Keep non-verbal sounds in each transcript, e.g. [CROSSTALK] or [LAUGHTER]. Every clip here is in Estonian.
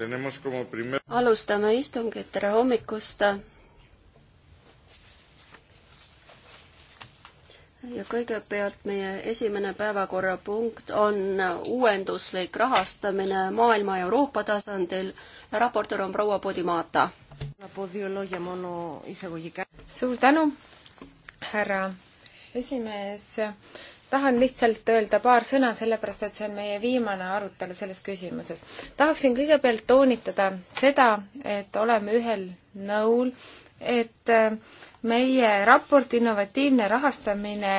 Primer... alustame istungit, tere hommikust. ja kõigepealt meie esimene päevakorrapunkt on uuenduslik rahastamine maailma ja Euroopa tasandil. raportöör on proua Podimata. suur tänu, härra esimees tahan lihtsalt öelda paar sõna, sellepärast et see on meie viimane arutelu selles küsimuses. tahaksin kõigepealt toonitada seda, et oleme ühel nõul, et äh, meie raport Innovatiivne rahastamine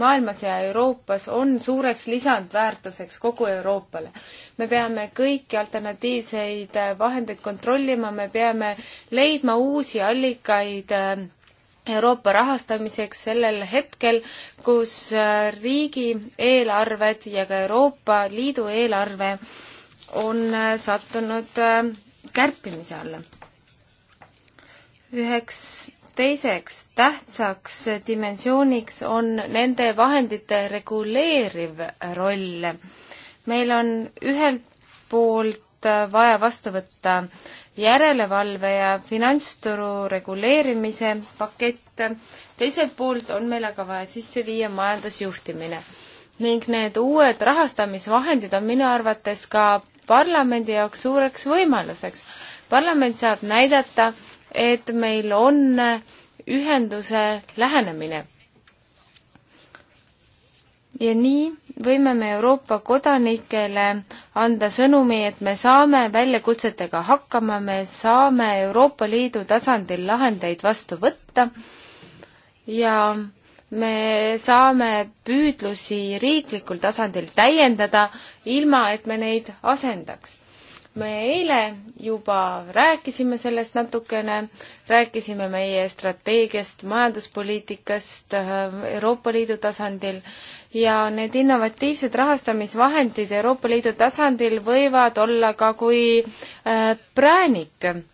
maailmas ja Euroopas on suureks lisandväärtuseks kogu Euroopale. me peame kõiki alternatiivseid vahendeid kontrollima, me peame leidma uusi allikaid äh, Euroopa rahastamiseks sellel hetkel, kus äh, riigieelarved ja ka Euroopa Liidu eelarve on äh, sattunud äh, kärpimise alla. üheks teiseks tähtsaks dimensiooniks on nende vahendite reguleeriv roll. meil on ühelt poolt vaja vastu võtta äh, järelevalve ja finantsturu reguleerimise pakett, teiselt poolt on meil aga vaja sisse viia majandusjuhtimine. ning need uued rahastamisvahendid on minu arvates ka parlamendi jaoks suureks võimaluseks. parlament saab näidata, et meil on ühenduse lähenemine ja nii võime me Euroopa kodanikele anda sõnumi, et me saame väljakutsetega hakkama, me saame Euroopa Liidu tasandil lahendeid vastu võtta ja me saame püüdlusi riiklikul tasandil täiendada, ilma et me neid asendaks me eile juba rääkisime sellest natukene, rääkisime meie strateegiast, majanduspoliitikast äh, Euroopa Liidu tasandil ja need innovatiivsed rahastamisvahendid Euroopa Liidu tasandil võivad olla ka kui äh, präänik.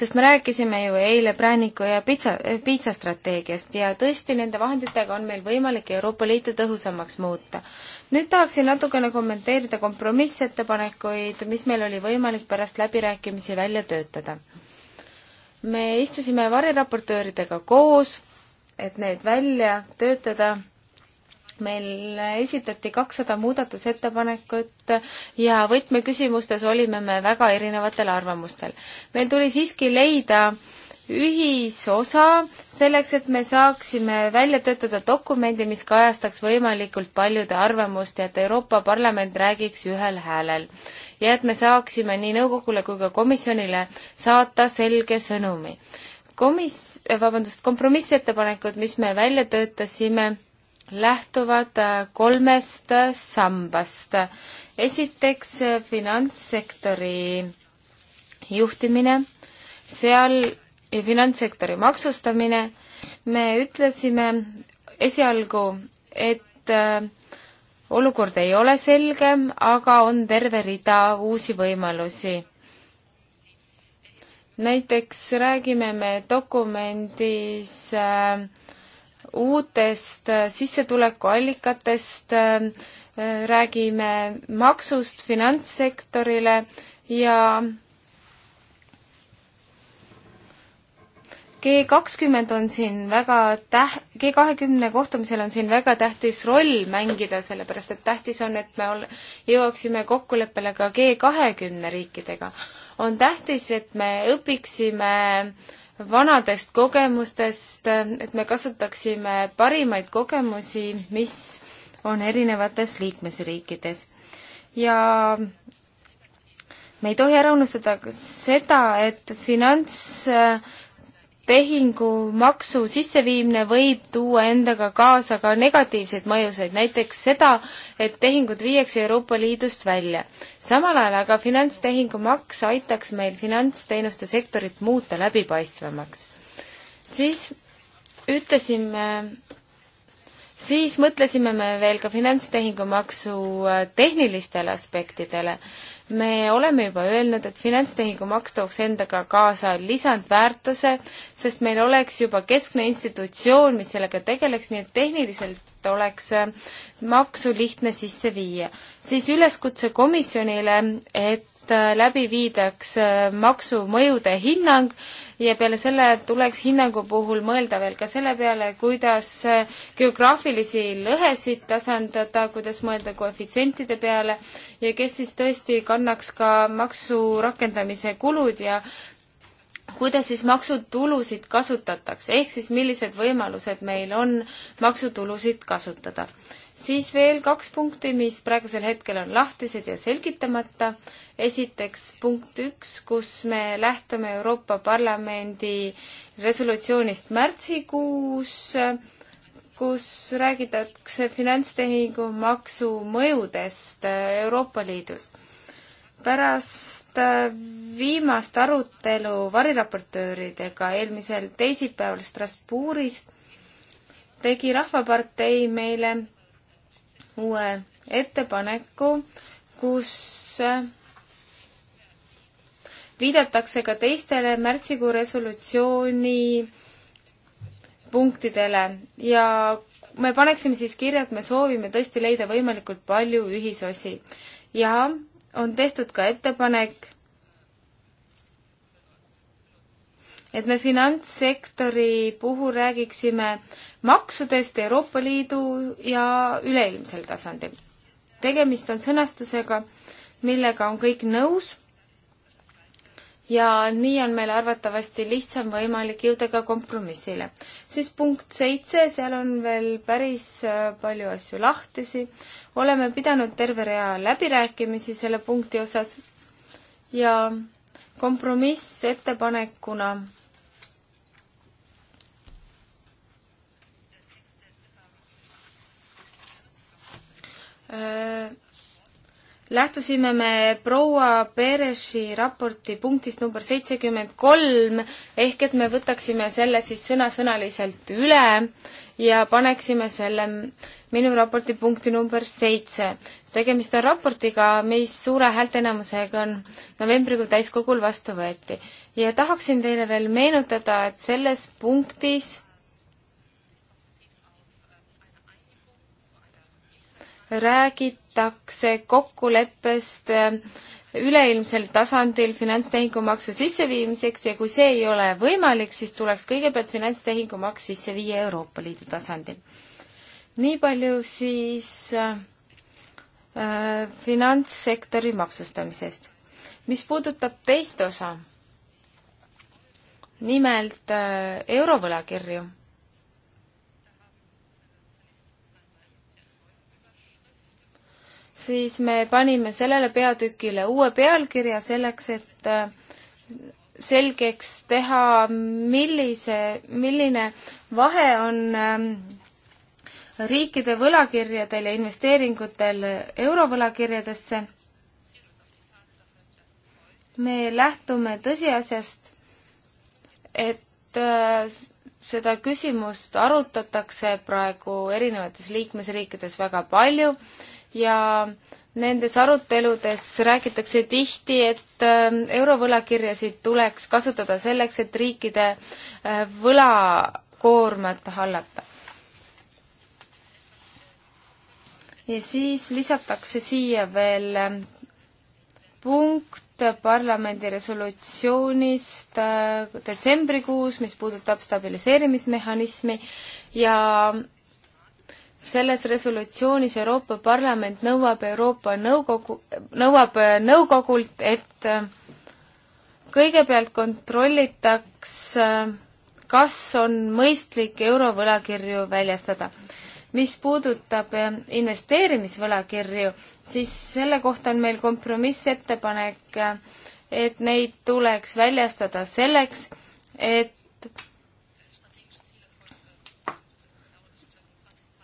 sest me rääkisime ju eile prääniku ja pitsa, äh, piitsastrateegiast ja tõesti, nende vahenditega on meil võimalik Euroopa Liitu tõhusamaks muuta nüüd tahaksin natukene kommenteerida kompromissettepanekuid, mis meil oli võimalik pärast läbirääkimisi välja töötada. me istusime variraportööridega koos, et need välja töötada meil esitati kakssada muudatusettepanekut ja võtmeküsimustes olime me väga erinevatel arvamustel. meil tuli siiski leida äh, ühisosa selleks, et me saaksime välja töötada dokumendi, mis kajastaks võimalikult paljude arvamust ja et Euroopa Parlament räägiks ühel häälel. ja et me saaksime nii nõukogule kui ka komisjonile saata selge sõnumi. komis-, vabandust, kompromissettepanekud, mis me välja töötasime, lähtuvad äh, kolmest sambast. esiteks finantssektori juhtimine, seal ja finantssektori maksustamine, me ütlesime esialgu, et äh, olukord ei ole selge, aga on terve rida uusi võimalusi. näiteks räägime me dokumendis äh, uutest äh, sissetulekuallikatest äh,, räägime maksust finantssektorile ja äh, G kakskümmend on siin väga täht-, G kahekümne kohtumisel on siin väga tähtis roll mängida, sellepärast et tähtis on, et me ol-, jõuaksime kokkuleppele ka G kahekümne riikidega. on tähtis, et me õpiksime vanadest kogemustest, et me kasutaksime parimaid kogemusi, mis on erinevates liikmesriikides. ja me ei tohi ära unustada ka seda, et finants tehingumaksu sisseviimine võib tuua endaga kaasa ka negatiivseid mõjuseid, näiteks seda, et tehingud viiakse Euroopa Liidust välja. samal ajal aga finantstehingumaks aitaks meil finantsteenuste sektorit muuta läbipaistvamaks. siis ütlesime siis mõtlesime me veel ka finantstehingumaksu äh, tehnilistele aspektidele me oleme juba öelnud, et finantstehingumaks tooks endaga kaasa lisandväärtuse, sest meil oleks juba keskne institutsioon, mis sellega tegeleks, nii et tehniliselt oleks äh, maksu lihtne sisse viia. siis üleskutse komisjonile, et et äh, läbi viidaks äh, maksumõjude hinnang ja peale selle tuleks hinnangu puhul mõelda veel ka selle peale, kuidas äh, geograafilisi lõhesid tasandada, kuidas mõelda koefitsientide peale ja kes siis tõesti kannaks ka maksu rakendamise kulud ja kuidas siis maksutulusid kasutatakse, ehk siis millised võimalused meil on maksutulusid kasutada. siis veel kaks punkti, mis praegusel hetkel on lahtised ja selgitamata. esiteks punkt üks, kus me lähtume Euroopa Parlamendi resolutsioonist märtsikuus, kus räägitakse finantstehingu maksu mõjudest Euroopa Liidus pärast äh, viimast arutelu variraportööridega eelmisel teisipäeval Strasbourgis tegi Rahvapartei meile uue ettepaneku, kus äh, viidatakse ka teistele märtsikuu resolutsiooni punktidele ja me paneksime siis kirja, et me soovime tõesti leida võimalikult palju ühisosi. ja on tehtud ka ettepanek, et me finantssektori puhul räägiksime maksudest Euroopa Liidu ja üleilmsel tasandil. tegemist on sõnastusega, millega on kõik nõus ja nii on meil arvatavasti lihtsam võimalik jõuda ka kompromissile. siis punkt seitse, seal on veel päris äh, palju asju lahtisi. oleme pidanud terve rea läbirääkimisi selle punkti osas ja kompromiss ettepanekuna öö, äh, lähtusime me proua Pereši raporti punktist number seitsekümmend kolm, ehk et me võtaksime selle siis sõnasõnaliselt üle ja paneksime selle minu raporti punkti number seitse. tegemist on raportiga, mis suure häälteenamusega on novembrikuu täiskogul vastu võeti. ja tahaksin teile veel meenutada, et selles punktis räägiti lähtutakse kokkuleppest äh, üleilmsel tasandil finantstehingumaksu sisseviimiseks ja kui see ei ole võimalik, siis tuleks kõigepealt finantstehingumaks sisse viia Euroopa Liidu tasandil. nii palju siis äh, äh finantssektori maksustamisest. mis puudutab teist osa, nimelt äh, eurovõlakirju siis me panime sellele peatükile uue pealkirja selleks, et äh, selgeks teha, millise, milline vahe on ähm, riikide võlakirjadel ja investeeringutel eurovõlakirjadesse. me lähtume tõsiasjast, et äh, seda küsimust arutatakse praegu erinevates liikmesriikides väga palju ja nendes aruteludes räägitakse tihti, et ähm, eurovõlakirjasid tuleks kasutada selleks, et riikide äh, võlakoormat hallata. ja siis lisatakse siia veel ähm, punkt parlamendi resolutsioonist äh, detsembrikuus, mis puudutab stabiliseerimismehhanismi ja selles resolutsioonis Euroopa Parlament nõuab Euroopa Nõukogu, nõuab äh, nõukogult, et äh, kõigepealt kontrollitaks, äh, kas on mõistlik eurovõlakirju väljastada. mis puudutab investeerimisvõlakirju, siis selle kohta on meil kompromissettepanek, et neid tuleks väljastada selleks, et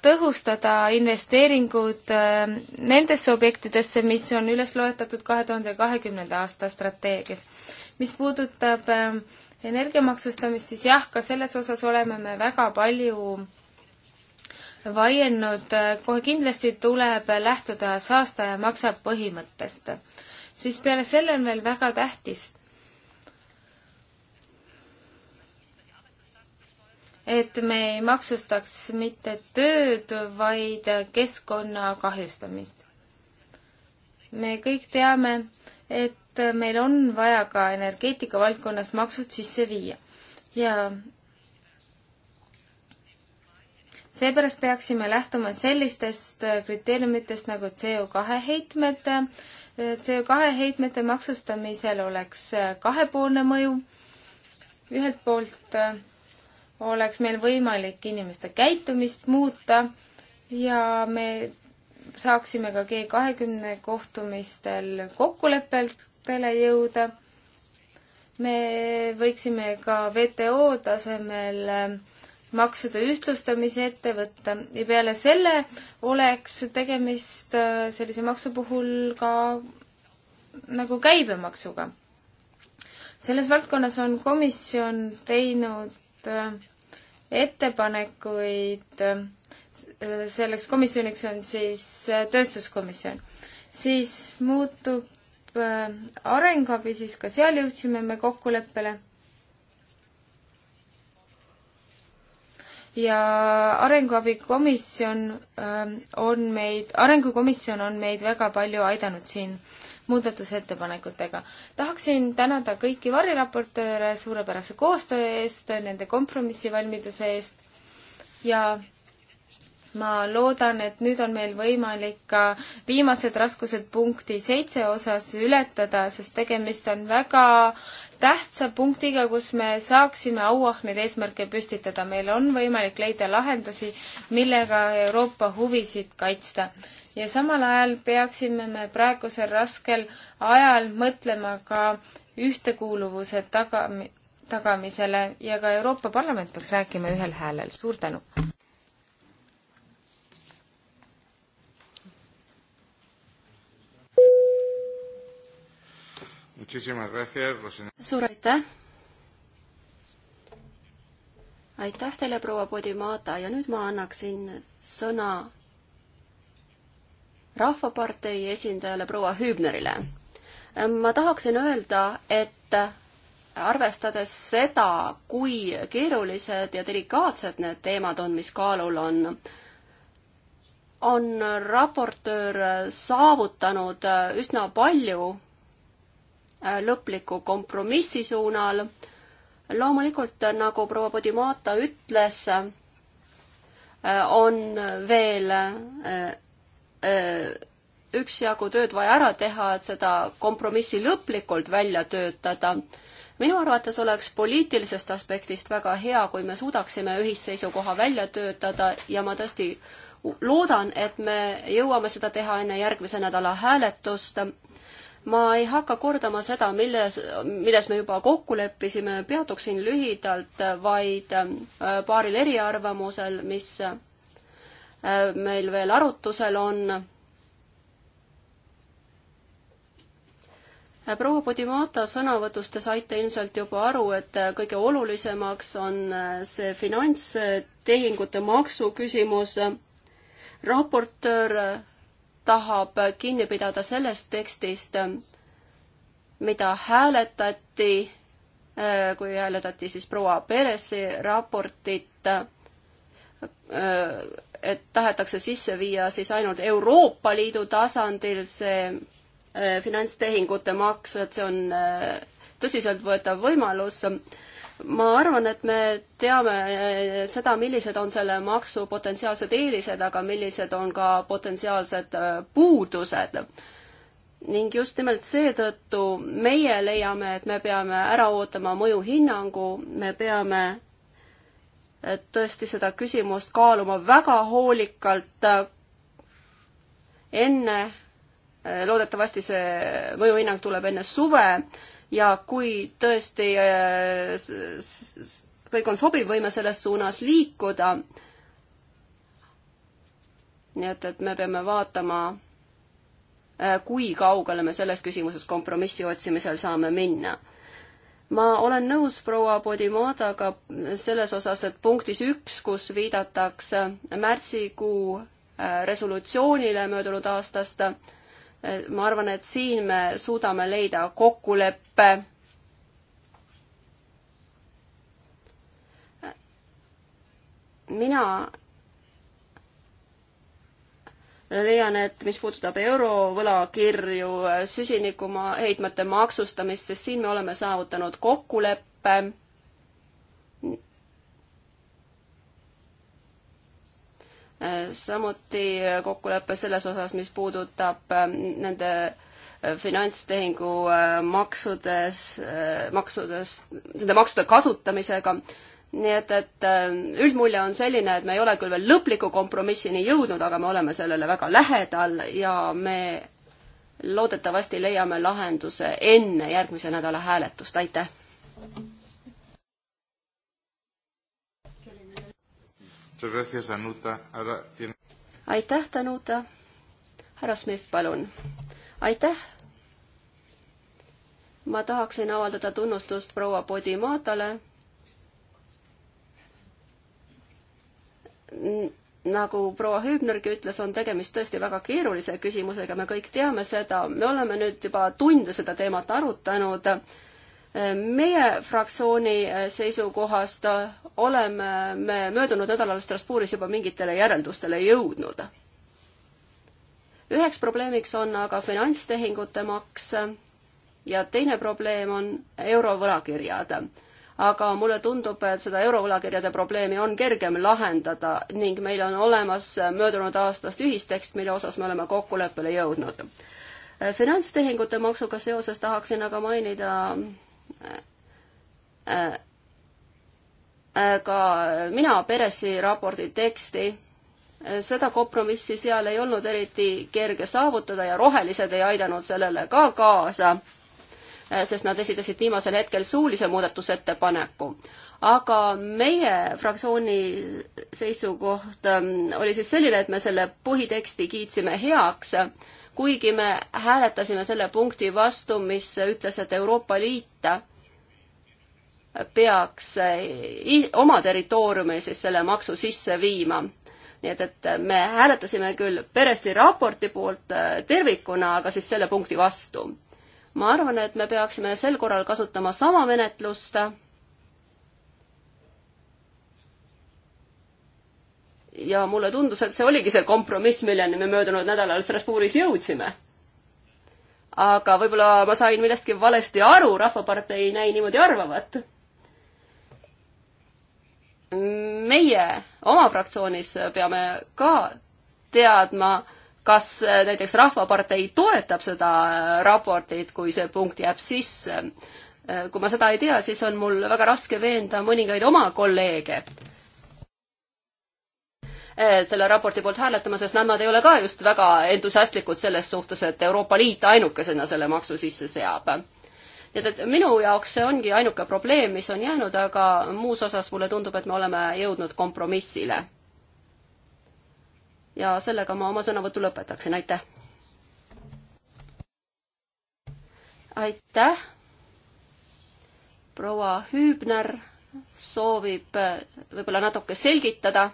tõhustada investeeringud äh, nendesse objektidesse, mis on üles loetatud kahe tuhande kahekümnenda aasta strateegias. mis puudutab äh, energiamaksustamist, siis jah, ka selles osas oleme me väga palju vaielnud, kohe kindlasti tuleb lähtuda saastaja maksab põhimõttest. siis peale selle on veel väga tähtis et me ei maksustaks mitte tööd, vaid keskkonna kahjustamist. me kõik teame, et meil on vaja ka energeetika valdkonnas maksud sisse viia ja seepärast peaksime lähtuma sellistest kriteeriumitest nagu CO2 heitmed. CO2 heitmete maksustamisel oleks kahepoolne mõju. ühelt poolt oleks meil võimalik inimeste käitumist muuta ja me saaksime ka G kahekümne kohtumistel kokkulepetele jõuda. me võiksime ka WTO tasemel maksude ühtlustamise ette võtta ja peale selle oleks tegemist äh, sellise maksu puhul ka nagu käibemaksuga. selles valdkonnas on komisjon teinud Äh, ettepanekuid äh, selleks komisjoniks on siis äh, tööstuskomisjon, siis muutub arenguabi, siis ka seal jõudsime me kokkuleppele. ja arenguabikomisjon on meid, arengukomisjon on meid väga palju aidanud siin muudatusettepanekutega. tahaksin tänada kõiki variraportööre suurepärase koostöö eest, nende kompromissivalmiduse eest ja ma loodan, et nüüd on meil võimalik ka viimased raskused punkti seitse osas ületada, sest tegemist on väga tähtsa punktiga, kus me saaksime auahneid eesmärke püstitada. meil on võimalik leida lahendusi, millega Euroopa huvisid kaitsta ja samal ajal peaksime me praegusel raskel ajal mõtlema ka ühtekuuluvuse taga, tagamisele ja ka Euroopa Parlament peaks rääkima ühel häälel. suur tänu! suur aitäh! aitäh teile, proua Podimata ja nüüd ma annaksin sõna Rahvapartei esindajale proua Hübnerile. ma tahaksin öelda, et arvestades seda, kui keerulised ja delikaatsed need teemad on, mis kaalul on, on raportöör saavutanud üsna palju lõpliku kompromissi suunal. loomulikult, nagu proua Podimata ütles, on veel Äh, üksjagu tööd vaja ära teha, et seda kompromissi lõplikult välja töötada. minu arvates oleks poliitilisest aspektist väga hea, kui me suudaksime ühisseisukoha välja töötada ja ma tõesti loodan, et me jõuame seda teha enne järgmise nädala hääletust. ma ei hakka kordama seda, milles, milles me juba kokku leppisime, peatuksin lühidalt vaid äh, paaril eriarvamusel, mis Äh, meil veel arutusel on. Äh, proua Podimata sõnavõtust te saite ilmselt juba aru, et äh, kõige olulisemaks on see finantstehingute maksu küsimus. raportöör tahab kinni pidada sellest tekstist, mida hääletati, kui hääletati siis proua Peresi raportit et tahetakse sisse viia siis ainult Euroopa Liidu tasandil see äh, finantstehingute maks, et see on äh, tõsiseltvõetav võimalus. ma arvan, et me teame äh, seda, millised on selle maksu potentsiaalsed eelised, aga millised on ka potentsiaalsed puudused. ning just nimelt seetõttu meie leiame, et me peame ära ootama mõjuhinnangu, me peame tõesti seda küsimust kaaluma väga hoolikalt äh, enne, äh, loodetavasti see mõjuhinnang tuleb enne suve ja kui tõesti äh, kõik on sobiv, võime selles suunas liikuda. nii et, et me peame vaatama, kui kaugele me selles küsimuses kompromissi otsimisel saame minna ma olen nõus proua Podimadaga selles osas, et punktis üks, kus viidatakse märtsikuu äh, resolutsioonile möödunud aastast, äh, ma arvan, et siin me suudame leida kokkuleppe. Äh, mina leian, et mis puudutab eurovõlakirju, süsinikuma heitmete maksustamist, siis siin me oleme saavutanud kokkuleppe. samuti kokkulepe selles osas, mis puudutab äh, nende äh, finantstehingu äh, maksudes, maksudest, nende maksude kasutamisega nii et, et äh, üldmulje on selline, et me ei ole küll veel lõpliku kompromissini jõudnud, aga me oleme sellele väga lähedal ja me loodetavasti leiame lahenduse enne järgmise nädala hääletust, aitäh! aitäh, Danuta! härra Smith, palun! aitäh! ma tahaksin avaldada tunnustust proua Podimatale nagu proua Hübnergi ütles, on tegemist tõesti väga keerulise küsimusega, me kõik teame seda, me oleme nüüd juba tunde seda teemat arutanud. meie fraktsiooni seisukohast oleme me möödunud nädalal Strasbourgis juba mingitele järeldustele jõudnud. üheks probleemiks on aga finantstehingute maks ja teine probleem on eurovõlakirjad aga mulle tundub, et seda eurovõlakirjade probleemi on kergem lahendada ning meil on olemas möödunud aastast ühistekst, mille osas me oleme kokkuleppele jõudnud. finantstehingute maksuga seoses tahaksin aga mainida äh, äh, ka mina Peresi raporti teksti seda kompromissi seal ei olnud eriti kerge saavutada ja rohelised ei aidanud sellele ka kaasa. Äh, sest nad esitasid viimasel hetkel suulise muudatusettepaneku. aga meie fraktsiooni seisukoht ähm, oli siis selline, et me selle põhiteksti kiitsime heaks, kuigi me hääletasime selle punkti vastu, mis ütles, et Euroopa Liit peaks äh, oma territooriumi siis selle maksu sisse viima nii et, et me hääletasime küll Peresti raporti poolt äh, tervikuna, aga siis selle punkti vastu ma arvan, et me peaksime sel korral kasutama sama menetlust. ja mulle tundus, et see oligi see kompromiss, milleni me möödunud nädalal Strasbourgis jõudsime. aga võib-olla ma sain millestki valesti aru, Rahvapartei ei näi niimoodi arvavat meie oma fraktsioonis peame ka teadma, kas äh, näiteks Rahvapartei toetab seda äh, raportit, kui see punkt jääb sisse. Äh, kui ma seda ei tea, siis on mul väga raske veenda mõningaid oma kolleege selle raporti poolt hääletama, sest nad ei ole ka just väga entusiastlikud selles suhtes, et Euroopa Liit ainukesena selle maksu sisse seab. nii et, et minu jaoks see ongi ainuke probleem, mis on jäänud, aga muus osas mulle tundub, et me oleme jõudnud kompromissile ja sellega ma oma sõnavõtu lõpetaksin, aitäh! aitäh! proua Hüübner soovib äh, võib-olla natuke selgitada.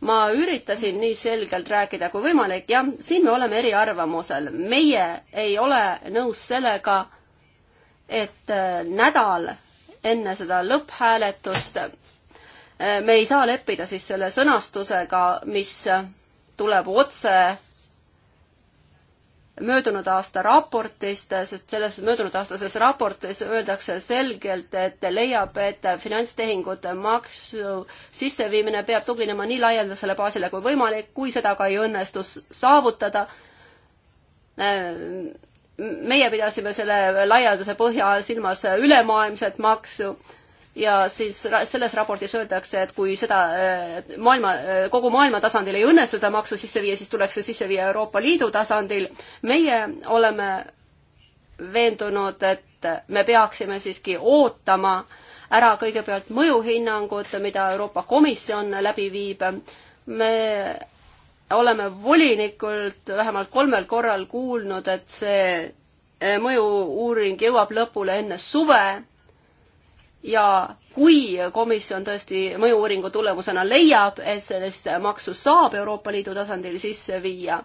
ma üritasin nii selgelt rääkida kui võimalik, jah, siin me oleme eriarvamusel. meie ei ole nõus sellega, et äh, nädal enne seda lõpphääletust me ei saa leppida siis selle sõnastusega, mis tuleb otse möödunud aasta raportist, sest selles möödunud aastases raportis öeldakse selgelt, et leiab, et finantstehingute maksu sisseviimine peab tuginema nii laialdasele baasile kui võimalik, kui seda ka ei õnnestu saavutada. meie pidasime selle laialdase põhja all silmas ülemaailmset maksu ja siis selles raportis öeldakse, et kui seda äh, maailma, äh, kogu maailma tasandil ei õnnestu seda maksu sisse viia, siis tuleks see sisse viia Euroopa Liidu tasandil. meie oleme veendunud, et me peaksime siiski ootama ära kõigepealt mõjuhinnangud, mida Euroopa Komisjon läbi viib. me oleme volinikult vähemalt kolmel korral kuulnud, et see äh, mõju-uuring jõuab lõpule enne suve ja kui komisjon tõesti mõju-uuringu tulemusena leiab, et sellist maksu saab Euroopa Liidu tasandil sisse viia,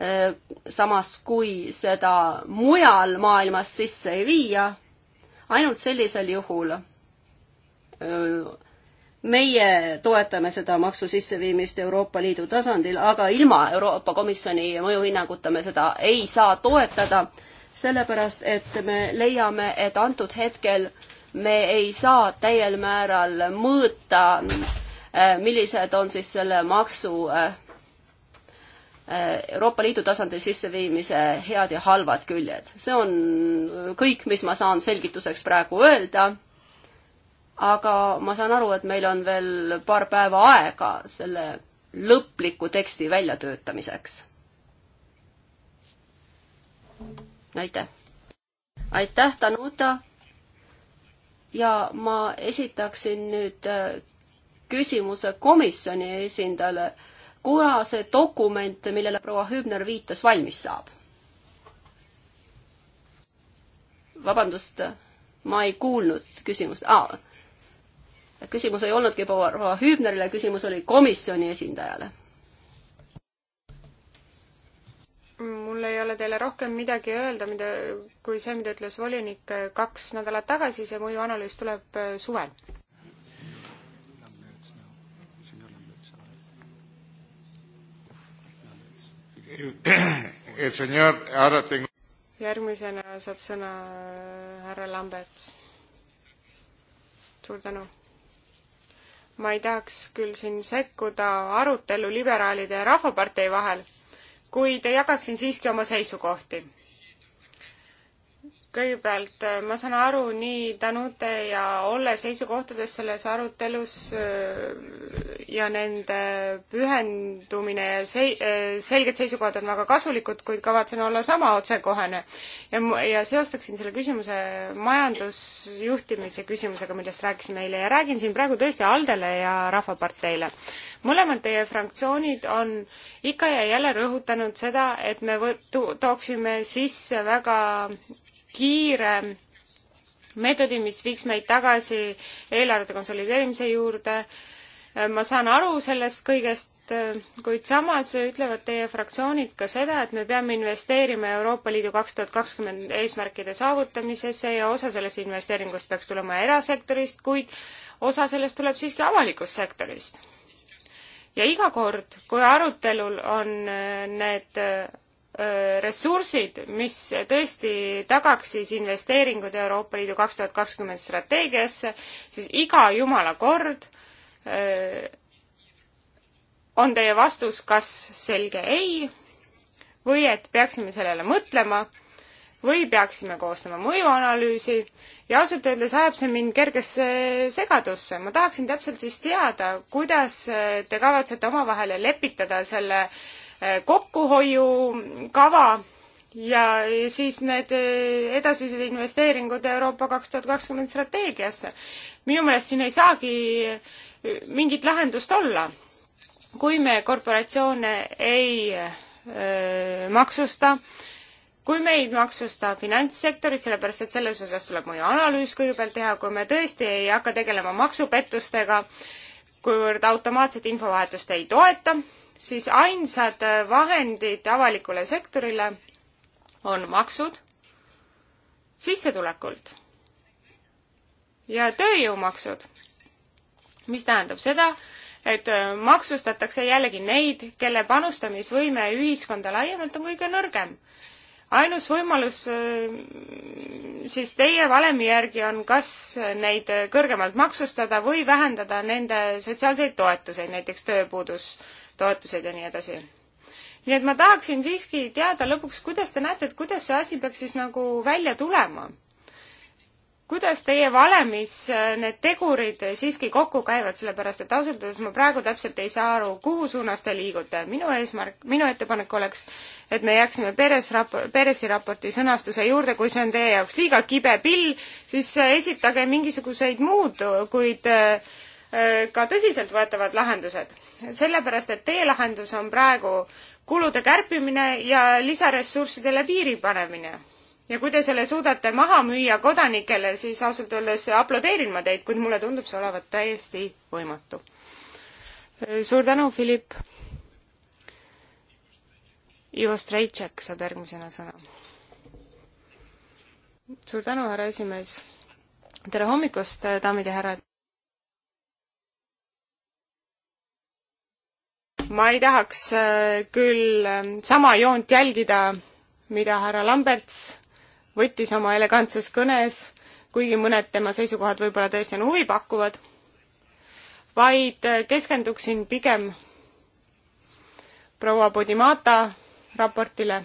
eh, samas kui seda mujal maailmas sisse ei viia, ainult sellisel juhul eh, meie toetame seda maksu sisseviimist Euroopa Liidu tasandil, aga ilma Euroopa Komisjoni mõjuhinnanguta me seda ei saa toetada sellepärast et me leiame, et antud hetkel me ei saa täiel määral mõõta, äh, millised on siis selle maksu äh, äh, Euroopa Liidu tasandil sisseviimise head ja halvad küljed. see on kõik, mis ma saan selgituseks praegu öelda. aga ma saan aru, et meil on veel paar päeva aega selle lõpliku teksti väljatöötamiseks aitäh! aitäh, Danuta! ja ma esitaksin nüüd äh, küsimuse komisjoni esindajale, kuna see dokument, millele proua Hübner viitas, valmis saab? vabandust, ma ei kuulnud küsimust ah,. küsimus ei olnudki proua Hübnerile, küsimus oli komisjoni esindajale mul ei ole teile rohkem midagi öelda, mida, kui see, mida ütles volinik kaks nädalat tagasi, see mõjuanalüüs tuleb äh, suvel. järgmisena saab sõna äh, härra Lambets. suur tänu ma ei tahaks küll siin sekkuda arutelu liberaalide ja Rahvapartei vahel kuid jagaksin siiski oma seisukohti kõigepealt äh, ma saan aru nii Danute ja Olle seisukohtadest selles arutelus äh, ja nende pühendumine ja sei-, äh, selged seisukohad on väga kasulikud, kuid kavatsen olla sama otsekohene. ja, ja seostaksin selle küsimuse majandusjuhtimise küsimusega, millest rääkisime eile ja räägin siin praegu tõesti Aldele ja Rahvaparteile. mõlemad teie fraktsioonid on ikka ja jälle rõhutanud seda, et me võt-, tooksime sisse väga kiire meetodi, mis viiks meid tagasi eelarvete konsolideerimise juurde. ma saan aru sellest kõigest, kuid samas ütlevad teie fraktsioonid ka seda, et me peame investeerima Euroopa Liidu kaks tuhat kakskümmend eesmärkide saavutamisesse ja osa sellest investeeringust peaks tulema erasektorist, kuid osa sellest tuleb siiski avalikust sektorist. ja iga kord, kui arutelul on need Äh, ressursid, mis tõesti tagaks siis investeeringud Euroopa Liidu kaks tuhat kakskümmend strateegiasse, siis iga jumala kord äh, on teie vastus kas selge ei või et peaksime sellele mõtlema või peaksime koostama mõjuanalüüsi ja ausalt öeldes ajab see mind kergesse segadusse. ma tahaksin täpselt siis teada, kuidas te kavatsete omavahel lepitada selle äh, kokkuhoiukava ja siis need edasised investeeringud Euroopa kaks tuhat kakskümmend strateegiasse. minu meelest siin ei saagi mingit lahendust olla. kui me korporatsioone ei öö, maksusta, kui me ei maksusta finantssektorit, sellepärast et selles osas tuleb mõjuanalüüs kõigepealt teha, kui me tõesti ei hakka tegelema maksupettustega, kuivõrd automaatset infovahetust ei toeta, siis ainsad vahendid avalikule sektorile on maksud sissetulekult ja tööjõumaksud, mis tähendab seda, et äh, maksustatakse jällegi neid, kelle panustamisvõime ühiskonda laiemalt on kõige nõrgem. ainus võimalus äh, siis teie valemi järgi on kas neid kõrgemalt maksustada või vähendada nende sotsiaalseid toetuseid, näiteks tööpuudus toetused ja nii edasi. nii et ma tahaksin siiski teada lõpuks, kuidas te näete, et kuidas see asi peaks siis nagu välja tulema? kuidas teie valemis äh, need tegurid siiski kokku käivad, sellepärast et ausalt öeldes ma praegu täpselt ei saa aru, kuhu suunas te liigute. minu eesmärk, minu ettepanek oleks, et me jääksime Peres rapor-, Peresi raporti sõnastuse juurde, kui see on teie jaoks liiga kibe pill, siis äh, esitage mingisuguseid muud, kuid äh, ka tõsiseltvõetavad lahendused sellepärast et teie lahendus on praegu kulude kärpimine ja lisaressurssidele piiri panemine. ja kui te selle suudate maha müüa kodanikele, siis ausalt öeldes aplodeerin ma teid, kuid mulle tundub see olevat täiesti võimatu. suur tänu, Philipp. Ivo Strejček saab järgmisena sõna. suur tänu, härra esimees. tere hommikust, daamid ja härrad. ma ei tahaks äh, küll äh, sama joont jälgida, mida härra Lamberts võttis oma elegantses kõnes, kuigi mõned tema seisukohad võib-olla tõesti on huvipakkuvad, vaid äh, keskenduksin pigem proua Podimata raportile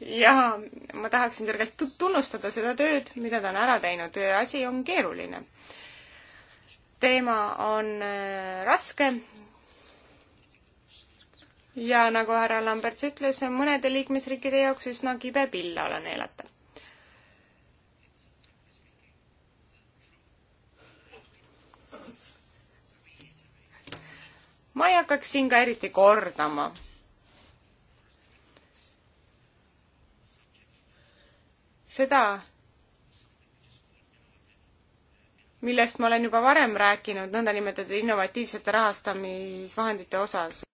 ja ma tahaksin kõrgelt tunnustada seda tööd, mida ta on ära teinud, asi on keeruline. teema on raske ja nagu härra Lamberts ütles, on mõnede liikmesriikide jaoks üsna kibe pill alla neelata. ma ei hakkaks siin ka eriti kordama seda, millest ma olen juba varem rääkinud nõndanimetatud innovatiivsete rahastamisvahendite osas.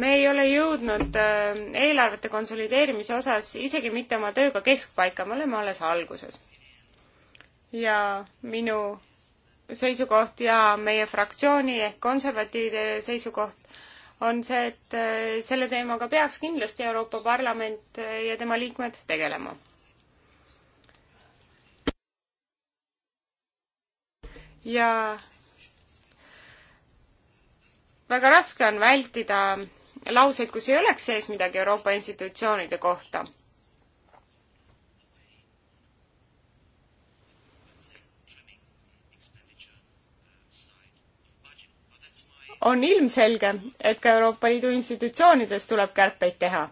me ei ole jõudnud äh, eelarvete konsolideerimise osas isegi mitte oma tööga keskpaika, me oleme alles alguses. ja minu seisukoht ja meie fraktsiooni ehk konservatiivide seisukoht on see, et äh, selle teemaga peaks kindlasti Euroopa Parlament äh, ja tema liikmed tegelema. ja väga raske on vältida lauseid, kus ei oleks sees midagi Euroopa institutsioonide kohta. on ilmselge, et ka Euroopa Liidu institutsioonides tuleb kärpeid teha.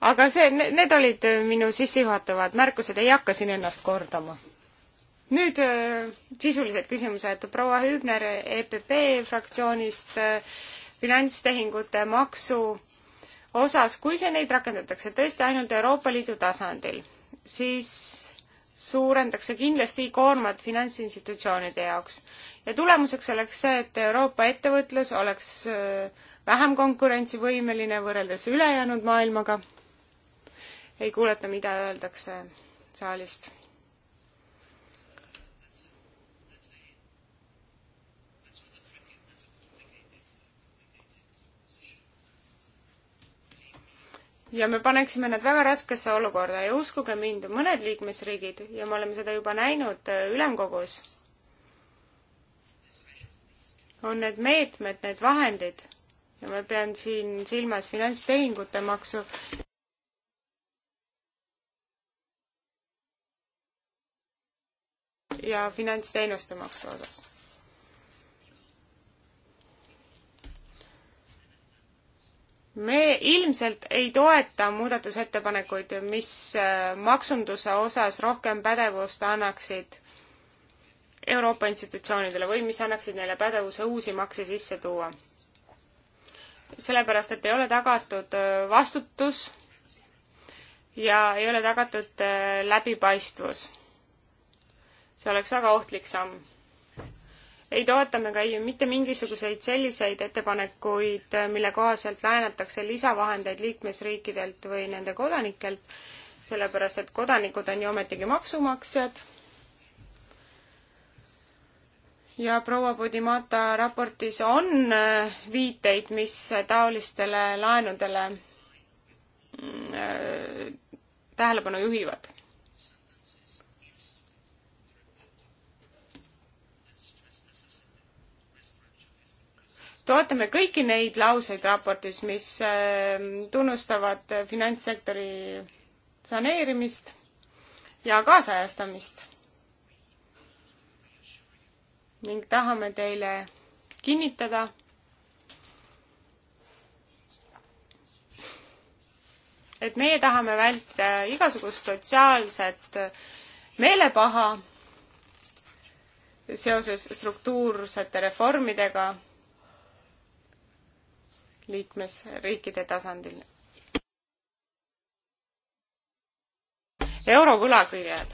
aga see, need olid minu sissejuhatavad märkused, ei hakka siin ennast kordama nüüd äh, sisulised küsimused. proua Hübner EPP fraktsioonist äh, finantstehingute maksu osas, kui see neid rakendatakse tõesti ainult Euroopa Liidu tasandil, siis suurendaks see kindlasti koormat finantsinstitutsioonide jaoks. ja tulemuseks oleks see, et Euroopa ettevõtlus oleks äh, vähem konkurentsivõimeline võrreldes ülejäänud maailmaga. ei kuuleta, mida öeldakse saalist ja me paneksime nad väga raskesse olukorda ja uskuge mind, mõned liikmesriigid ja me oleme seda juba näinud äh, ülemkogus, on need meetmed, need vahendid ja ma pean siin silmas finantstehingute maksu. ja finantsteenuste maksu osas me ilmselt ei toeta muudatusettepanekuid, mis äh, maksunduse osas rohkem pädevust annaksid Euroopa institutsioonidele või mis annaksid neile pädevuse uusi makse sisse tuua. sellepärast, et ei ole tagatud äh, vastutus ja ei ole tagatud äh, läbipaistvus. see oleks väga ohtlik samm ei toeta me ka ei, mitte mingisuguseid selliseid ettepanekuid, mille kohaselt laenatakse lisavahendeid liikmesriikidelt või nende kodanikelt, sellepärast et kodanikud on ju ometigi maksumaksjad. ja proua Budimata raportis on äh, viiteid, mis taolistele laenudele mm, äh, tähelepanu juhivad toetame kõiki neid lauseid raportis, mis ähm, tunnustavad äh, finantssektori saneerimist ja kaasajastamist. ning tahame teile kinnitada, et meie tahame vältida igasugust sotsiaalset äh, meelepaha seoses struktuursete reformidega liikmesriikide tasandil. eurovõlakirjad.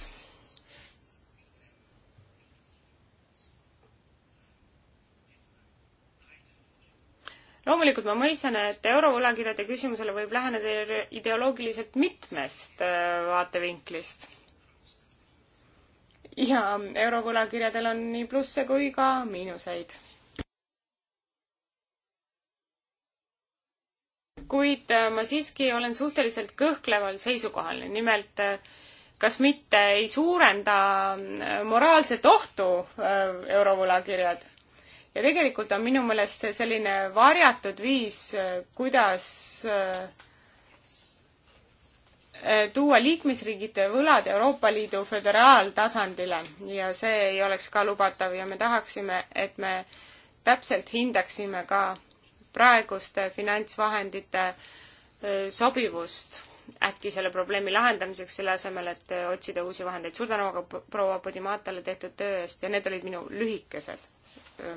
loomulikult ma mõistan, et eurovõlakirjade küsimusele võib läheneda ideoloogiliselt mitmest äh, vaatevinklist ja eurovõlakirjadel on nii plusse kui ka miinuseid. kuid äh, ma siiski olen suhteliselt kõhkleval seisukohal, nimelt äh, kas mitte ei suurenda äh, moraalset ohtu eurovõlakirjad? ja tegelikult on minu meelest selline varjatud viis, kuidas tuua liikmesriigide võlad Euroopa Liidu föderaaltasandile ja see ei oleks ka lubatav ja me tahaksime, et me täpselt hindaksime ka praeguste finantsvahendite sobivust äkki selle probleemi lahendamiseks, selle asemel, et otsida uusi vahendeid. suur tänu aga proua Podimatale tehtud töö eest ja need olid minu lühikesed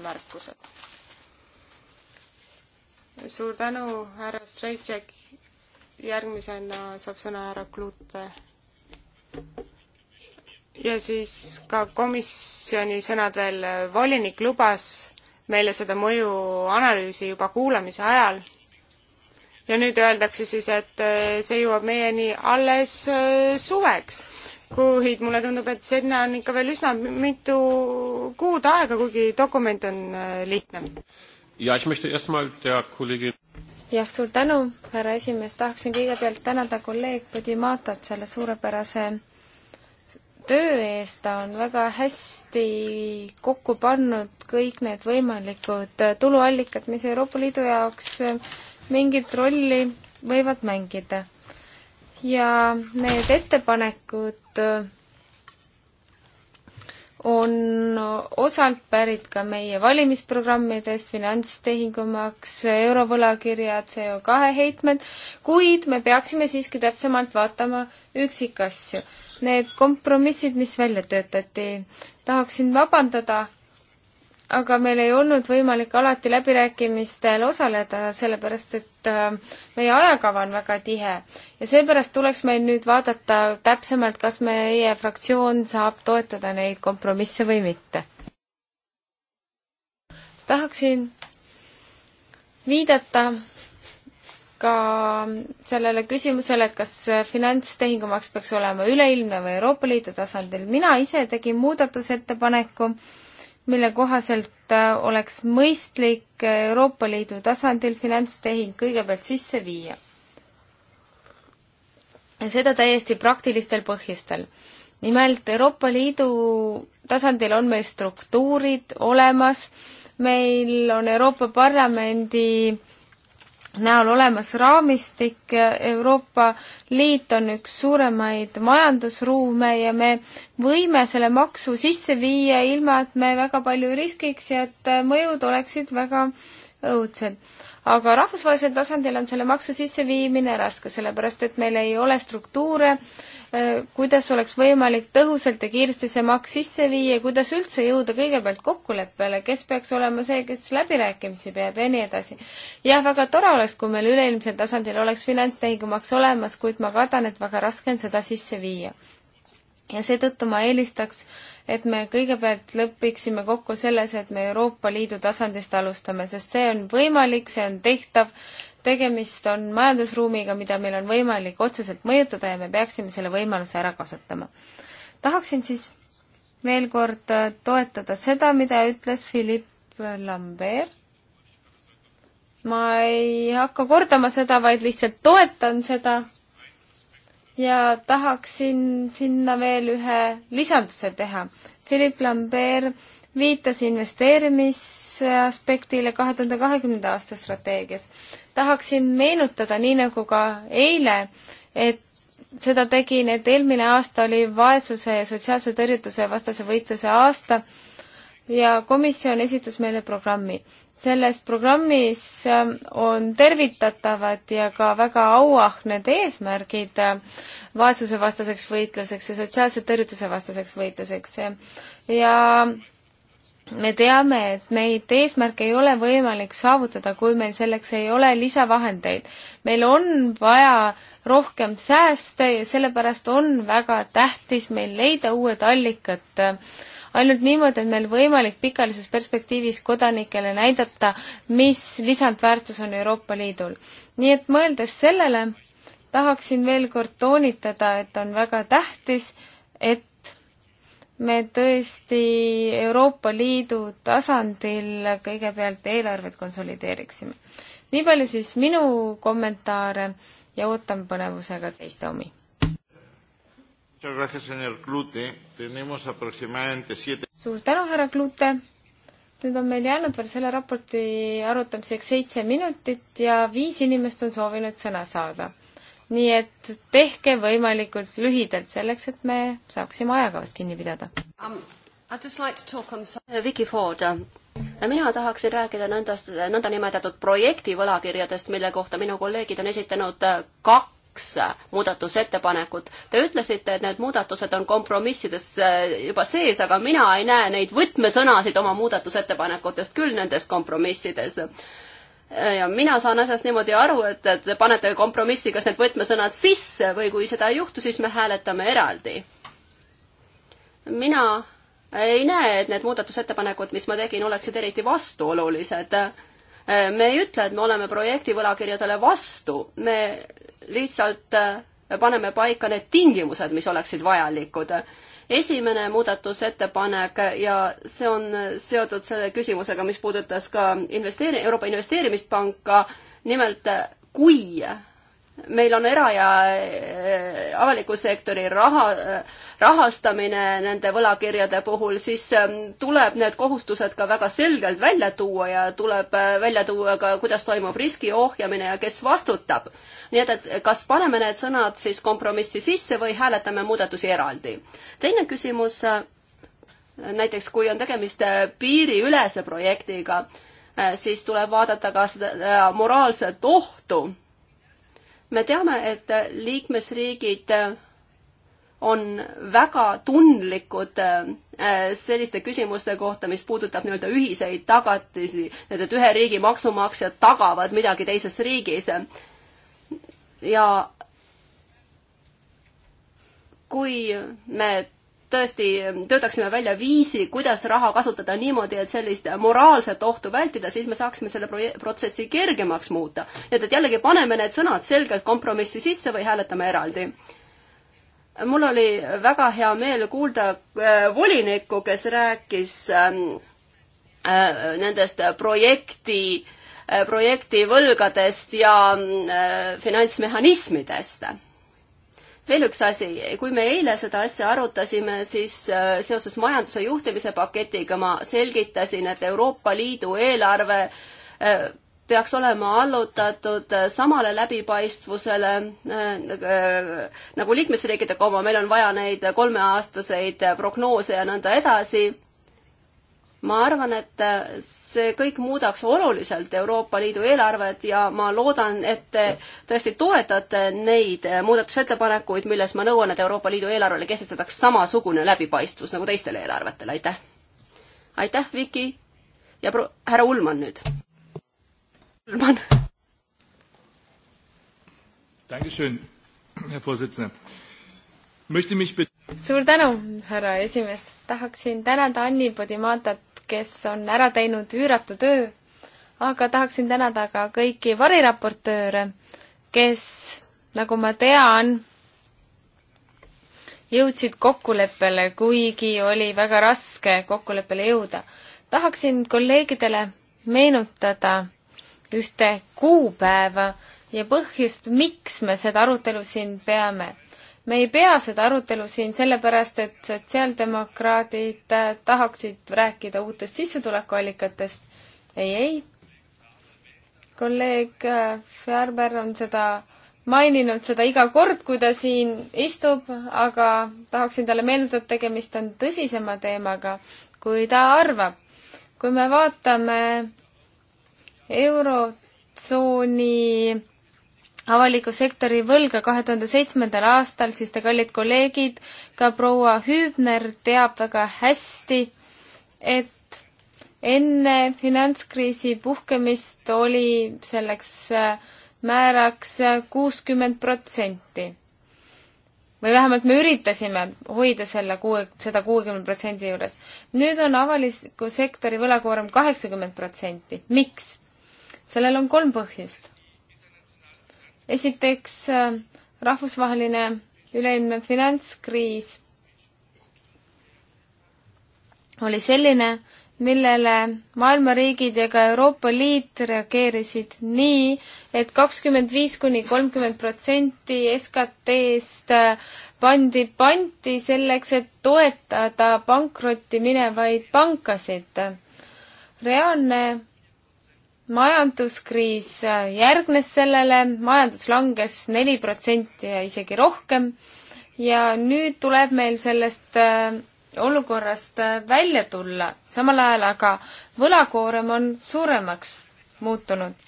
märkused. suur tänu, härra Strejtšek. järgmisena saab sõna härra Klute. ja siis ka komisjoni sõnad veel. volinik lubas meile seda mõjuanalüüsi juba kuulamise ajal. ja nüüd öeldakse siis, et äh, see jõuab meieni alles äh, suveks kuid mulle tundub, et sinna on ikka veel üsna mitu kuud aega, kuigi dokument on äh, lihtne. jah, suur tänu, härra esimees, tahaksin kõigepealt tänada kolleeg Põdimatot selle suurepärase töö eest, ta on väga hästi kokku pannud kõik need võimalikud äh, tuluallikad, mis Euroopa Liidu jaoks äh, mingit rolli võivad mängida. ja need ettepanekud äh, on osalt pärit ka meie valimisprogrammidest, finantstehingumaks, eurovõlakirjad, CO2 heitmed, kuid me peaksime siiski täpsemalt vaatama üksikasju need kompromissid, mis välja töötati. tahaksin vabandada, aga meil ei olnud võimalik alati läbirääkimistel osaleda, sellepärast et äh, meie ajakava on väga tihe. ja seepärast tuleks meil nüüd vaadata täpsemalt, kas meie fraktsioon saab toetada neid kompromisse või mitte. tahaksin viidata ka sellele küsimusele, et kas finantstehingumaks peaks olema üleilmne või Euroopa Liidu tasandil. mina ise tegin muudatusettepaneku, mille kohaselt äh, oleks mõistlik Euroopa Liidu tasandil finantstehing kõigepealt sisse viia. ja seda täiesti praktilistel põhjustel. nimelt Euroopa Liidu tasandil on meil struktuurid olemas, meil on Euroopa Parlamendi näol olemas raamistik, Euroopa Liit on üks suuremaid majandusruume ja me võime selle maksu sisse viia, ilma et me väga palju riskiks ja et mõjud oleksid väga õudsed aga rahvusvahelisel tasandil on selle maksu sisseviimine raske, sellepärast et meil ei ole struktuure, äh, kuidas oleks võimalik tõhusalt ja kiiresti see maks sisse viia, kuidas üldse jõuda kõigepealt kokkuleppele, kes peaks olema see, kes läbirääkimisi peab ja nii edasi. jah, väga tore oleks, kui meil üleilmsel tasandil oleks finantstehingumaks olemas, kuid ma kardan, et väga raske on seda sisse viia ja seetõttu ma eelistaks, et me kõigepealt lõpiksime kokku selles, et me Euroopa Liidu tasandist alustame, sest see on võimalik, see on tehtav, tegemist on majandusruumiga, mida meil on võimalik otseselt mõjutada ja me peaksime selle võimaluse ära kasutama. tahaksin siis veel kord äh, toetada seda, mida ütles Philipp Lambert. ma ei hakka kordama seda, vaid lihtsalt toetan seda ja tahaksin sinna veel ühe lisanduse teha. Philip Lambert viitas investeerimisaspektile kahe tuhande kahekümnenda aasta strateegias. tahaksin meenutada, nii nagu ka eile, et seda tegin, et eelmine aasta oli vaesuse ja sotsiaalse tõrjutuse vastase võitluse aasta ja komisjon esitas meile programmi. selles programmis ähm, on tervitatavad ja ka väga auahned eesmärgid äh, vaesusevastaseks võitluseks ja sotsiaalse tõrjutuse vastaseks võitluseks ja me teame, et neid eesmärke ei ole võimalik saavutada, kui meil selleks ei ole lisavahendeid. meil on vaja rohkem sääste ja sellepärast on väga tähtis meil leida uued allikad äh, ainult niimoodi on meil võimalik pikalises perspektiivis kodanikele näidata, mis lisandväärtus on Euroopa Liidul. nii et mõeldes sellele, tahaksin veel kord toonitada, et on väga tähtis, et me tõesti Euroopa Liidu tasandil kõigepealt eelarvet konsolideeriksime. nii palju siis minu kommentaare ja ootan põnevusega teiste omi suur tänu, härra Klute! nüüd on meil jäänud veel selle raporti arutamiseks seitse minutit ja viis inimest on soovinud sõna saada. nii et tehke võimalikult lühidalt, selleks et me saaksime ajakavast kinni pidada um,. Like on... Uh, Vicky Ford, uh, mina tahaksin rääkida nõndast, nõndanimetatud projektivõlakirjadest, mille kohta minu kolleegid on esitanud uh, kaks kaks muudatusettepanekut. Te ütlesite, et need muudatused on kompromissides äh, juba sees, aga mina ei näe neid võtmesõnasid oma muudatusettepanekutest küll nendes kompromissides. Äh, ja mina saan asjast niimoodi aru, et te panete kompromissi kas need võtmesõnad sisse või kui seda ei juhtu, siis me hääletame eraldi. mina ei näe, et need muudatusettepanekud, mis ma tegin, oleksid eriti vastuolulised. Äh, me ei ütle, et me oleme projekti võlakirjadele vastu, me lihtsalt äh, paneme paika need tingimused, mis oleksid vajalikud. esimene muudatusettepanek ja see on seotud selle küsimusega, mis puudutas ka investeeri-, Euroopa Investeerimispanka, nimelt kui meil on era- ja eh, avaliku sektori raha, rahastamine nende võlakirjade puhul, siis ehm, tuleb need kohustused ka väga selgelt välja tuua ja tuleb eh, välja tuua ka, kuidas toimub riski ohjamine ja kes vastutab. nii et, et kas paneme need sõnad siis kompromissi sisse või hääletame muudatusi eraldi. teine küsimus, eh, näiteks kui on tegemist piiriülese projektiga, siis tuleb vaadata ka seda moraalset ohtu me teame, et liikmesriigid äh, on väga tundlikud äh, selliste küsimuste kohta, mis puudutab nii-öelda ühiseid tagatisi, need, et ühe riigi maksumaksjad tagavad midagi teises riigis. ja kui me tõesti töötaksime välja viisi, kuidas raha kasutada niimoodi, et sellist moraalset ohtu vältida, siis me saaksime selle protsessi kergemaks muuta. nii et, et jällegi paneme need sõnad selgelt kompromissi sisse või hääletame eraldi mul oli väga hea meel kuulda äh, volinikku, kes rääkis äh, äh, nendest projekti, äh, projekti võlgadest ja äh, finantsmehhanismidest veel üks asi, kui me eile seda asja arutasime, siis äh, seoses majanduse juhtimise paketiga ma selgitasin, et Euroopa Liidu eelarve äh, peaks olema allutatud äh, samale läbipaistvusele nagu liikmesriikidega oma, meil on vaja neid kolmeaastaseid prognoose ja nõnda edasi ma arvan, et äh, see kõik muudaks oluliselt Euroopa Liidu eelarvet ja ma loodan, et te tõesti toetate neid äh, muudatusettepanekuid, milles ma nõuan, et Euroopa Liidu eelarvele kehtestataks samasugune läbipaistvus nagu teistele eelarvetele, aitäh! aitäh, Viki ja pro-, härra Ulman nüüd. Ulman. Dankeschön, Herr Vorsitzender. Möchte mich suur tänu, härra esimees. tahaksin tänada Anni Podimatat, kes on ära teinud üüratu töö, aga tahaksin tänada ka kõiki variraportööre, kes, nagu ma tean, jõudsid kokkuleppele, kuigi oli väga raske kokkuleppele jõuda. tahaksin kolleegidele meenutada ühte kuupäeva ja põhjust, miks me seda arutelu siin peame me ei pea seda arutelu siin sellepärast, et sotsiaaldemokraadid äh, tahaksid rääkida uutest sissetulekuallikatest. ei, ei. kolleeg äh, Färber on seda maininud seda iga kord, kui ta siin istub, aga tahaksin talle meenutada, et tegemist on tõsisema teemaga, kui ta arvab. kui me vaatame eurotsooni avaliku sektori võlga kahe tuhande seitsmendal aastal, siis te, kallid kolleegid, ka proua Hüübner teab väga hästi, et enne finantskriisi puhkemist oli selleks äh, määraks äh, kuuskümmend protsenti. või vähemalt me üritasime hoida selle kuue, seda kuuekümne protsendi juures. nüüd on avaliku sektori võlakoorem kaheksakümmend protsenti. miks? sellel on kolm põhjust esiteks äh, rahvusvaheline üleilmne finantskriis oli selline, millele maailma riigid ja ka Euroopa Liit reageerisid nii, et kakskümmend viis kuni kolmkümmend protsenti SKT-st äh, pandi panti selleks, et toetada pankrotti minevaid pankasid. reaalne majanduskriis järgnes sellele, majandus langes neli protsenti ja isegi rohkem ja nüüd tuleb meil sellest äh, olukorrast äh, välja tulla, samal ajal aga võlakoorem on suuremaks muutunud.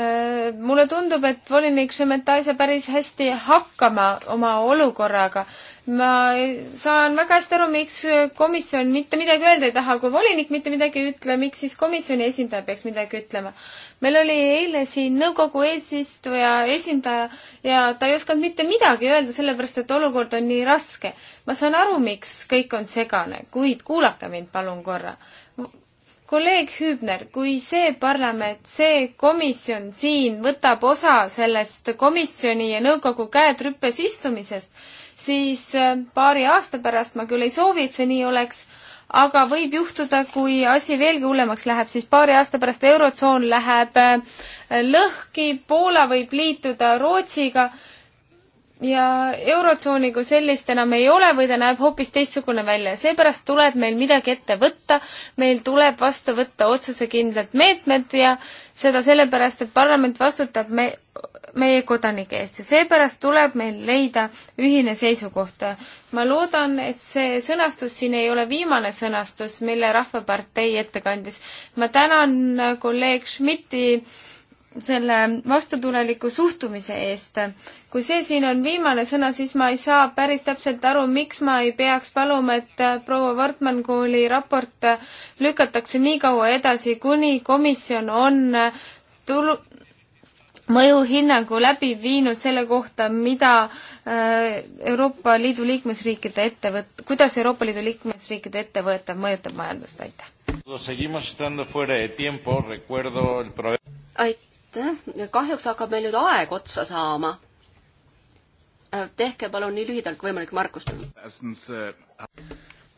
Äh, mulle tundub, et volinik Šemeta ei saa päris hästi hakkama oma olukorraga ma saan väga hästi aru, miks komisjon mitte midagi öelda ei taha, kui volinik mitte midagi ei ütle, miks siis komisjoni esindaja peaks midagi ütlema? meil oli eile siin nõukogu eesistuja esindaja ja ta ei osanud mitte midagi öelda, sellepärast et olukord on nii raske. ma saan aru, miks kõik on segane, kuid kuulake mind palun korra. kolleeg Hübner, kui see parlament, see komisjon siin võtab osa sellest komisjoni ja nõukogu käed rüppes istumisest, siis äh, paari aasta pärast, ma küll ei soovi, et see nii oleks, aga võib juhtuda, kui asi veelgi hullemaks läheb, siis paari aasta pärast Eurotsoon läheb äh, lõhki, Poola võib liituda Rootsiga ja Eurotsooni kui sellist enam ei ole või ta näeb hoopis teistsugune välja ja seepärast tuleb meil midagi ette võtta, meil tuleb vastu võtta otsusekindlad meetmed ja seda sellepärast, et parlament vastutab me, meie kodanike eest ja seepärast tuleb meil leida ühine seisukoht. ma loodan, et see sõnastus siin ei ole viimane sõnastus, mille Rahvapartei ette kandis. ma tänan kolleeg Schmidti äh, selle vastutuleliku suhtumise eest. kui see siin on viimane sõna, siis ma ei saa päris täpselt aru, miks ma ei peaks paluma, et proua Wortmann kooli raport lükatakse nii kaua edasi, kuni komisjon on tulu, mõjuhinnangu läbi viinud selle kohta, mida äh, Euroopa Liidu liikmesriikide ettevõt-, kuidas Euroopa Liidu liikmesriikide ettevõetav mõjutab majandust, aitäh! aitäh! aitäh, kahjuks hakkab meil nüüd aeg otsa saama. Äh, tehke palun nii lühidalt kui võimalik, Markus.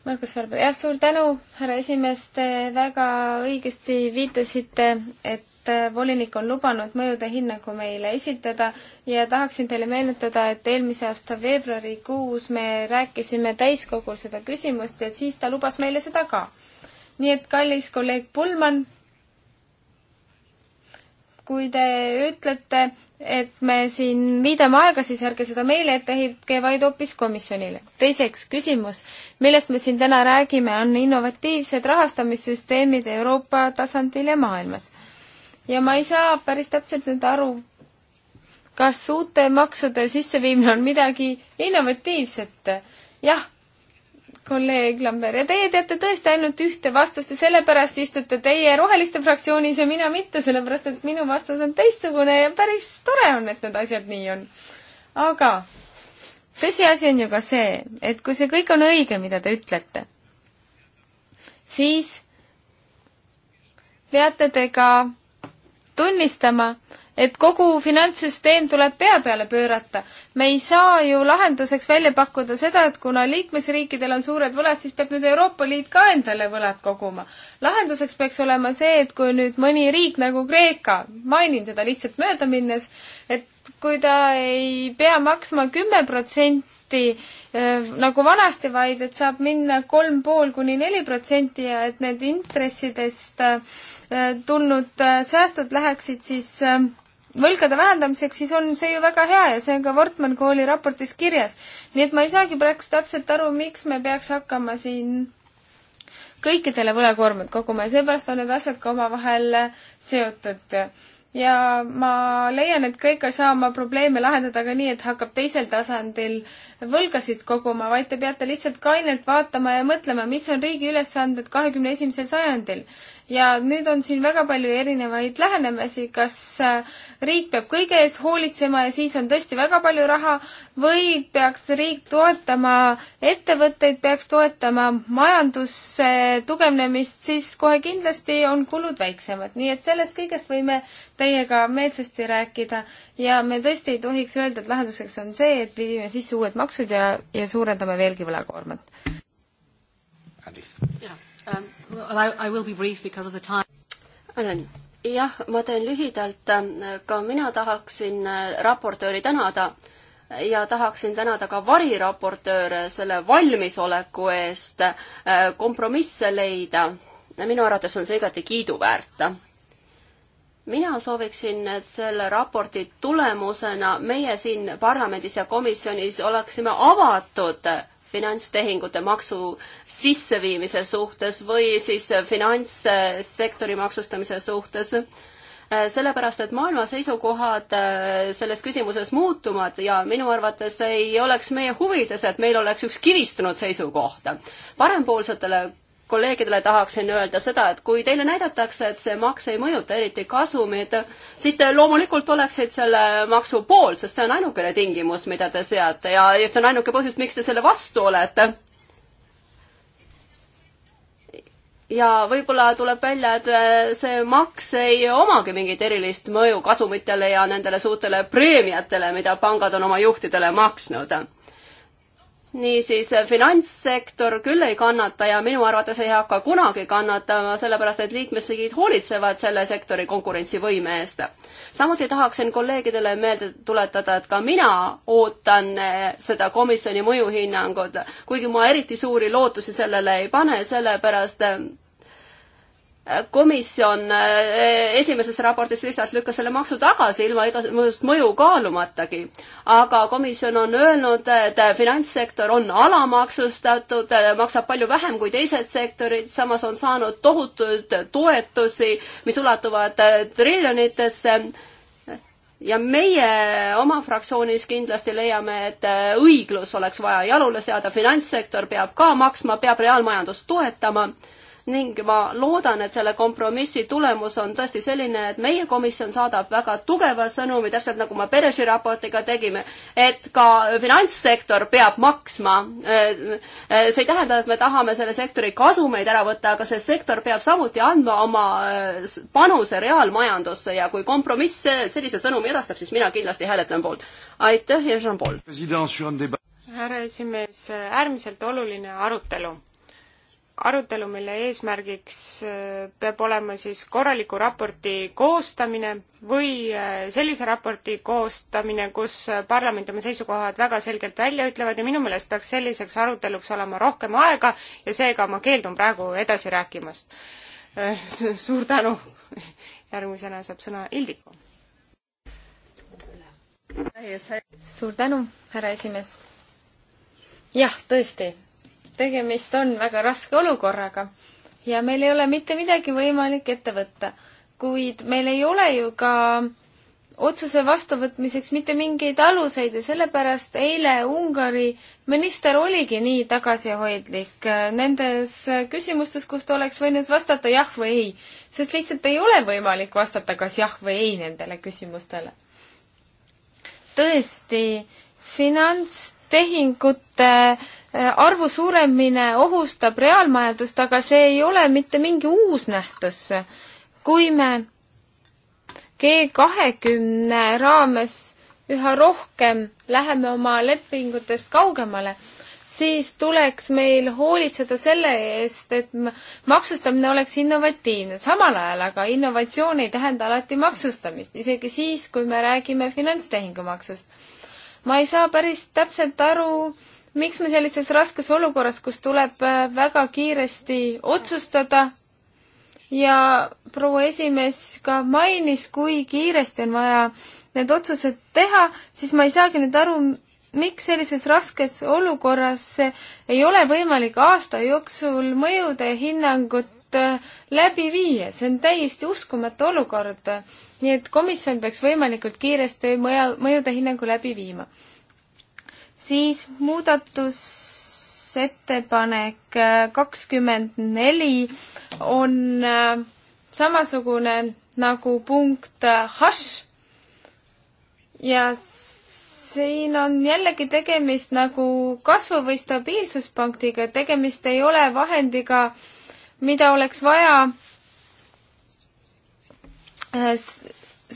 Markus Värbe, jah, suur tänu, härra esimees, te väga õigesti viitasite, et äh, volinik on lubanud mõjude hinnangu meile esitada ja tahaksin teile meenutada, et eelmise aasta veebruarikuus me rääkisime täiskogul seda küsimust ja siis ta lubas meile seda ka. nii et kallis kolleeg Pullmann, kui te ütlete, et me siin viidame aega, siis ärge seda meile ette heitke, vaid hoopis komisjonile. teiseks küsimus, millest me siin täna räägime, on innovatiivsed rahastamissüsteemid Euroopa tasandil ja maailmas. ja ma ei saa päris täpselt nüüd aru, kas uute maksude sisseviimine on midagi innovatiivset. jah, kolleeg Lamber ja teie teate tõesti ainult ühte vastust ja sellepärast istute teie Roheliste fraktsioonis ja mina mitte, sellepärast et minu vastus on teistsugune ja päris tore on, et need asjad nii on. aga tõsiasi on ju ka see, et kui see kõik on õige, mida te ütlete, siis peate te ka tunnistama, et kogu finantssüsteem tuleb pea peale pöörata. me ei saa ju lahenduseks välja pakkuda seda, et kuna liikmesriikidel on suured võlad, siis peab nüüd Euroopa Liit ka endale võlad koguma. lahenduseks peaks olema see, et kui nüüd mõni riik nagu Kreeka, mainin teda lihtsalt mööda minnes, et kui ta ei pea maksma kümme protsenti eh, nagu vanasti, vaid et saab minna kolm pool kuni neli protsenti ja et need intressidest eh, tulnud eh, säästud läheksid siis võlgade vähendamiseks, siis on see ju väga hea ja see on ka Wortmann kooli raportis kirjas. nii et ma ei saagi praegu täpselt aru, miks me peaks hakkama siin kõikidele võlakoormat koguma ja seepärast on need asjad ka omavahel seotud. ja ma leian, et Kreeka ei saa oma probleeme lahendada ka nii, et hakkab teisel tasandil võlgasid koguma, vaid te peate lihtsalt kainelt vaatama ja mõtlema, mis on riigi ülesanded kahekümne esimesel sajandil. ja nüüd on siin väga palju erinevaid lähenemisi, kas äh, riik peab kõige eest hoolitsema ja siis on tõesti väga palju raha või peaks riik toetama ettevõtteid, peaks toetama majanduse tugevnemist, siis kohe kindlasti on kulud väiksemad, nii et sellest kõigest võime teiega meelsasti rääkida ja me tõesti ei tohiks öelda, et lahenduseks on see, et viime sisse uued maksud, maksud ja, ja suurendame veelgi võlakoormat. Um, Annan, jah, ma teen lühidalt, ka mina tahaksin äh, raportööri tänada ja tahaksin tänada ka variraportööre selle valmisoleku eest äh, kompromisse leida. minu arvates on see igati kiiduväärt mina sooviksin, et selle raporti tulemusena meie siin parlamendis ja komisjonis oleksime avatud finantstehingute maksu sisseviimise suhtes või siis finantssektori maksustamise suhtes, sellepärast et maailma seisukohad äh, selles küsimuses muutuvad ja minu arvates ei oleks meie huvides, et meil oleks üks kivistunud seisukoht. parempoolsetele kolleegidele tahaksin öelda seda, et kui teile näidatakse, et see maks ei mõjuta eriti kasumit, siis te loomulikult oleksite selle maksu poolt, sest see on ainukene tingimus, mida te seate ja, ja see on ainuke põhjus, miks te selle vastu olete. ja võib-olla tuleb välja, et äh, see maks ei omagi mingit erilist mõju kasumitele ja nendele suurtele preemiatele, mida pangad on oma juhtidele maksnud niisiis finantssektor küll ei kannata ja minu arvates ei hakka kunagi kannatama, sellepärast et liikmesriigid hoolitsevad selle sektori konkurentsivõime eest. samuti tahaksin kolleegidele meelde tuletada, et ka mina ootan eh, seda komisjoni mõjuhinnangut, kuigi ma eriti suuri lootusi sellele ei pane, sellepärast komisjon eh, esimeses raportis lihtsalt lükkas selle maksu tagasi ilma igasugust mõju kaalumatagi. aga komisjon on öelnud, et finantssektor on alamaksustatud, maksab palju vähem kui teised sektorid, samas on saanud tohutuid toetusi, mis ulatuvad triljonitesse ja meie oma fraktsioonis kindlasti leiame, et õiglus oleks vaja jalule seada, finantssektor peab ka maksma, peab reaalmajandust toetama ning ma loodan, et selle kompromissi tulemus on tõesti selline, et meie komisjon saadab väga tugeva sõnumi, täpselt nagu me Peresi raportiga tegime, et ka finantssektor peab maksma. Äh, äh, see ei tähenda, et me tahame selle sektori kasumeid ära võtta, aga see sektor peab samuti andma oma äh, panuse reaalmajandusse ja kui kompromiss sellise sõnumi edastab, siis mina kindlasti hääletan poolt. aitäh ja Jean-Paul! härra esimees, äärmiselt oluline arutelu arutelu, mille eesmärgiks äh, peab olema siis korraliku raporti koostamine või äh, sellise raporti koostamine, kus äh, parlament oma seisukohad väga selgelt välja ütlevad ja minu meelest peaks selliseks aruteluks olema rohkem aega ja seega ma keeldun praegu edasi rääkimast. [LAUGHS] suur tänu! [LAUGHS] järgmisena saab sõna Ildiku. suur tänu, härra esimees! jah, tõesti tegemist on väga raske olukorraga ja meil ei ole mitte midagi võimalik ette võtta. kuid meil ei ole ju ka otsuse vastuvõtmiseks mitte mingeid aluseid ja sellepärast eile Ungari minister oligi nii tagasihoidlik äh, nendes äh, küsimustes, kus ta oleks võinud vastata jah või ei, sest lihtsalt ei ole võimalik vastata kas jah või ei nendele küsimustele. tõesti, finantstehingute äh, arvu suuremine ohustab reaalmajandust, aga see ei ole mitte mingi uus nähtus. kui me G kahekümne raames üha rohkem läheme oma lepingutest kaugemale, siis tuleks meil hoolitseda selle eest, et maksustamine oleks innovatiivne. samal ajal aga innovatsioon ei tähenda alati maksustamist, isegi siis, kui me räägime finantstehingumaksust. ma ei saa päris täpselt aru, miks me sellises raskes olukorras, kus tuleb äh, väga kiiresti otsustada ja proua esimees ka mainis, kui kiiresti on vaja need otsused teha, siis ma ei saagi nüüd aru, miks sellises raskes olukorras ei ole võimalik aasta jooksul mõjude hinnangut äh, läbi viia, see on täiesti uskumatu olukord. nii et komisjon peaks võimalikult kiiresti mõja, mõjude hinnangu läbi viima siis muudatusettepanek äh, kakskümmend neli on äh, samasugune nagu punkt äh, hash ja siin on jällegi tegemist nagu kasvu- või stabiilsuspunktiga, tegemist ei ole vahendiga, mida oleks vaja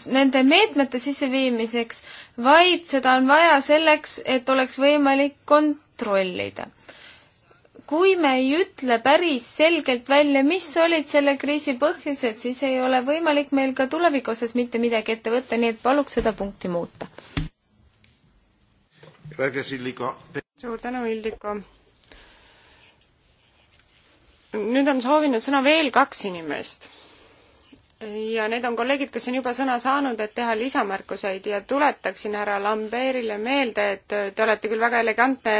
nende meetmete sisseviimiseks, vaid seda on vaja selleks, et oleks võimalik kontrollida. kui me ei ütle päris selgelt välja, mis olid selle kriisi põhjused, siis ei ole võimalik meil ka tuleviku osas mitte midagi ette võtta, nii et paluks seda punkti muuta. suur tänu, Ildiko nüüd on soovinud sõna veel kaks inimest ja need on kolleegid, kes on juba sõna saanud, et teha lisamärkuseid ja tuletaksin härra Lamberile meelde, et te olete küll väga elegantne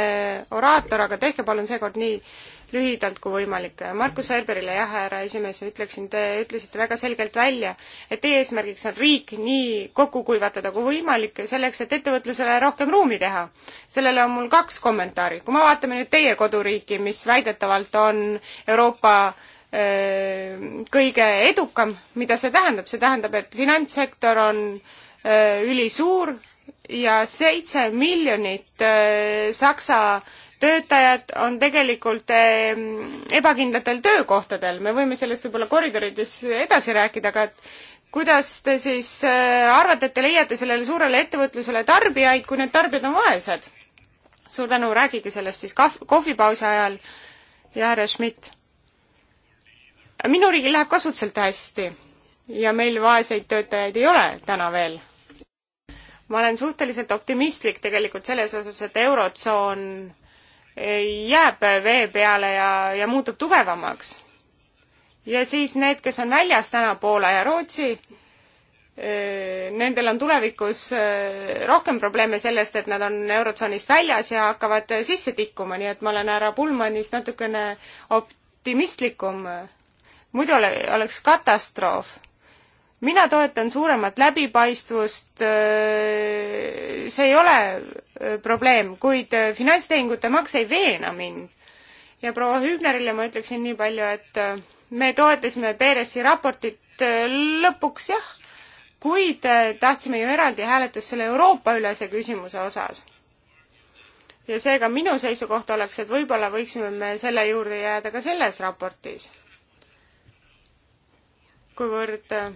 oraator, aga tehke palun seekord nii lühidalt kui võimalik. Markus Ferberile jah, härra esimees, ütleksin, te ütlesite väga selgelt välja, et teie eesmärgiks on riik nii kokku kuivatada kui võimalik, selleks et ettevõtlusele rohkem ruumi teha. sellele on mul kaks kommentaari. kui me vaatame nüüd teie koduriiki, mis väidetavalt on Euroopa Äh, kõige edukam, mida see tähendab, see tähendab, et finantssektor on äh, ülisuur ja seitse miljonit äh, Saksa töötajad on tegelikult ebakindlatel töökohtadel, me võime sellest võib-olla koridorides edasi rääkida, aga et kuidas te siis arvate, et te leiate sellele suurele ettevõtlusele tarbijaid, kui need tarbijad on vaesed? suur tänu, rääkige sellest siis kahv-, kohvipausi ajal ja härra Schmidt minu riigil läheb kasutselt hästi ja meil vaeseid töötajaid ei ole täna veel. ma olen suhteliselt optimistlik tegelikult selles osas, et Eurotsoon jääb vee peale ja, ja muutub tugevamaks. ja siis need, kes on väljas täna, Poola ja Rootsi, eh, nendel on tulevikus eh, rohkem probleeme sellest, et nad on Eurotsoonist väljas ja hakkavad sisse tikkuma, nii et ma olen härra Pulmanist natukene optimistlikum muidu ole, oleks katastroof. mina toetan suuremat läbipaistvust, äh, see ei ole äh, probleem, kuid äh, finantstehingute maks ei veena mind. ja proua Hübnerile ma ütleksin nii palju, et me toetasime PRS-i raportit lõpuks jah, kuid tahtsime ju eraldi hääletust selle Euroopa-ülese küsimuse osas ja seega minu seisukoht oleks, et võib-olla võiksime me selle juurde jääda ka selles raportis kuivõrd äh,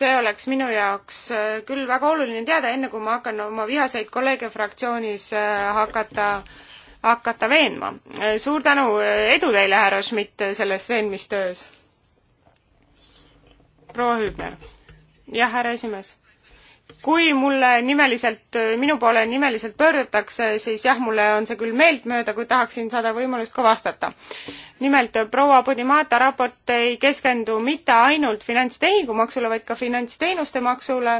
see oleks minu jaoks äh, küll väga oluline teada, enne kui ma hakkan oma vihaseid kolleege fraktsioonis äh, hakata, hakata veenma. suur tänu, edu teile, härra Schmidt, selles veenmistöös! proua Hübner. jah, härra esimees kui mulle nimeliselt, minu poole nimeliselt pöördutakse, siis jah, mulle on see küll meeltmööda, kuid tahaksin saada võimalust ka vastata. nimelt proua Podimata raport ei keskendu mitte ainult finantstehingumaksule, vaid ka finantsteenuste maksule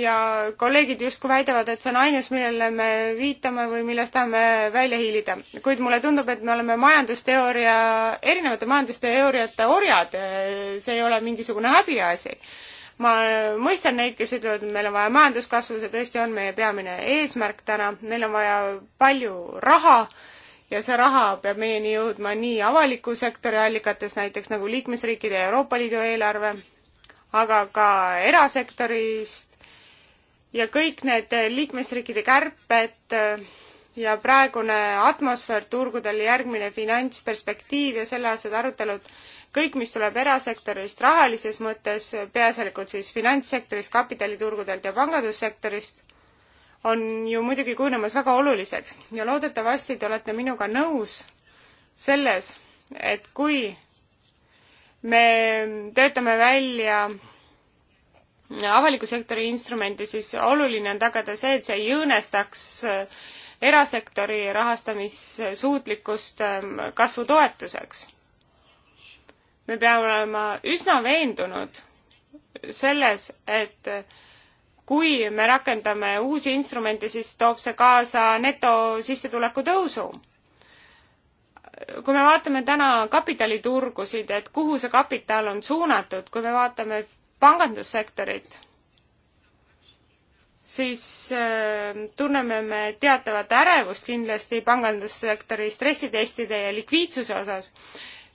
ja kolleegid justkui väidavad, et see on ainus, millele me viitame või millest tahame välja hiilida. kuid mulle tundub, et me oleme majandusteooria, erinevate majandusteooriate orjad, see ei ole mingisugune häbiasi ma äh, mõistan neid, kes ütlevad, et meil on vaja majanduskasvu, see tõesti on meie peamine eesmärk täna, meil on vaja palju raha ja see raha peab meieni jõudma nii avaliku sektori allikates, näiteks nagu liikmesriikide ja Euroopa Liidu eelarve, aga ka erasektorist ja kõik need liikmesriikide kärped äh, ja praegune atmosfäär turgudel, järgmine finantsperspektiiv ja selleaastased arutelud kõik, mis tuleb erasektorist rahalises mõttes, peaasjalikult siis finantssektorist, kapitaliturgudelt ja pangandussektorist, on ju muidugi kujunemas väga oluliseks ja loodetavasti te olete minuga nõus selles, et kui me töötame välja avaliku sektori instrumente, siis oluline on tagada see, et see ei õõnestaks äh, erasektori rahastamissuutlikkust ähm, kasvu toetuseks me peame olema üsna veendunud selles, et kui me rakendame uusi instrumente, siis toob see kaasa netosissetuleku tõusu. kui me vaatame täna kapitaliturgusid, et kuhu see kapital on suunatud, kui me vaatame pangandussektorit, siis äh, tunneme me teatavat ärevust kindlasti pangandussektori stressitestide ja likviidsuse osas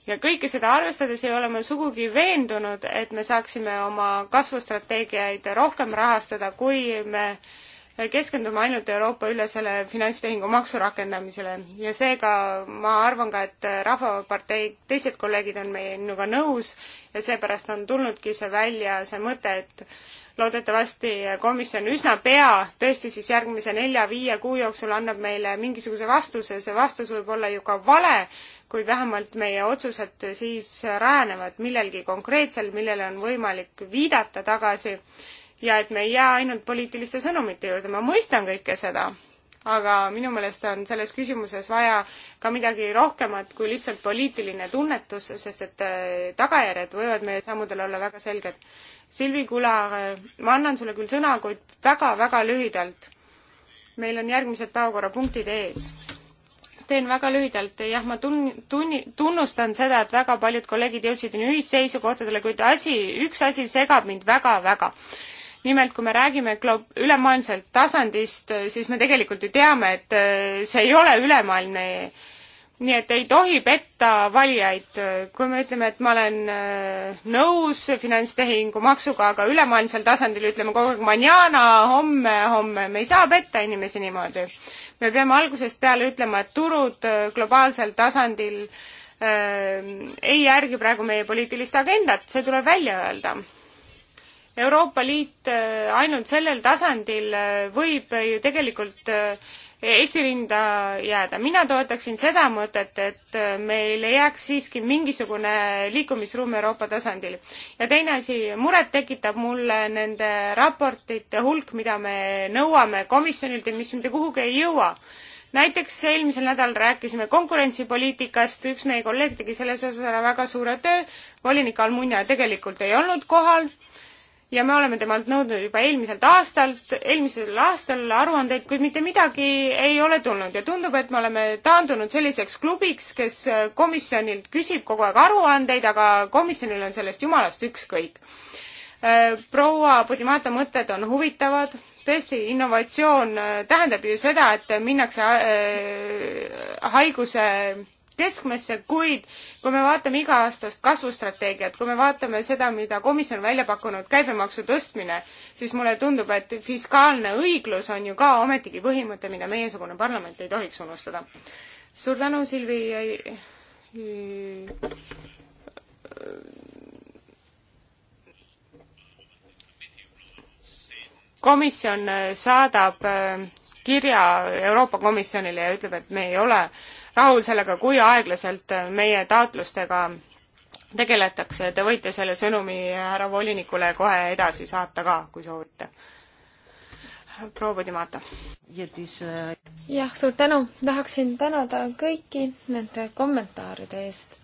ja kõike seda arvestades ei ole ma sugugi veendunud, et me saaksime oma kasvustrateegiaid rohkem rahastada, kui me keskendume ainult Euroopa ülesele finantstehingu maksu rakendamisele ja seega ma arvan ka, et Rahvapartei teised kolleegid on meiega nõus ja seepärast on tulnudki see välja, see mõte, et loodetavasti komisjon üsna pea, tõesti siis järgmise nelja-viie kuu jooksul annab meile mingisuguse vastuse, see vastus võib olla ju ka vale, kui vähemalt meie otsused siis rajanevad millelgi konkreetsel, millele on võimalik viidata tagasi ja et me ei jää ainult poliitiliste sõnumite juurde, ma mõistan kõike seda, aga minu meelest on selles küsimuses vaja ka midagi rohkemat kui lihtsalt poliitiline tunnetus, sest et äh, tagajärjed võivad meie sammudel olla väga selged. Silvi Kula, äh, ma annan sulle küll sõna, kuid väga-väga lühidalt. meil on järgmised päevakorrapunktid ees teen väga lühidalt, jah, ma tun-, tunni-, tunnustan seda, et väga paljud kolleegid jõudsid ühisseisukohtadele, kuid asi, üks asi segab mind väga-väga. nimelt, kui me räägime glo-, ülemaailmselt tasandist, siis me tegelikult ju teame, et äh, see ei ole ülemaailmne nii et ei tohi petta valijaid, kui me ütleme, et ma olen äh, nõus finantstehingu maksuga, aga ülemaailmsel tasandil ütleme kogu aeg manjana, homme, homme, me ei saa petta inimesi niimoodi me peame algusest peale ütlema, et turud äh, globaalsel tasandil äh, ei järgi praegu meie poliitilist agendat, see tuleb välja öelda. Euroopa Liit äh, ainult sellel tasandil äh, võib ju tegelikult esirinda jääda. mina toetaksin seda mõtet, et meil jääks siiski mingisugune liikumisruum Euroopa tasandil. ja teine asi, muret tekitab mulle nende raportite hulk, mida me nõuame komisjonilt ja mis mitte kuhugi ei jõua näiteks eelmisel nädalal rääkisime konkurentsipoliitikast, üks meie kolleeg tegi selles osas ära väga suure töö, volinik Almunia tegelikult ei olnud kohal ja me oleme temalt nõudnud juba eelmiselt aastalt, eelmisel aastal aruandeid, kuid mitte midagi ei ole tulnud ja tundub, et me oleme taandunud selliseks klubiks, kes komisjonilt küsib kogu aeg aruandeid, aga komisjonil on sellest jumalast ükskõik. Äh, proua Budimata mõtted on huvitavad, tõesti, innovatsioon äh, tähendab ju seda, et minnakse äh, haiguse keskmesse, kuid kui me vaatame iga-aastast kasvustrateegiat, kui me vaatame seda, mida komisjon on välja pakkunud, käibemaksu tõstmine, siis mulle tundub, et fiskaalne õiglus on ju ka ometigi põhimõte, mida meiesugune parlament ei tohiks unustada. suur tänu, Silvi. komisjon saadab äh, kirja Euroopa Komisjonile ja ütleb, et me ei ole äh, rahul sellega, kui aeglaselt meie taotlustega tegeletakse, te võite selle sõnumi härra volinikule kohe edasi saata ka, kui soovite. proua Podimata. Äh, jah, suur tänu, tahaksin tänada kõiki nende kommentaaride eest.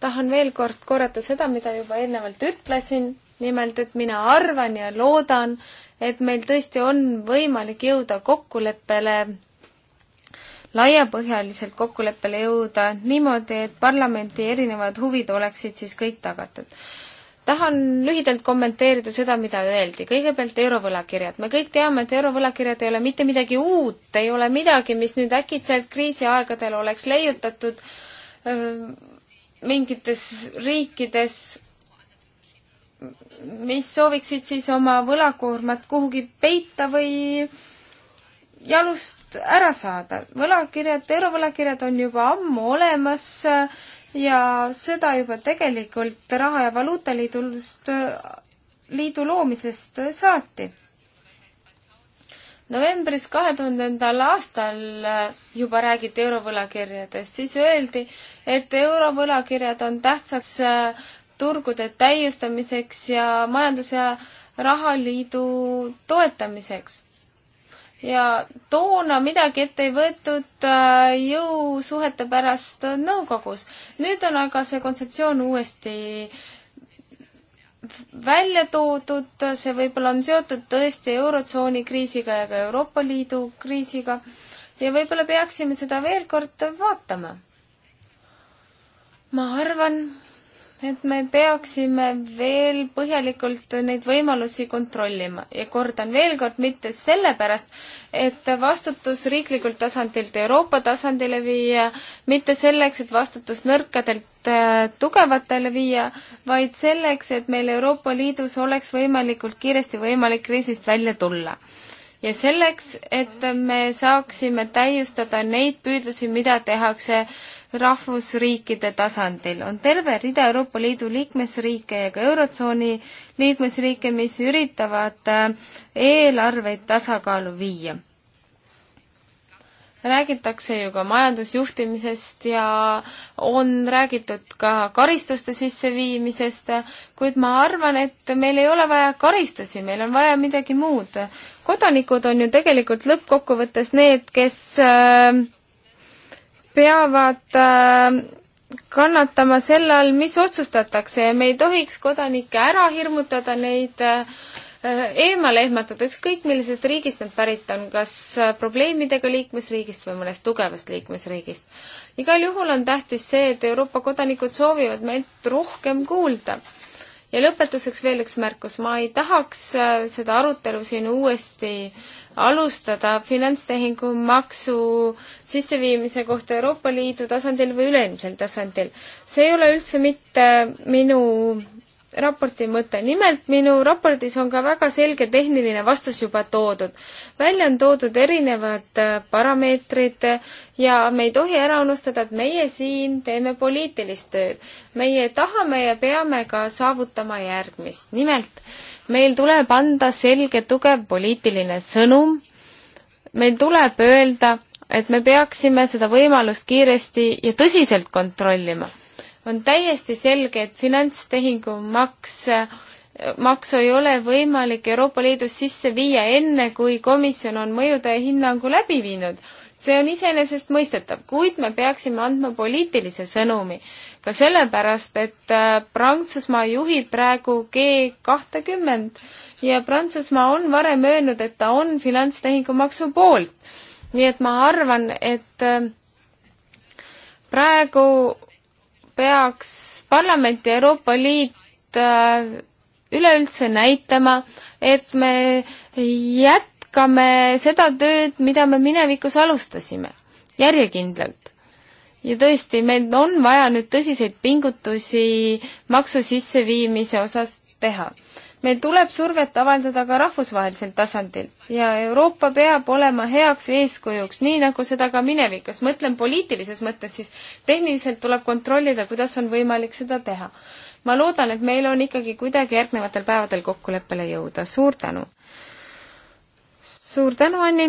tahan veel kord korrata seda, mida juba eelnevalt ütlesin, nimelt, et mina arvan ja loodan, et meil tõesti on võimalik jõuda kokkuleppele laiapõhjaliselt kokkuleppele jõuda niimoodi, et parlamendi erinevad huvid oleksid siis kõik tagatud. tahan lühidalt kommenteerida seda, mida öeldi. kõigepealt eurovõlakirjad. me kõik teame, et eurovõlakirjad ei ole mitte midagi uut, ei ole midagi, mis nüüd äkitselt kriisiaegadel oleks leiutatud öö, mingites riikides, mis sooviksid siis oma võlakoormat kuhugi peita või öö, jalust ära saada. võlakirjad, eurovõlakirjad on juba ammu olemas ja seda juba tegelikult Raha- ja Valuutaliidust, liidu loomisest saati. novembris kahe tuhandendal aastal juba räägiti eurovõlakirjadest, siis öeldi, et eurovõlakirjad on tähtsaks turgude täiustamiseks ja majandus- ja rahaliidu toetamiseks ja toona midagi ette ei võetud äh, jõusuhete pärast nõukogus. nüüd on aga see kontseptsioon uuesti välja toodud, see võib-olla on seotud tõesti Eurotsooni kriisiga ja ka Euroopa Liidu kriisiga ja võib-olla peaksime seda veel kord vaatama. ma arvan, et me peaksime veel põhjalikult neid võimalusi kontrollima ja kordan veel kord, mitte sellepärast, et vastutus riiklikult tasandilt Euroopa tasandile viia, mitte selleks, et vastutus nõrkadelt äh, tugevatele viia, vaid selleks, et meil Euroopa Liidus oleks võimalikult kiiresti võimalik kriisist välja tulla ja selleks, et me saaksime täiustada neid püüdlusi, mida tehakse rahvusriikide tasandil. on terve rida Euroopa Liidu liikmesriike ja ka Eurotsooni liikmesriike, mis üritavad äh, eelarveid tasakaalu viia. räägitakse ju ka majandusjuhtimisest ja on räägitud ka karistuste sisseviimisest, kuid ma arvan, et meil ei ole vaja karistusi, meil on vaja midagi muud. kodanikud on ju tegelikult lõppkokkuvõttes need, kes äh, peavad äh, kannatama selle all, mis otsustatakse ja me ei tohiks kodanikke ära hirmutada, neid äh, eemale ehmatada, ükskõik millisest riigist nad pärit on, kas äh, probleemidega liikmesriigist või mõnest tugevast liikmesriigist. igal juhul on tähtis see, et Euroopa kodanikud soovivad meilt rohkem kuulda ja lõpetuseks veel üks märkus, ma ei tahaks äh, seda arutelu siin uuesti alustada finantstehingu maksu sisseviimise kohta Euroopa Liidu tasandil või üleilmsel tasandil. see ei ole üldse mitte minu raporti mõte. nimelt minu raportis on ka väga selge tehniline vastus juba toodud. välja on toodud erinevad äh, parameetrid ja me ei tohi ära unustada, et meie siin teeme poliitilist tööd. meie tahame ja peame ka saavutama järgmist. nimelt, meil tuleb anda selge tugev poliitiline sõnum, meil tuleb öelda, et me peaksime seda võimalust kiiresti ja tõsiselt kontrollima on täiesti selge, et finantstehingu maks maksu ei ole võimalik Euroopa Liidus sisse viia enne, kui komisjon on mõjude hinnangu läbi viinud. see on iseenesestmõistetav, kuid me peaksime andma poliitilise sõnumi ka sellepärast, et äh, Prantsusmaa juhib praegu G kahtekümmend ja Prantsusmaa on varem öelnud, et ta on finantstehingumaksu poolt. nii et ma arvan, et äh, praegu peaks parlament ja Euroopa Liit äh, üleüldse näitama, et me jätkame seda tööd, mida me minevikus alustasime, järjekindlalt. ja tõesti, meil on vaja nüüd tõsiseid pingutusi maksu sisseviimise osas teha meil tuleb survet avaldada ka rahvusvahelisel tasandil ja Euroopa peab olema heaks eeskujuks, nii nagu seda ka minevikus, mõtlen poliitilises mõttes, siis tehniliselt tuleb kontrollida, kuidas on võimalik seda teha. ma loodan, et meil on ikkagi kuidagi järgnevatel päevadel kokkuleppele jõuda, suur tänu! suur tänu, Anni!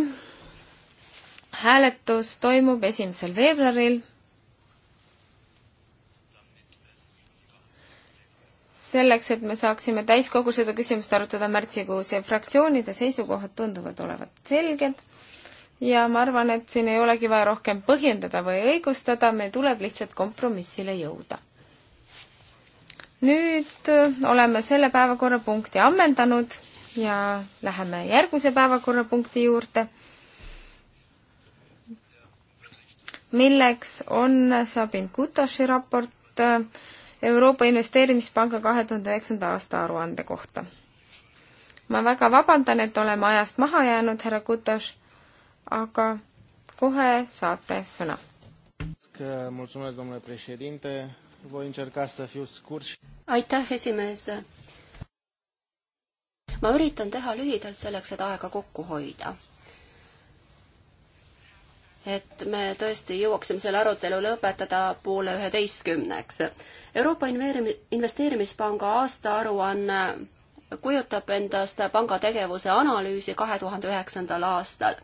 hääletus toimub esimesel veebruaril selleks, et me saaksime täiskogu seda küsimust arutada märtsikuus ja fraktsioonide seisukohad tunduvad olevat selged ja ma arvan, et siin ei olegi vaja rohkem põhjendada või õigustada, meil tuleb lihtsalt kompromissile jõuda. nüüd äh, oleme selle päevakorrapunkti ammendanud ja läheme järgmise päevakorrapunkti juurde, milleks on Sabin Kutoši raport äh, Euroopa Investeerimispanga kahe tuhande üheksanda aasta aruande kohta. ma väga vabandan, et oleme ajast maha jäänud, härra Kutoš, aga kohe saate sõna. aitäh, esimees. ma üritan teha lühidalt selleks, et aega kokku hoida et me tõesti jõuaksime selle arutelu lõpetada poole üheteistkümneks. Euroopa Investeerimispanga aastaaruanne kujutab endast panga tegevuse analüüsi kahe tuhande üheksandal aastal.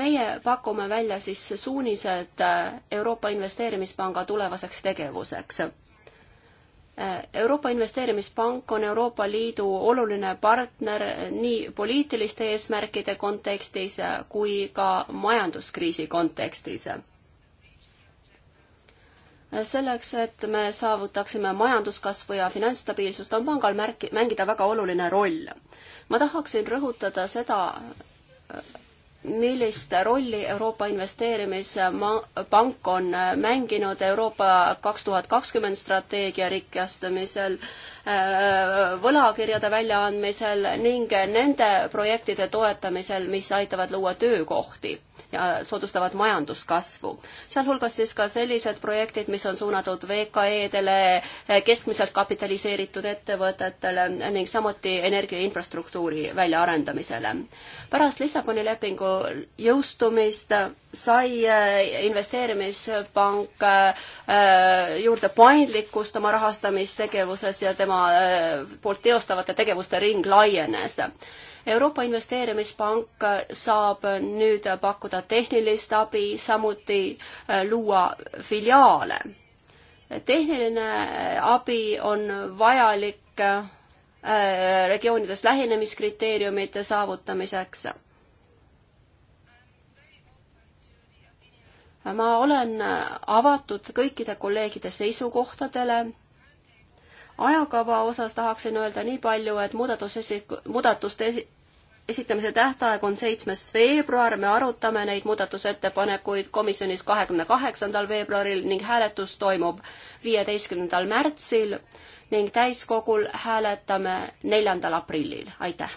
meie pakume välja siis suunised Euroopa Investeerimispanga tulevaseks tegevuseks Euroopa Investeerimispank on Euroopa Liidu oluline partner nii poliitiliste eesmärkide kontekstis kui ka majanduskriisi kontekstis. selleks, et me saavutaksime majanduskasvu ja finantsstabiilsust, on pangal märki, mängida väga oluline roll. ma tahaksin rõhutada seda, millist rolli Euroopa Investeerimispank on mänginud Euroopa kaks tuhat kakskümmend strateegia rikastamisel võlakirjade väljaandmisel ning nende projektide toetamisel, mis aitavad luua töökohti ja soodustavad majanduskasvu. sealhulgas siis ka sellised projektid, mis on suunatud VKE-dele, keskmiselt kapitaliseeritud ettevõtetele ning samuti energiainfrastruktuuri väljaarendamisele. pärast Lissaboni lepingu jõustumist sai äh, investeerimispank äh, äh, juurde paindlikkust oma rahastamistegevuses ja tema tema eh, poolt teostavate tegevuste ring laienes. Euroopa Investeerimispank eh, saab nüüd pakkuda tehnilist abi, samuti eh, luua filiaale. tehniline abi on vajalik regioonides lähenemiskriteeriumite saavutamiseks ma olen avatud kõikide kolleegide seisukohtadele ajakava osas tahaksin öelda nii palju, et muudatus esi-, muudatuste esi-, esitamise tähtaeg on seitsmes veebruar, me arutame neid muudatusettepanekuid komisjonis kahekümne kaheksandal veebruaril ning hääletus toimub viieteistkümnendal märtsil ning täiskogul hääletame neljandal aprillil, aitäh!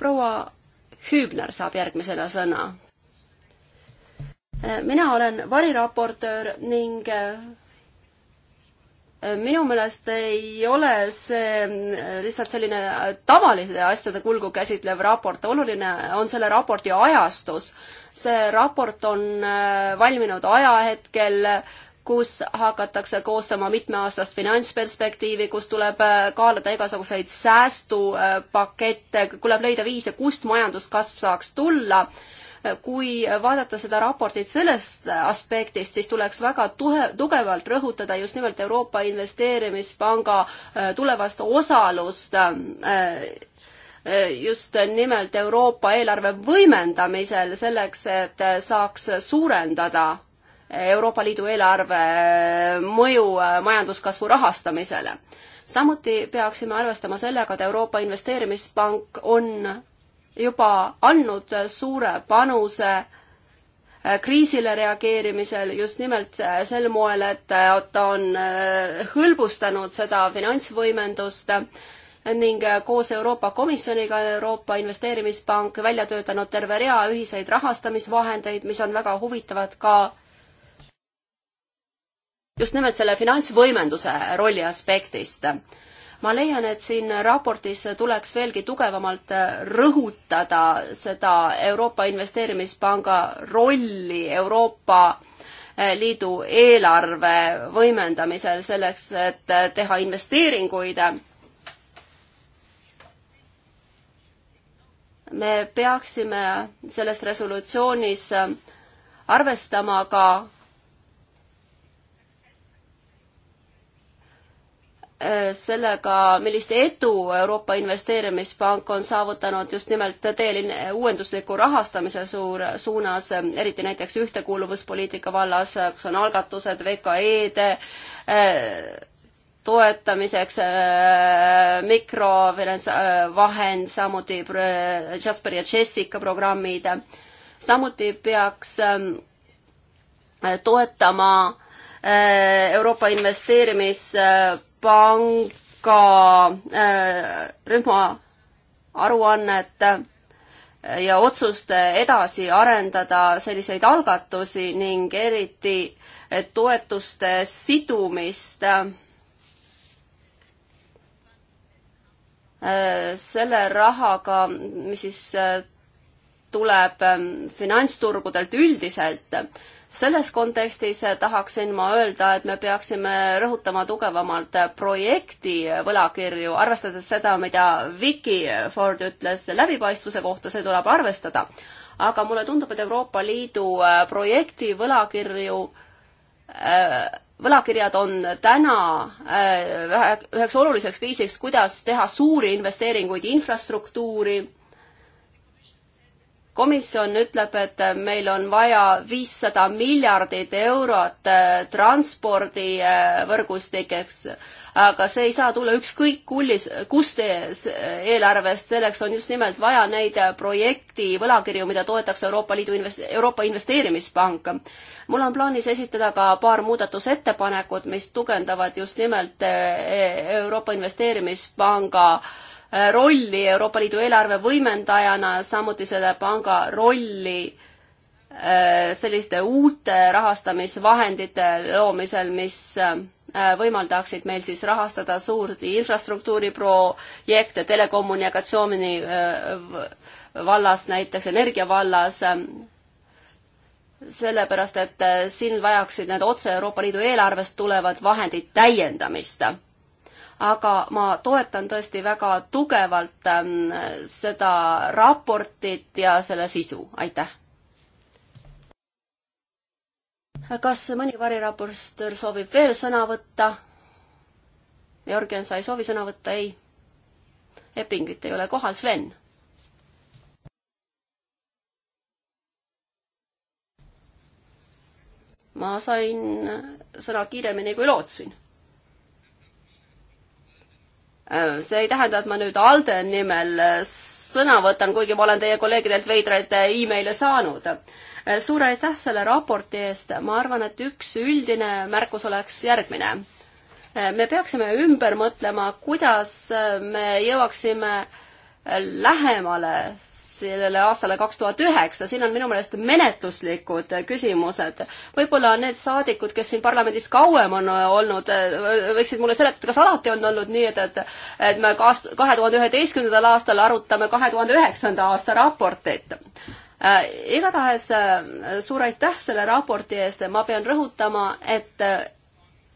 proua Hüübner saab järgmisena sõna mina olen variraportöör ning äh, minu meelest ei ole see äh, lihtsalt selline äh, tavaliste asjade kulgu käsitlev raport, oluline on selle raporti ajastus. see raport on valminud ajahetkel, kus hakatakse koostama mitmeaastast finantsperspektiivi, kus tuleb kaaluda igasuguseid säästupakette, tuleb leida viise, kust majanduskasv saaks tulla kui vaadata seda raportit sellest aspektist, siis tuleks väga tuhe, tugevalt rõhutada just nimelt Euroopa Investeerimispanga äh, tulevast osalust äh, äh, just nimelt Euroopa eelarve võimendamisel selleks, et saaks suurendada Euroopa Liidu eelarve mõju majanduskasvu rahastamisele. samuti peaksime arvestama sellega, et Euroopa Investeerimispank on juba andnud suure panuse äh, kriisile reageerimisel just nimelt äh, sel moel, et äh, ta on hõlbustanud seda finantsvõimendust ning koos Euroopa Komisjoniga on Euroopa Investeerimispank välja töötanud terve rea ühiseid rahastamisvahendeid, mis on väga huvitavad ka just nimelt selle finantsvõimenduse rolli aspektist ma leian, et siin raportis tuleks veelgi tugevamalt äh, rõhutada seda Euroopa Investeerimispanga rolli Euroopa äh, Liidu eelarve võimendamisel selleks, et äh, teha investeeringuid me peaksime selles resolutsioonis arvestama ka Äh, sellega, millist edu Euroopa Investeerimispank on saavutanud just nimelt teel uuendusliku rahastamise suur, suunas, eriti näiteks ühtekuuluvuspoliitika vallas, kus on algatused VKE-de äh, toetamiseks äh, mikrofinantsvahend äh,, samuti äh, Jasper ja Jessica programmid. samuti peaks ähm, toetama äh, Euroopa Investeerimis Panga äh, rühma aruannet äh, ja otsust edasi arendada selliseid algatusi ning eriti äh, toetuste sidumist selle rahaga, mis siis tuleb ähm, finantsturgudelt üldiselt selles kontekstis eh, tahaksin ma öelda, et me peaksime rõhutama tugevamalt eh, projekti eh, võlakirju, arvestades seda, mida Vicky Ford ütles läbipaistvuse kohta, see tuleb arvestada. aga mulle tundub, et Euroopa Liidu projekti võlakirju võlakirjad on täna üheks oluliseks viisiks, kuidas teha suuri investeeringuid infrastruktuuri komisjon ütleb, et meil on vaja viissada miljardit eurot äh, transpordivõrgustikeks, äh, aga see ei saa tulla ükskõik kullis, kust äh, eelarvest, selleks on just nimelt vaja neid projekti võlakirju, mida toetaks Euroopa Liidu invest-, Euroopa Investeerimispank. mul on plaanis esitada ka paar muudatusettepanekut, mis tugevdavad just nimelt Euroopa Investeerimispanga äh, Äh, rolli Euroopa Liidu eelarve võimendajana, samuti selle panga rolli äh, selliste uute rahastamisvahendite loomisel, mis äh, võimaldaksid meil siis rahastada suuri infrastruktuuriprojekte telekommunikatsiooni vallas, näiteks energia vallas, sellepärast et siin vajaksid need otse Euroopa Liidu eelarvest tulevad vahendid täiendamist aga ma toetan tõesti väga tugevalt ähm, seda raportit ja selle sisu, aitäh. kas mõni variraportöör soovib veel sõna võtta? Jörgen, sa ei soovi sõna võtta, ei? Eppingit ei ole kohal, Sven? ma sain sõna kiiremini, kui lootsin Äh, see ei tähenda, et ma nüüd ALDE nimel äh, sõna võtan, kuigi ma olen teie kolleegidelt veidraid äh, emaile saanud. suur aitäh selle raporti eest, ma arvan, et üks üldine märkus oleks järgmine. me peaksime ümber mõtlema, kuidas me jõuaksime lähemale sellele aastale kaks tuhat üheksa, siin on minu meelest menetluslikud äh, küsimused. võib-olla need saadikud, kes siin parlamendis kauem on äh, olnud, äh, võiksid mulle seletada, kas alati on olnud nii, et, et et me kas-, kahe tuhande üheteistkümnendal aastal arutame kahe tuhande üheksanda aasta raportit igatahes suur aitäh selle raporti eest, ma pean rõhutama, et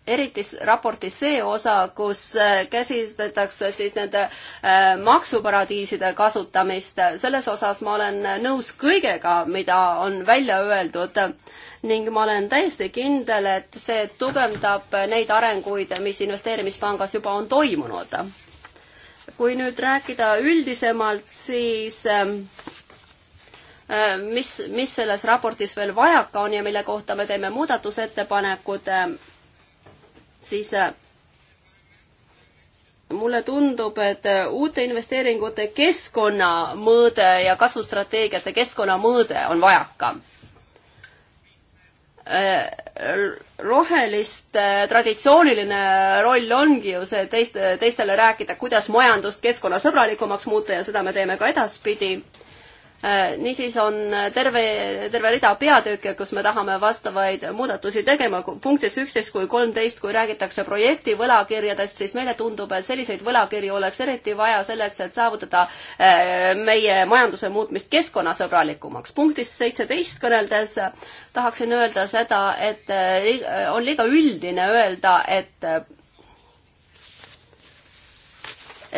eriti raporti see osa, kus äh, käsitletakse siis nende äh, maksuparadiiside kasutamist. selles osas ma olen nõus kõigega, mida on välja öeldud ning ma olen täiesti kindel, et see tugevdab neid arenguid, mis investeerimispangas juba on toimunud. kui nüüd rääkida üldisemalt, siis ähm, äh, mis, mis selles raportis veel vajaka on ja mille kohta me teeme muudatusettepanekud ähm, siis äh, mulle tundub, et äh, uute investeeringute keskkonnamõõde ja kasvustrateegiate keskkonnamõõde on vajakam. Äh, roheliste traditsiooniline roll ongi ju see teiste, teistele rääkida, kuidas majandust keskkonnasõbralikumaks muuta ja seda me teeme ka edaspidi Äh, niisiis on terve, terve rida peatükke, kus me tahame vastavaid muudatusi tegema, punktis üksteist kui kolmteist, kui räägitakse projekti võlakirjadest, siis meile tundub, et selliseid võlakirju oleks eriti vaja selleks, et saavutada äh, meie majanduse muutmist keskkonnasõbralikumaks. punktis seitseteist kõneldes tahaksin öelda seda, et äh, on liiga üldine öelda, et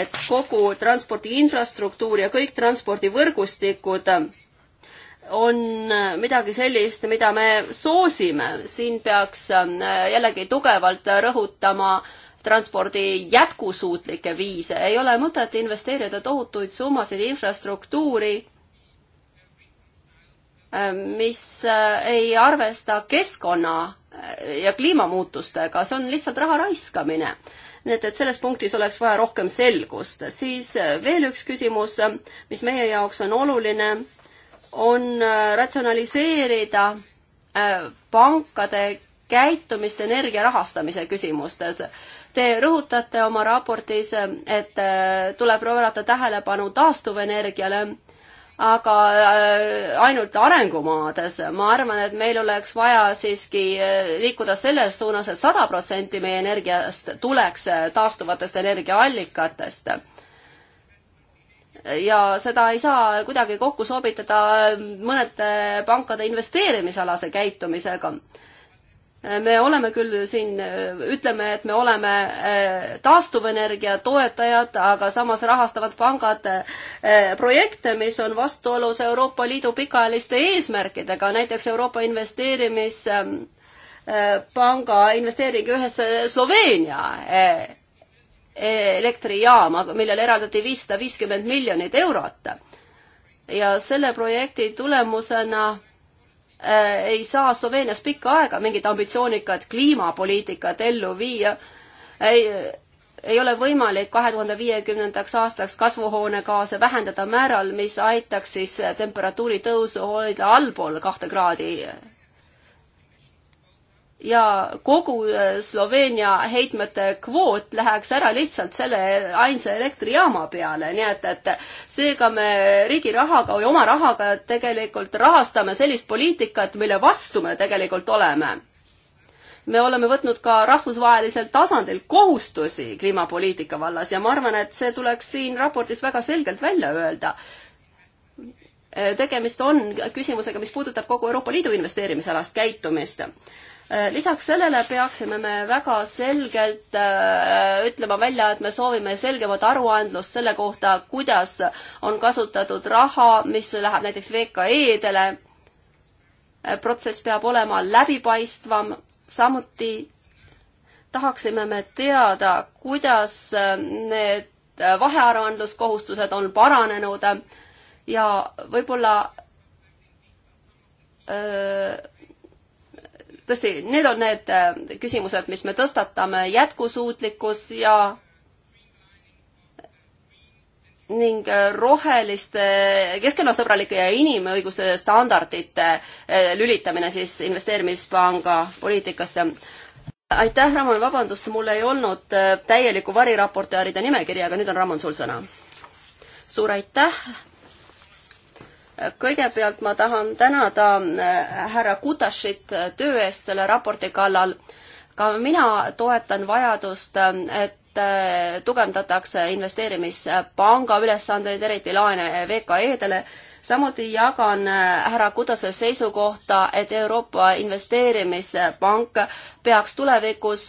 et kogu transpordi infrastruktuur ja kõik transpordivõrgustikud on midagi sellist, mida me soosime. siin peaks ähm, jällegi tugevalt rõhutama transpordi jätkusuutlikke viise. ei ole mõtet investeerida tohutuid summasid infrastruktuuri, ähm, mis äh, ei arvesta keskkonna äh, ja kliimamuutustega, see on lihtsalt raha raiskamine nii et, et selles punktis oleks vaja rohkem selgust. siis äh, veel üks küsimus, äh, mis meie jaoks on oluline, on äh, ratsionaliseerida pankade käitumist energia rahastamise küsimustes. Te rõhutate oma raportis, et tuleb pöörata tähelepanu taastuvenergiale aga äh, ainult arengumaades. ma arvan, et meil oleks vaja siiski äh, liikuda selles suunas et, et sada protsenti meie energiast tuleks äh, taastuvatest energiaallikatest. ja seda ei saa kuidagi kokku sobitada mõnede pankade investeerimisalase käitumisega me oleme küll siin, ütleme, et me oleme eh, taastuvenergia toetajad, aga samas rahastavad pangad eh, projekte, mis on vastuolus Euroopa Liidu pikaajaliste eesmärkidega, näiteks Euroopa Investeerimispanga eh, investeering ühesse Sloveenia elektrijaama, millele eraldati viissada viiskümmend miljonit eurot. ja selle projekti tulemusena Äh, ei saa Sloveenias pikka aega mingit ambitsioonikat kliimapoliitikat ellu viia. ei, ei ole võimalik kahe tuhande viiekümnendaks aastaks kasvuhoonegaase vähendada määral, mis aitaks siis temperatuuri tõusu hoida allpool kahte kraadi ja kogu äh, Sloveenia heitmete kvoot läheks ära lihtsalt selle ainsa elektrijaama peale, nii et, et seega me riigi rahaga või oma rahaga tegelikult rahastame sellist poliitikat, mille vastu me tegelikult oleme. me oleme võtnud ka rahvusvahelisel tasandil kohustusi kliimapoliitika vallas ja ma arvan, et see tuleks siin raportis väga selgelt välja öelda tegemist on küsimusega, mis puudutab kogu Euroopa Liidu investeerimisalast käitumist Äh, lisaks sellele peaksime me väga selgelt äh, ütlema välja, et me soovime selgemat aruandlust selle kohta, kuidas on kasutatud raha, mis läheb näiteks VKE-dele. Äh, protsess peab olema läbipaistvam, samuti tahaksime me teada, kuidas need vahearuandluskohustused on paranenud ja võib-olla öö, tõesti, need on need äh, küsimused, mis me tõstatame, jätkusuutlikkus ja ning äh, roheliste, keskkonnasõbralike ja inimõiguste standardite äh, lülitamine siis investeerimispanga poliitikasse. aitäh, Ramon, vabandust, mul ei olnud täielikku variraportööride nimekirja, aga nüüd on Ramon sul sõna. suur aitäh kõigepealt ma tahan tänada äh, härra Kutašit äh, töö eest selle raporti kallal. ka mina toetan vajadust, äh, et tugevdatakse investeerimispanga ülesandeid, eriti laene VKE-dele. samuti jagan härra Kudase seisukohta, et Euroopa Investeerimispank peaks tulevikus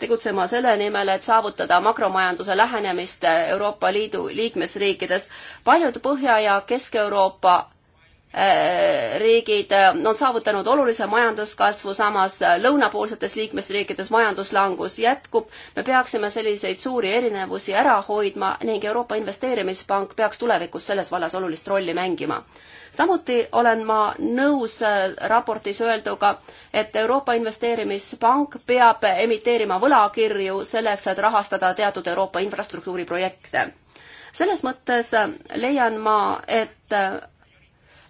tegutsema selle nimel, et saavutada makromajanduse lähenemist Euroopa Liidu liikmesriikides. paljud Põhja- ja Kesk-Euroopa Äh, riigid äh, on saavutanud olulise majanduskasvu, samas äh, lõunapoolsetes liikmesriikides majanduslangus jätkub. me peaksime selliseid suuri erinevusi ära hoidma ning Euroopa Investeerimispank peaks tulevikus selles vallas olulist rolli mängima. samuti olen ma nõus raportis öelduga, et Euroopa Investeerimispank peab emiteerima võlakirju selleks, et rahastada teatud Euroopa infrastruktuuriprojekte selles mõttes leian ma, et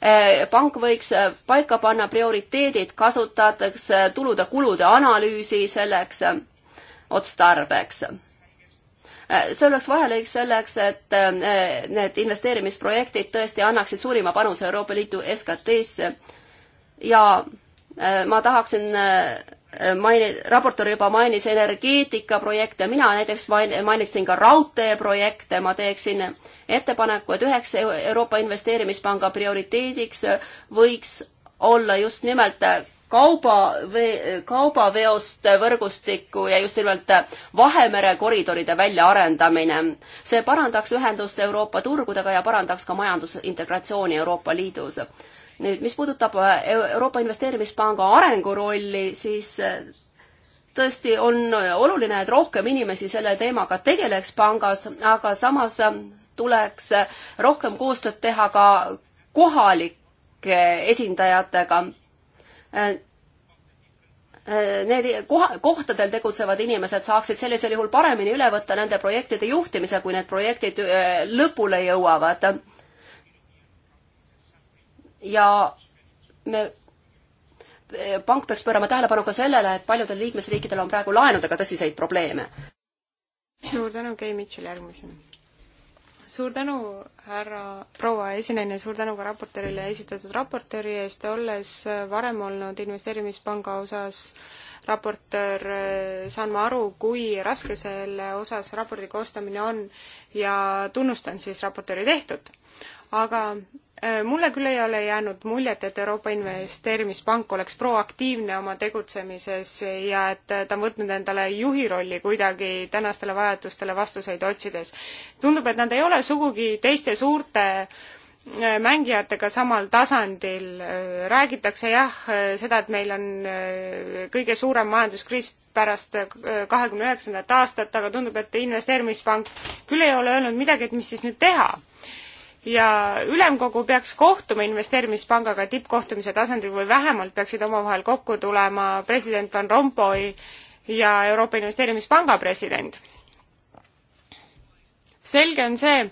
Eh, pank võiks eh, paika panna prioriteedid, kasutatakse tulude-kulude analüüsi selleks eh, otstarbeks. see oleks vajalik selleks, et need investeerimisprojektid tõesti annaksid suurima panuse Euroopa Liidu SKT-sse ja ma tahaksin maini-, raportöör juba mainis energeetikaprojekte, mina näiteks main-, mainiksin ka raudteeprojekte, ma teeksin ettepaneku, et üheks Euroopa Investeerimispanga prioriteediks võiks olla just nimelt kaubavee, kaubaveost võrgustikku ja just nimelt Vahemere koridoride väljaarendamine. see parandaks ühendust Euroopa turgudega ja parandaks ka majandusintegratsiooni Euroopa Liidus nüüd, mis puudutab äh, Euroopa Investeerimispanga arengu rolli, siis äh, tõesti on äh, oluline, et rohkem inimesi selle teemaga tegeleks pangas, aga samas tuleks rohkem koostööd teha ka kohalike esindajatega. Need koha, kohtadel tegutsevad inimesed saaksid sellisel juhul paremini üle võtta nende projektide juhtimise, kui need projektid lõpule jõuavad ja me, pank peaks pöörama tähelepanu ka sellele, et paljudel liikmesriikidel on praegu laenudega tõsiseid probleeme. suur tänu, Kei Mitchell järgmisena. suur tänu, härra, proua esineja, suur tänu ka raportöörile esitatud raportööri eest, olles varem olnud investeerimispanga osas raportöör, saan ma aru, kui raske selle osas raporti koostamine on ja tunnustan siis raportööri tehtut. aga Äh, mulle küll ei ole jäänud muljet, et Euroopa Investeerimispank oleks proaktiivne oma tegutsemises ja et äh, ta on võtnud endale juhi rolli kuidagi tänastele vajadustele vastuseid otsides. tundub, et nad ei ole sugugi teiste suurte äh, mängijatega samal tasandil. räägitakse jah, seda, et meil on kõige suurem majanduskriis pärast kahekümne üheksandat aastat, aga tundub, et investeerimispank küll ei ole öelnud midagi, et mis siis nüüd teha ja ülemkogu peaks kohtuma investeerimispangaga tippkohtumise tasandil või vähemalt peaksid omavahel kokku tulema president Van Rompuy ja Euroopa Investeerimispanga president. selge on see,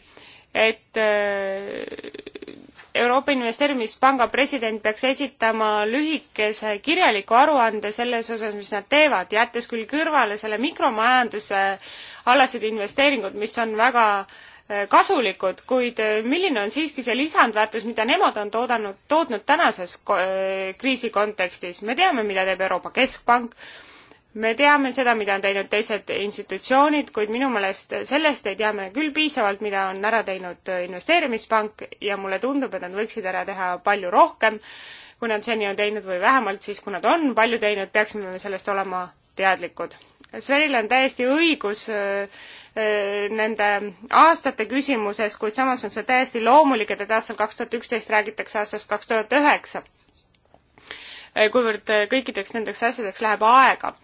et äh, Euroopa Investeerimispanga president peaks esitama lühikese kirjaliku aruande selles osas, mis nad teevad, jättes küll kõrvale selle mikromajanduse alased investeeringud, mis on väga äh, Äh, kasulikud, kuid äh, milline on siiski see lisandväärtus, mida nemad on toodanud, tootnud tänases äh, kriisi kontekstis? me teame, mida teeb Euroopa Keskpank, me teame seda, mida on teinud teised institutsioonid, kuid minu meelest sellest ei tea me küll piisavalt, mida on ära teinud investeerimispank ja mulle tundub, et nad võiksid ära teha palju rohkem, kui nad seni on teinud või vähemalt siis, kui nad on palju teinud, peaksime me sellest olema teadlikud Sveril on täiesti õigus äh, äh, nende aastate küsimuses, kuid samas on see täiesti loomulik, et aastal kaks tuhat üksteist räägitakse aastast kaks tuhat üheksa äh, kuivõrd kõikideks nendeks asjadeks läheb aega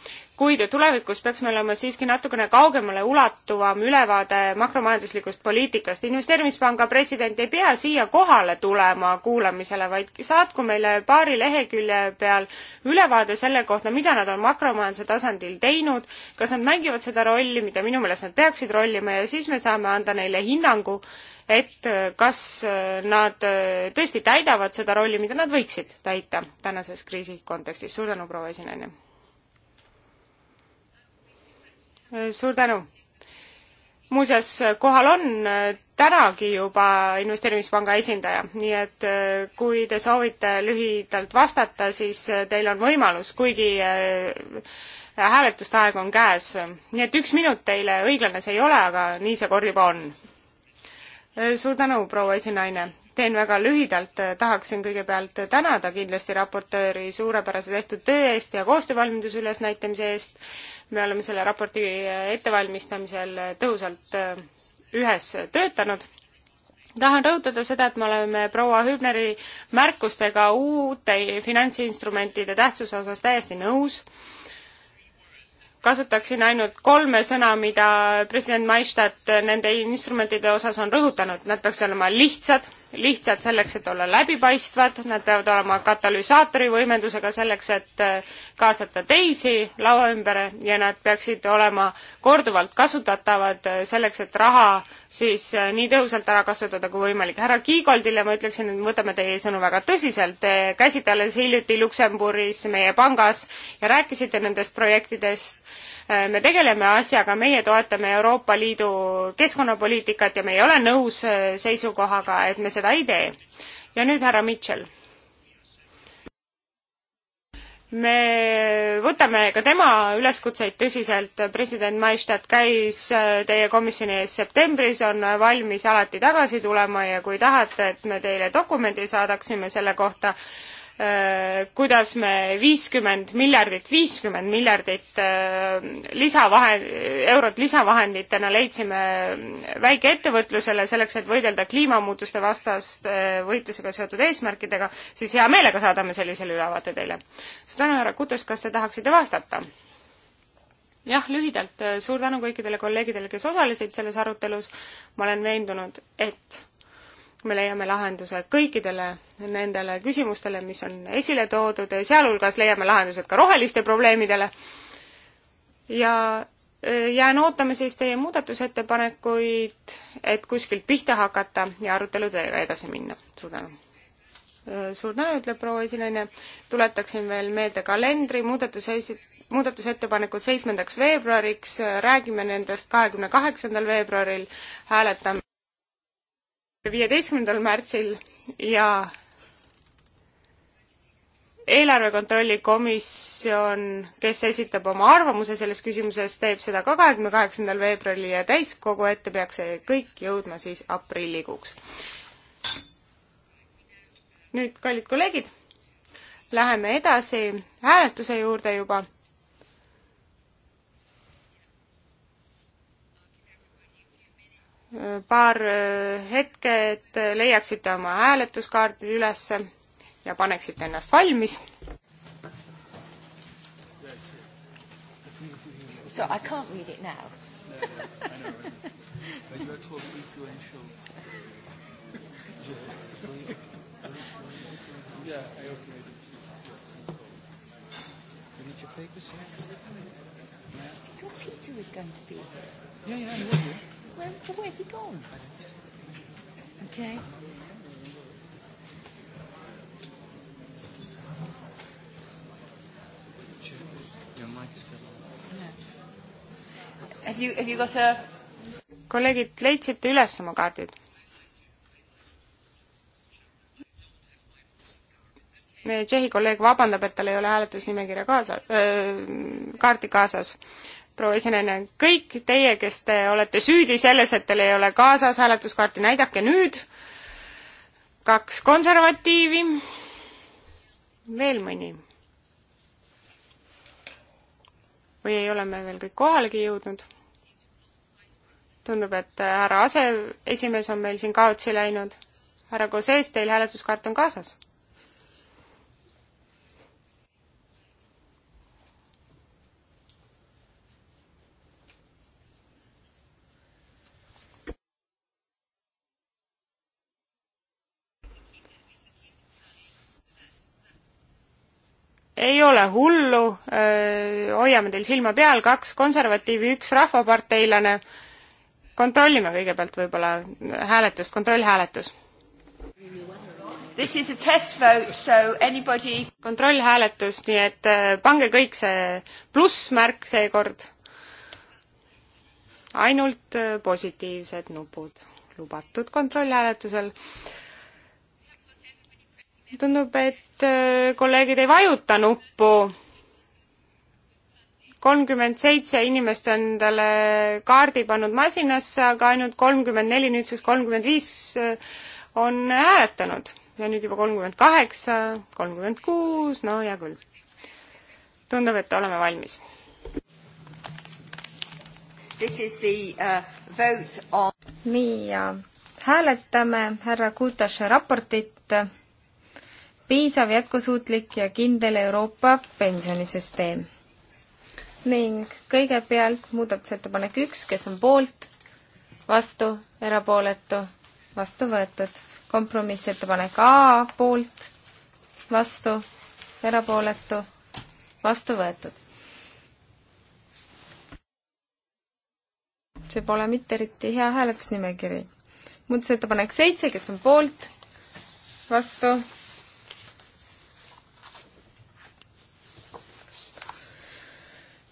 kuid tulevikus peaks meil olema siiski natukene kaugemale ulatuvam ülevaade makromajanduslikust poliitikast. investeerimispanga president ei pea siia kohale tulema kuulamisele, vaid saatku meile paari lehekülje peal ülevaade selle kohta, mida nad on makromajanduse tasandil teinud, kas nad mängivad seda rolli, mida minu meelest nad peaksid rollima ja siis me saame anda neile hinnangu, et kas nad tõesti täidavad seda rolli, mida nad võiksid täita tänases kriisi kontekstis. suur tänu, proua esinaine! suur tänu! muuseas, kohal on äh, tänagi juba investeerimispanga esindaja, nii et äh, kui te soovite lühidalt vastata, siis äh, teil on võimalus, kuigi hääletuste aeg on käes. nii et üks minut teile õiglane see ei ole, aga nii see kord juba on. suur tänu, proua esinaine teen väga lühidalt, tahaksin kõigepealt tänada kindlasti raportööri suurepärase tehtud töö eest ja koostöövalmiduse ülesnäitamise eest. me oleme selle raporti ettevalmistamisel tõhusalt äh, ühes töötanud tahan rõhutada seda, et me oleme proua Hübneri märkustega uute finantsinstrumentide tähtsuse osas täiesti nõus. kasutaksin ainult kolme sõna, mida president Maistat nende instrumentide osas on rõhutanud, nad peaks olema lihtsad lihtsalt selleks, et olla läbipaistvad, nad peavad olema katalüsaatori võimendusega selleks, et äh, kaasata teisi laua ümber ja nad peaksid olema korduvalt kasutatavad äh, selleks, et raha siis äh, nii tõhusalt ära kasutada kui võimalik. härra Kiigoldile ma ütleksin, et võtame teie sõnu väga tõsiselt. Te käisite alles hiljuti Luksemburgis meie pangas ja rääkisite nendest projektidest me tegeleme asjaga, meie toetame Euroopa Liidu keskkonnapoliitikat ja me ei ole nõus seisukohaga, et me seda seda ei tee. ja nüüd härra Mitchell. me võtame ka tema üleskutseid tõsiselt, president Maistat käis äh, teie komisjoni ees septembris, on valmis alati tagasi tulema ja kui tahate, et me teile dokumendi saadaksime selle kohta, Äh, kuidas me viiskümmend miljardit, viiskümmend miljardit äh, lisavahe, eurot lisavahenditena leidsime väikeettevõtlusele selleks, et võidelda kliimamuutuste vastast äh, võitlusega seotud eesmärkidega, siis hea meelega saadame sellisele ülevaate teile. suur tänu, härra Kutus, kas te tahaksite vastata? jah, lühidalt, suur tänu kõikidele kolleegidele, kes osalesid selles arutelus, ma olen veendunud, et me leiame lahenduse kõikidele nendele küsimustele, mis on esile toodud, sealhulgas leiame lahendused ka roheliste probleemidele. ja e, jään ootama siis teie muudatusettepanekuid, et kuskilt pihta hakata ja aruteludega edasi minna. suur tänu! E, suur tänu, ütleb proua esinaine. tuletaksin veel meelde kalendri muudatuse esi-, muudatusettepanekud seitsmendaks veebruariks, räägime nendest kahekümne kaheksandal veebruaril, hääletame viieteistkümnendal märtsil ja eelarve kontrolli komisjon, kes esitab oma arvamuse selles küsimuses, teeb seda ka kahekümne kaheksandal veebruaril ja täiskogu ette peaks see kõik jõudma siis aprillikuuks. nüüd, kallid kolleegid, läheme edasi hääletuse juurde juba paar äh, hetke, et leiaksite oma hääletuskaardid ülesse ja paneksite ennast valmis. So I can't read it now. no, no, I know, but you are too influential. yeah, I okay. You need your papers here? Yeah. Your Peter is going to be here. Yeah, yeah, he was here. Where, where has he gone? Okay. Your mic is still on. No. Have you, have you got a... kolleegid, leidsite üles oma kaardid? meie Tšehhi kolleeg vabandab, et tal ei ole hääletusnimekirja kaasa, äh, kaarti kaasas proua esineja, kõik teie, kes te olete süüdi selles, et teil ei ole kaasas hääletuskaarti, näidake nüüd. kaks konservatiivi. veel mõni. või ei ole me veel kõik kohalegi jõudnud? tundub, et härra aseesimees on meil siin kaotsi läinud. härra Koses, teil hääletuskaart on kaasas? ei ole hullu, hoiame teil silma peal, kaks konservatiivi, üks rahvaparteilane. kontrollime kõigepealt võib-olla hääletust, kontrollhääletus. This is a test vote, so anybody kontrollhääletus, nii et pange kõik see plussmärk seekord. ainult positiivsed nupud lubatud kontrollhääletusel tundub, et äh, kolleegid ei vajuta nuppu. kolmkümmend seitse inimest on talle kaardi pannud masinasse, aga ainult kolmkümmend neli, nüüdseks kolmkümmend viis äh, on hääletanud ja nüüd juba kolmkümmend kaheksa, kolmkümmend kuus, no hea küll. tundub, et oleme valmis. Uh, nii ja hääletame härra Kutaše raportit piisav, jätkusuutlik ja kindel Euroopa pensionisüsteem. ning kõigepealt muudatusettepanek üks, kes on poolt, vastu, erapooletu, vastu võetud. kompromissettepanek A poolt, vastu, erapooletu, vastu võetud. see pole mitte eriti hea hääletusnimekiri. muudatusettepanek seitse, kes on poolt, vastu,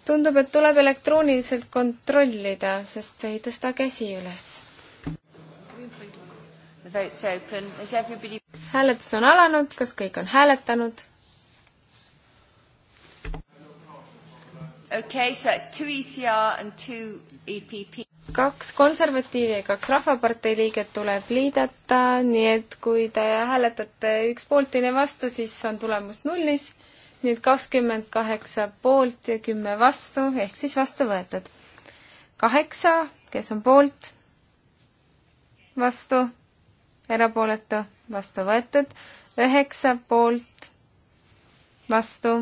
tundub, et tuleb elektrooniliselt kontrollida, sest ei tõsta käsi üles. hääletus on alanud, kas kõik on hääletanud? Okay, so that's two ECR and two EPP. kaks konservatiivi ja kaks Rahvapartei liiget tuleb liidata, nii et kui te hääletate üks poolt, teine vastu, siis on tulemus nullis nii et kakskümmend kaheksa poolt ja kümme vastu, ehk siis vastu võetud. kaheksa, kes on poolt, vastu, erapooletu, vastu võetud, üheksa poolt, vastu,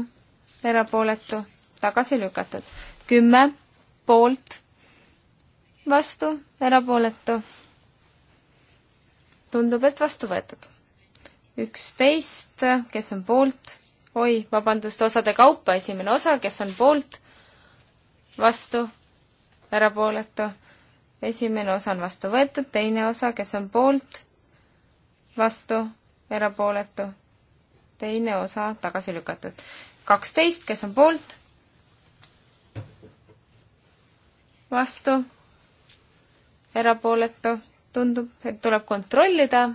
erapooletu, tagasi lükatud, kümme poolt, vastu, erapooletu. tundub, et vastu võetud. üksteist, kes on poolt oi, vabandust, osade kaupa, esimene osa, kes on poolt, vastu, erapooletu. esimene osa on vastu võetud, teine osa, kes on poolt, vastu, erapooletu. teine osa tagasi lükatud. kaksteist, kes on poolt, vastu, erapooletu. tundub, et tuleb kontrollida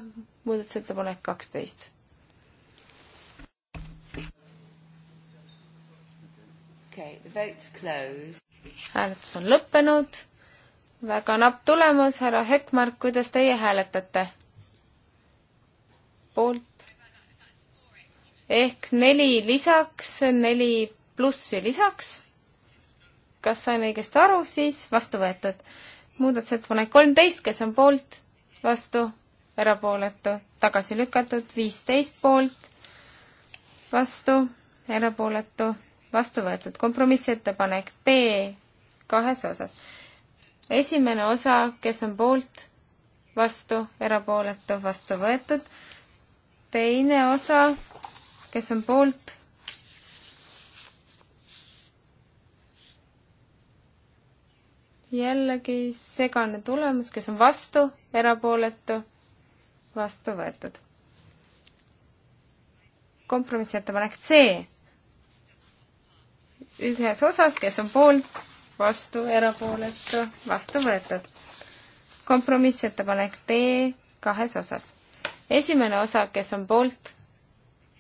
muudatusettepanek kaksteist hääletus on lõppenud. väga napp tulemus, härra Hekmark, kuidas teie hääletate? poolt. ehk neli lisaks, neli plussi lisaks. kas sain õigesti aru, siis vastu võetud. muudatusettepanek kolmteist, kes on poolt, vastu, erapooletu, tagasi lükatud, viisteist poolt, vastu, erapooletu vastu võetud. kompromissettepanek B kahes osas. esimene osa, kes on poolt, vastu, erapooletu, vastu võetud. teine osa, kes on poolt, jällegi segane tulemus, kes on vastu, erapooletu, vastu võetud. kompromissettepanek C ühes osas, kes on poolt, vastu, erapooletu, vastu võetud. kompromissettepanek D kahes osas. esimene osa, kes on poolt,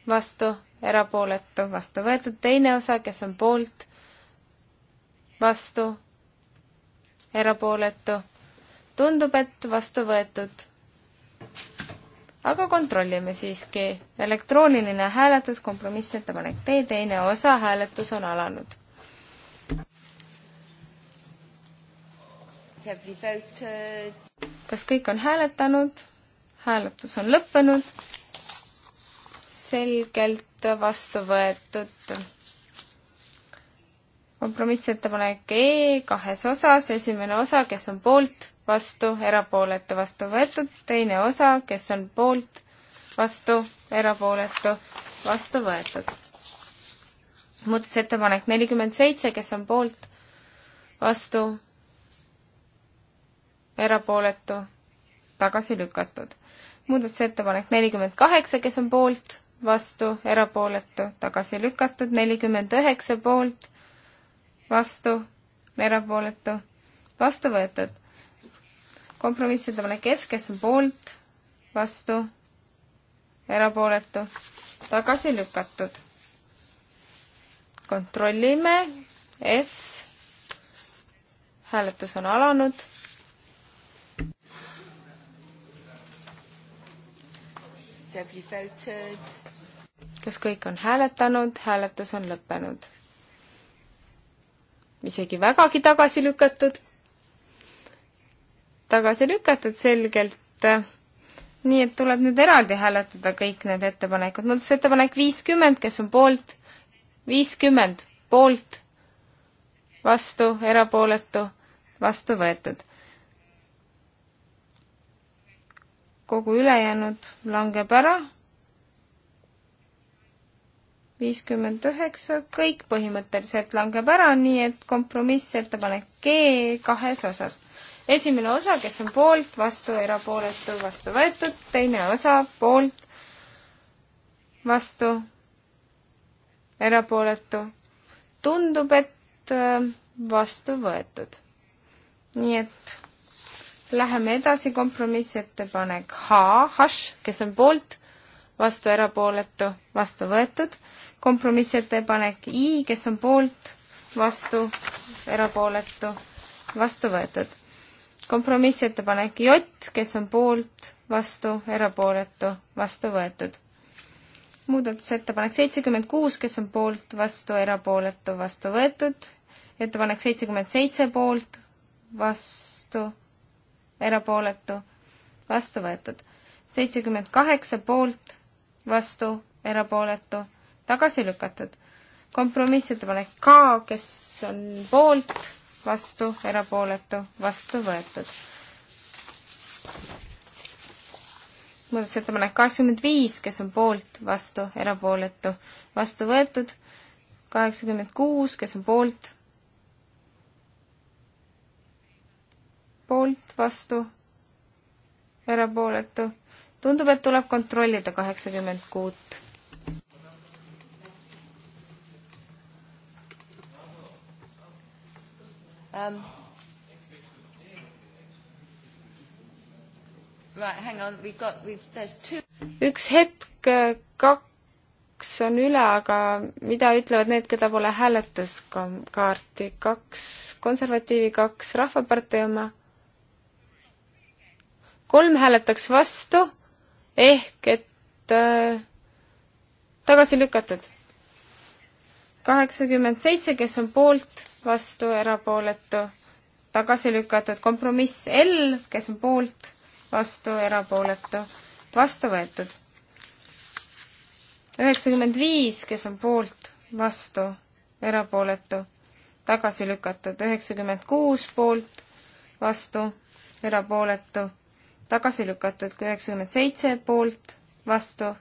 vastu, erapooletu, vastu võetud, teine osa, kes on poolt, vastu, erapooletu. tundub, et vastu võetud aga kontrollime siiski. elektrooniline hääletus, kompromissettepanek D, teine osa, hääletus on alanud. kas kõik on hääletanud? hääletus on lõppenud. selgelt vastu võetud kompromissettepanek E kahes osas, esimene osa, kes on poolt, vastu, erapooletu, vastu võetud, teine osa, kes on poolt, vastu, erapooletu, vastu võetud. muudatusettepanek nelikümmend seitse, kes on poolt, vastu, erapooletu, tagasi lükatud. muudatusettepanek nelikümmend kaheksa, kes on poolt, vastu, erapooletu, tagasi lükatud, nelikümmend üheksa poolt vastu, erapooletu, vastu võetud. kompromissettepanek F, kes on poolt, vastu, erapooletu, tagasi lükatud. kontrollime, F, hääletus on alanud kas kõik on hääletanud, hääletus on lõppenud isegi vägagi tagasi lükatud, tagasi lükatud selgelt, nii et tuleb nüüd eraldi hääletada kõik need ettepanekud, muudatusettepanek viiskümmend, kes on poolt, viiskümmend poolt, vastu, erapooletu, vastu võetud. kogu ülejäänud langeb ära viiskümmend üheksa, kõik põhimõtteliselt langeb ära, nii et kompromissettepanek G kahes osas. esimene osa, kes on poolt, vastu, erapooletu, vastu võetud, teine osa poolt, vastu, erapooletu. tundub, et äh, vastu võetud. nii et läheme edasi, kompromissettepanek H, hašš, kes on poolt, vastu, erapooletu, vastu võetud kompromissettepanek I, kes on poolt, vastu, erapooletu, vastu võetud. kompromissettepanek J, kes on poolt, vastu, erapooletu, vastu võetud. muudatusettepanek seitsekümmend kuus, kes on poolt, vastu, erapooletu, vastu võetud. ettepanek seitsekümmend seitse poolt, vastu, erapooletu, vastu võetud. seitsekümmend kaheksa poolt, vastu, erapooletu tagasi lükatud. kompromissettepanek K, kes on poolt, vastu, erapooletu, vastu võetud. muudatusettepanek kaheksakümmend viis, kes on poolt, vastu, erapooletu, vastu võetud. kaheksakümmend kuus, kes on poolt, poolt, vastu, erapooletu. tundub, et tuleb kontrollida kaheksakümmend kuut Um, right, hang on, we've got, we've, there's two. üks hetk, äh, kaks on üle, aga mida ütlevad need, keda pole hääletuskaarti? kaks konservatiivi, kaks Rahvapartei oma. kolm hääletaks vastu ehk et äh, tagasi lükatud. kaheksakümmend seitse, kes on poolt vastu, erapooletu, tagasi lükatud. kompromiss L, kes on poolt, vastu, erapooletu, vastu võetud. üheksakümmend viis, kes on poolt, vastu, erapooletu, tagasi lükatud. üheksakümmend kuus poolt, vastu, erapooletu, tagasi lükatud. üheksakümmend seitse poolt, vastu,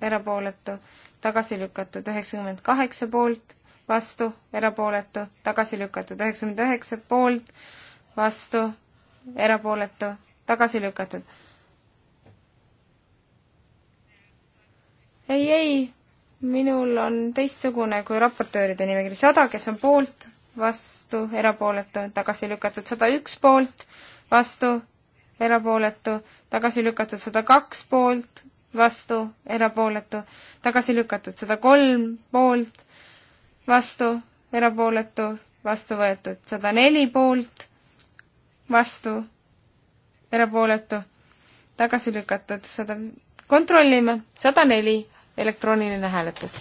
erapooletu, tagasi lükatud. üheksakümmend kaheksa poolt vastu, erapooletu, tagasi lükatud. üheksakümmend üheksa poolt, vastu, erapooletu, tagasi lükatud. ei, ei, minul on teistsugune kui raportööride nimekiri. sada, kes on poolt, vastu, erapooletu, tagasi lükatud. sada üks poolt, vastu, erapooletu, tagasi lükatud. sada kaks poolt, vastu, erapooletu, tagasi lükatud. sada kolm poolt vastu, erapooletu, vastu võetud. sada neli poolt, vastu, erapooletu, tagasi lükatud. sada, kontrollime, sada neli, elektrooniline hääletus.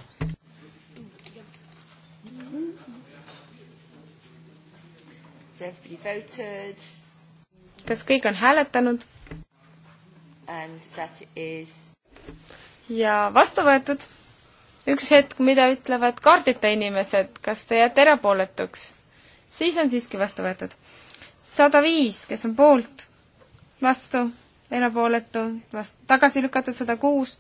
kas kõik on hääletanud? ja vastu võetud üks hetk, mida ütlevad kaardita inimesed, kas te jääte erapooletuks? siis on siiski vastu võetud. sada viis, kes on poolt, vastu, erapooletu, vastu, tagasi lükatud sada kuus.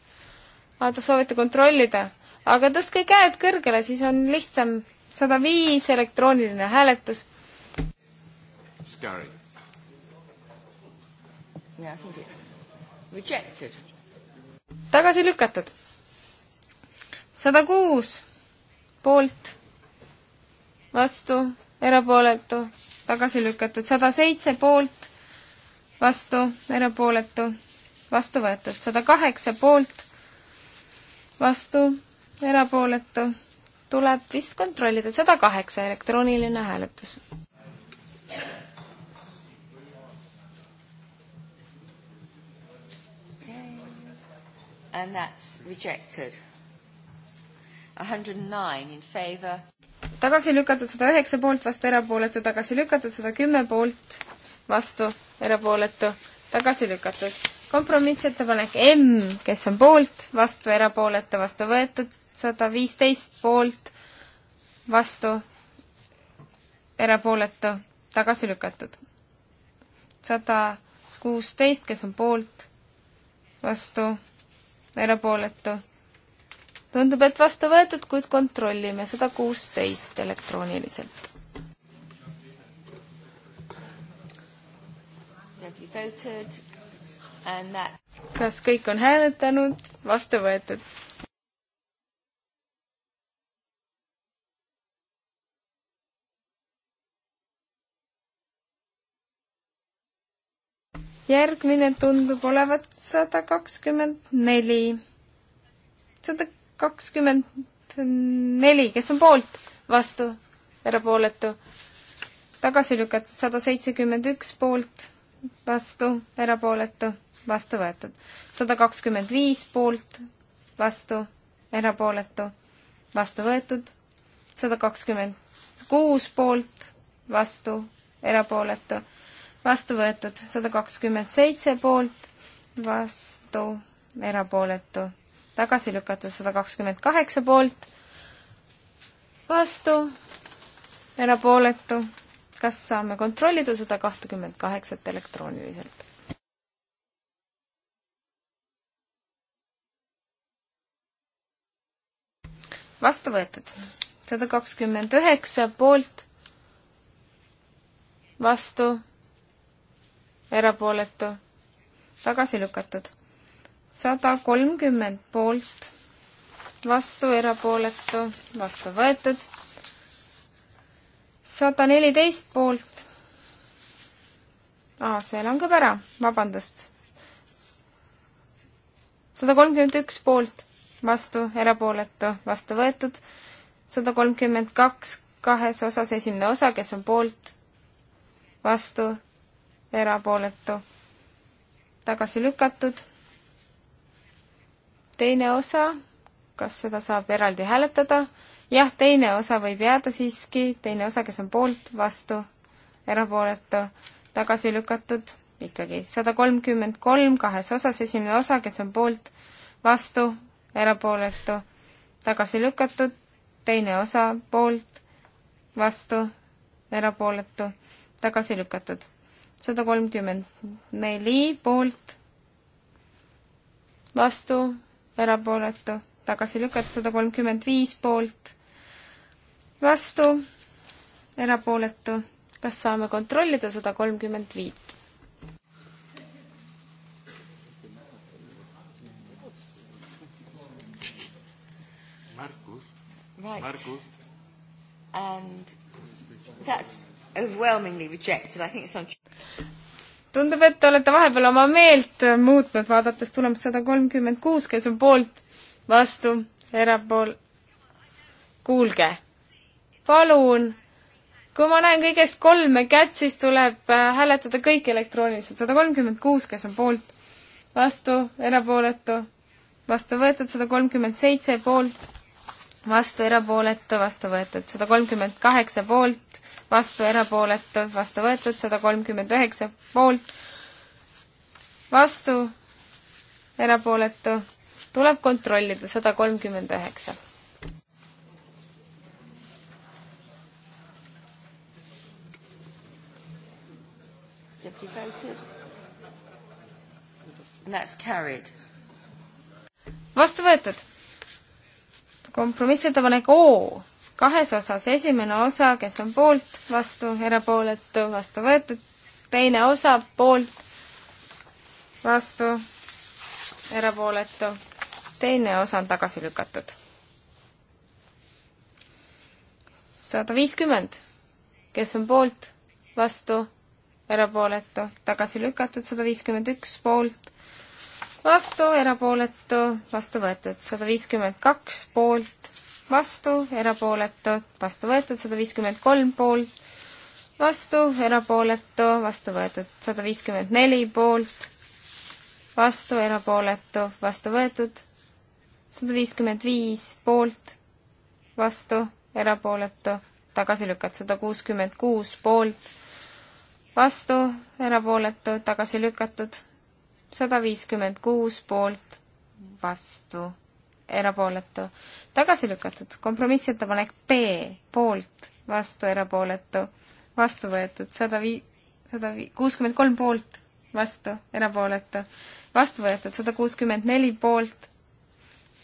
Te soovite kontrollida, aga tõstke käed kõrgele, siis on lihtsam. sada viis, elektrooniline hääletus. tagasi lükatud sada kuus poolt, vastu, erapooletu, tagasi lükatud, sada seitse poolt, vastu, erapooletu, vastu võetud, sada kaheksa poolt, vastu, erapooletu, tuleb vist kontrollida, sada kaheksa elektrooniline hääletus. And that's rejected tagasi lükatud sada üheksa poolt, vastu erapooletu, tagasi lükatud sada kümme poolt, vastu erapooletu, tagasi lükatud. kompromissettepanek M, kes on poolt, vastu erapooletu, vastu võetud, sada viisteist poolt, vastu erapooletu, tagasi lükatud. sada kuusteist, kes on poolt, vastu erapooletu tundub, et vastu võetud, kuid kontrollime sada kuusteist elektrooniliselt. kas kõik on hääletanud? vastu võetud. järgmine tundub olevat sada kakskümmend neli. sada kakskümmend neli, kes on poolt, vastu, erapooletu. tagasi lükatud sada seitsekümmend üks poolt, vastu, erapooletu, vastu võetud. sada kakskümmend viis poolt, vastu, erapooletu, vastu võetud. sada kakskümmend kuus poolt, vastu, erapooletu, vastu võetud. sada kakskümmend seitse poolt, vastu, erapooletu tagasi lükatud sada kakskümmend kaheksa poolt, vastu, erapooletu. kas saame kontrollida seda kahtekümmet kaheksat elektrooniliselt? vastu võetud. sada kakskümmend üheksa poolt, vastu, erapooletu, tagasi lükatud sada kolmkümmend poolt, vastu, erapooletu, vastu võetud. sada neliteist poolt. aa, see langeb ära, vabandust. sada kolmkümmend üks poolt, vastu, erapooletu, vastu võetud. sada kolmkümmend kaks kahes osas, esimene osa, kes on poolt, vastu, erapooletu, tagasi lükatud teine osa, kas seda saab eraldi hääletada? jah, teine osa võib jääda siiski, teine osa, kes on poolt, vastu, erapooletu, tagasi lükatud, ikkagi sada kolmkümmend kolm kahes osas, esimene osa, kes on poolt, vastu, erapooletu, tagasi lükatud, teine osa poolt, vastu, erapooletu, tagasi lükatud. sada kolmkümmend neli poolt, vastu, erapooletu, tagasi lükata sada kolmkümmend viis poolt, vastu, erapooletu. kas saame kontrollida sada kolmkümmend viit? Right. Marcus. And that's overwhelmingly rejected. I think it's on tundub, et te olete vahepeal oma meelt muutnud, vaadates tulemust sada kolmkümmend kuus, kes on poolt, vastu, erapool. kuulge, palun, kui ma näen kõigest kolme kätt, siis tuleb äh, hääletada kõik elektrooniliselt, sada kolmkümmend kuus, kes on poolt, vastu, erapooletu, vastu võetud, sada kolmkümmend seitse poolt, vastu, erapooletu, vastu võetud, sada kolmkümmend kaheksa poolt vastu, erapooletu, vastu võetud, sada kolmkümmend üheksa poolt, vastu, erapooletu, tuleb kontrollida, sada kolmkümmend üheksa. vastu võetud. kompromissettepanek O kahes osas, esimene osa, kes on poolt, vastu, erapooletu, vastu võetud, teine osa poolt, vastu, erapooletu, teine osa on tagasi lükatud. sada viiskümmend, kes on poolt, vastu, erapooletu, tagasi lükatud, sada viiskümmend üks poolt, vastu, erapooletu, vastu võetud, sada viiskümmend kaks poolt vastu, erapooletu, vastu võetud sada viiskümmend kolm poolt, vastu, erapooletu, vastu võetud sada viiskümmend neli poolt, vastu, erapooletu, vastu võetud sada viiskümmend viis poolt, vastu, erapooletu, tagasi lükata sada kuuskümmend kuus poolt, vastu, erapooletu, tagasi lükatud sada viiskümmend kuus poolt, vastu erapooletu, tagasi lükatud. kompromissettepanek B, poolt, vastu, erapooletu, vastu võetud, sada vii-, sada vii-, kuuskümmend kolm poolt, vastu, erapooletu, vastu võetud, sada kuuskümmend neli poolt,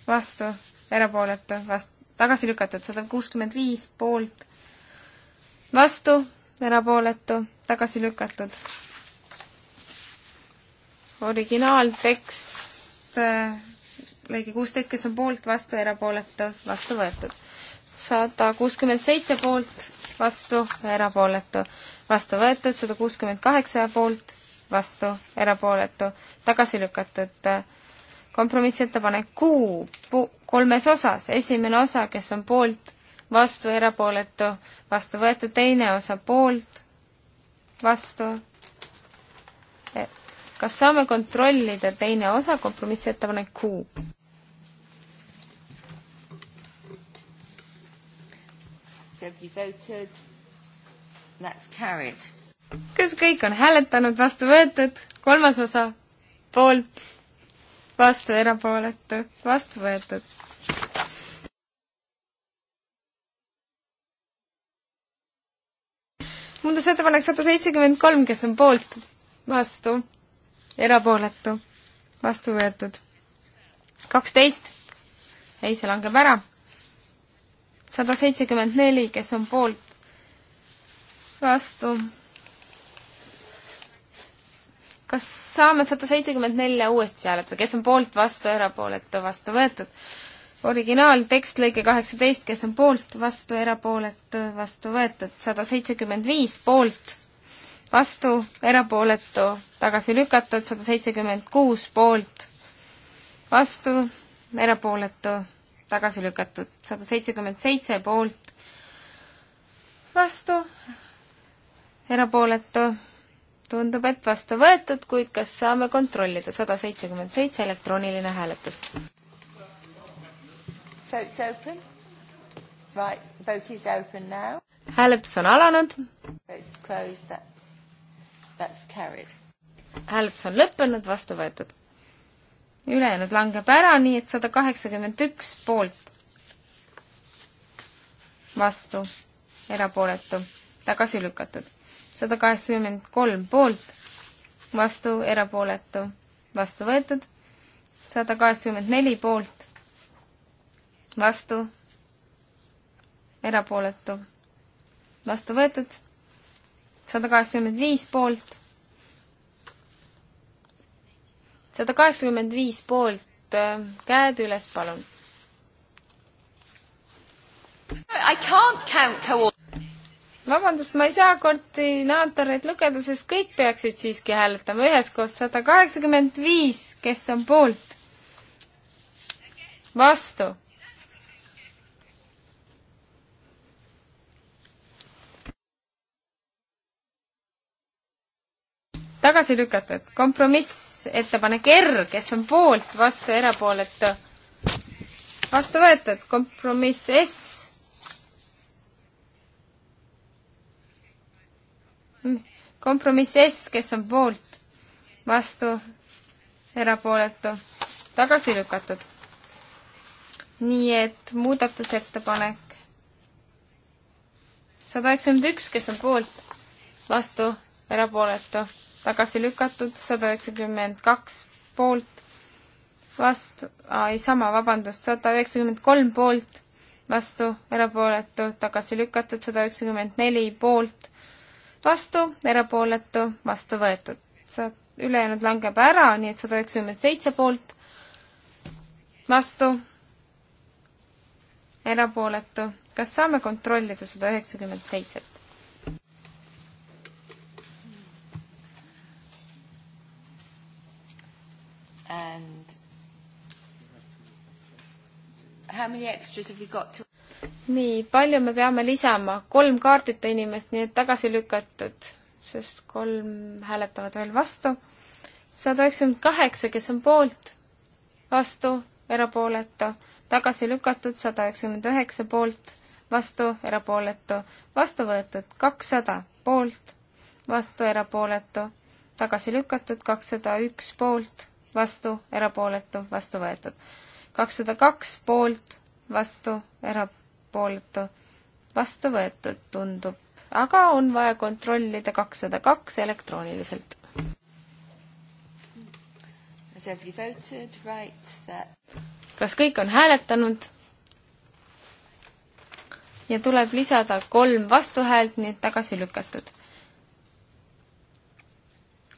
vastu, erapooletu, vast-, tagasi lükatud, sada kuuskümmend viis poolt, vastu, erapooletu, tagasi lükatud. originaaltekst lõige kuusteist, kes on poolt, vastu, erapooletu, vastu võetud. sada kuuskümmend seitse poolt, vastu, erapooletu, vastu võetud, sada kuuskümmend kaheksa poolt, vastu, erapooletu, tagasi lükatud. kompromissettepanek Q kolmes osas, esimene osa, kes on poolt, vastu, erapooletu, vastu võetud, teine osa poolt, vastu, kas saame kontrollida teine osa, kompromissettepanek Q? kas kõik on hääletanud, vastu võetud, kolmas osa poolt, vastu erapooletu, vastu võetud. muudatusettepanek sada seitsekümmend kolm, kes on poolt, vastu erapooletu, vastu võetud. kaksteist, ei, see langeb ära. sada seitsekümmend neli, kes on poolt, vastu. kas saame sada seitsekümmend nelja uuesti hääletada, kes on poolt, vastu, erapooletu, vastu võetud? originaaltekst lõige kaheksateist, kes on poolt, vastu, erapooletu, vastu võetud, sada seitsekümmend viis poolt vastu, erapooletu, tagasi lükatud, sada seitsekümmend kuus poolt, vastu, erapooletu, tagasi lükatud, sada seitsekümmend seitse poolt, vastu, erapooletu, tundub, et vastu võetud, kuid kas saame kontrollida, sada seitsekümmend seitse elektrooniline hääletus. Right, hääletus on alanud. Vote's closed, that hääletus on lõppenud, vastu võetud. ülejäänud langeb ära, nii et sada kaheksakümmend üks poolt, vastu, erapooletu, tagasi lükatud. sada kaheksakümmend kolm poolt, vastu, erapooletu, vastu võetud. sada kaheksakümmend neli poolt, vastu, erapooletu, vastu võetud sada kaheksakümmend viis poolt. sada kaheksakümmend viis poolt, äh, käed üles, palun. vabandust, ma ei saa koordinaatoreid lugeda, sest kõik peaksid siiski hääletama üheskoos. sada kaheksakümmend viis, kes on poolt? vastu tagasi lükatud. kompromissettepanek R, kes on poolt, vastu, erapooletu. vastu võetud. kompromiss S. kompromiss S, kes on poolt, vastu, erapooletu, tagasi lükatud. nii et muudatusettepanek sada üheksakümmend üks, kes on poolt, vastu, erapooletu tagasi lükatud, sada üheksakümmend kaks poolt, vastu, ei sama, vabandust, sada üheksakümmend kolm poolt, vastu, erapooletu, tagasi lükatud, sada üheksakümmend neli poolt, vastu, erapooletu, vastu võetud. sa, ülejäänud langeb ära, nii et sada üheksakümmend seitse poolt, vastu, erapooletu. kas saame kontrollida sada üheksakümmend seitset? To... nii, palju me peame lisama? kolm kaardita inimest, nii et tagasi lükatud, sest kolm hääletavad veel vastu. sada üheksakümmend kaheksa, kes on poolt, vastu, erapooletu, tagasi lükatud, sada üheksakümmend üheksa poolt, vastu, erapooletu, vastu võetud, kakssada poolt, vastu, erapooletu, tagasi lükatud, kakssada üks poolt, vastu, erapooletu, vastu võetud kakssada kaks poolt, vastu, erapooletu, vastu võetud, tundub. aga on vaja kontrollida kakssada kaks elektrooniliselt. kas kõik on hääletanud? ja tuleb lisada kolm vastuhäält, nii et tagasi lükatud.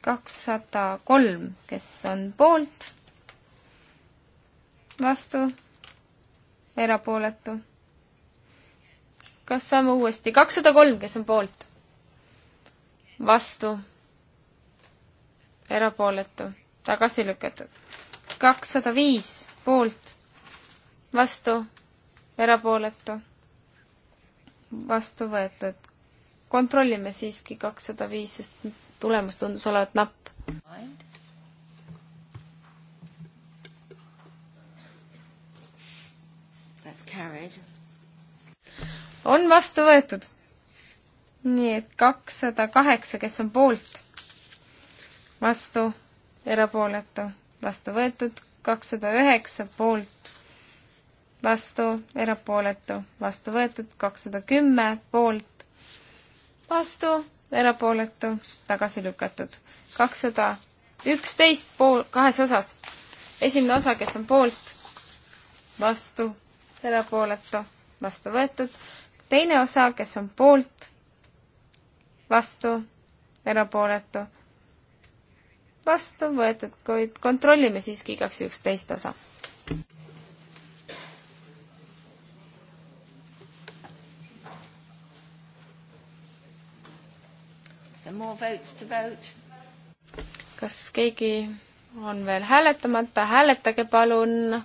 kakssada kolm, kes on poolt vastu, erapooletu. kas saame uuesti, kakssada kolm, kes on poolt? vastu, erapooletu, tagasi lükatud. kakssada viis poolt, vastu, erapooletu, vastu võetud. kontrollime siiski kakssada viis, sest tulemus tundus olevat napp. on vastu võetud. nii et kakssada kaheksa, kes on poolt, vastu, erapooletu, vastu võetud, kakssada üheksa poolt, vastu, erapooletu, vastu võetud, kakssada kümme poolt, vastu, erapooletu, tagasi lükatud. kakssada üksteist pool, kahes osas. esimene osa, kes on poolt, vastu erapooletu, vastu võetud. teine osa, kes on poolt, vastu, erapooletu, vastu võetud, kuid kontrollime siiski igaks juhuks teist osa. kas keegi on veel hääletamata, hääletage palun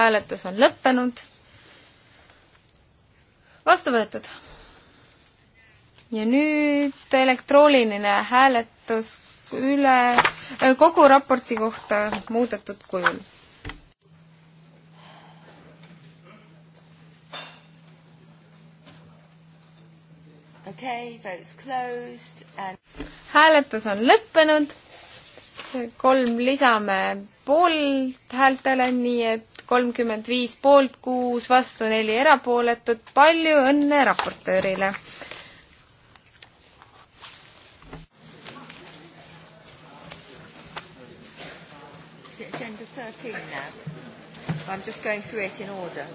hääletus on lõppenud. vastu võetud. ja nüüd elektrooniline hääletus üle äh, kogu raporti kohta muudetud kujul. Okay, votes closed and... hääletus on lõppenud kolm lisame poolt häältele, nii et kolmkümmend viis poolt, kuus vastu, neli erapooletut. palju õnne raportöörile! agenda 13 now. I'm just going through it in order.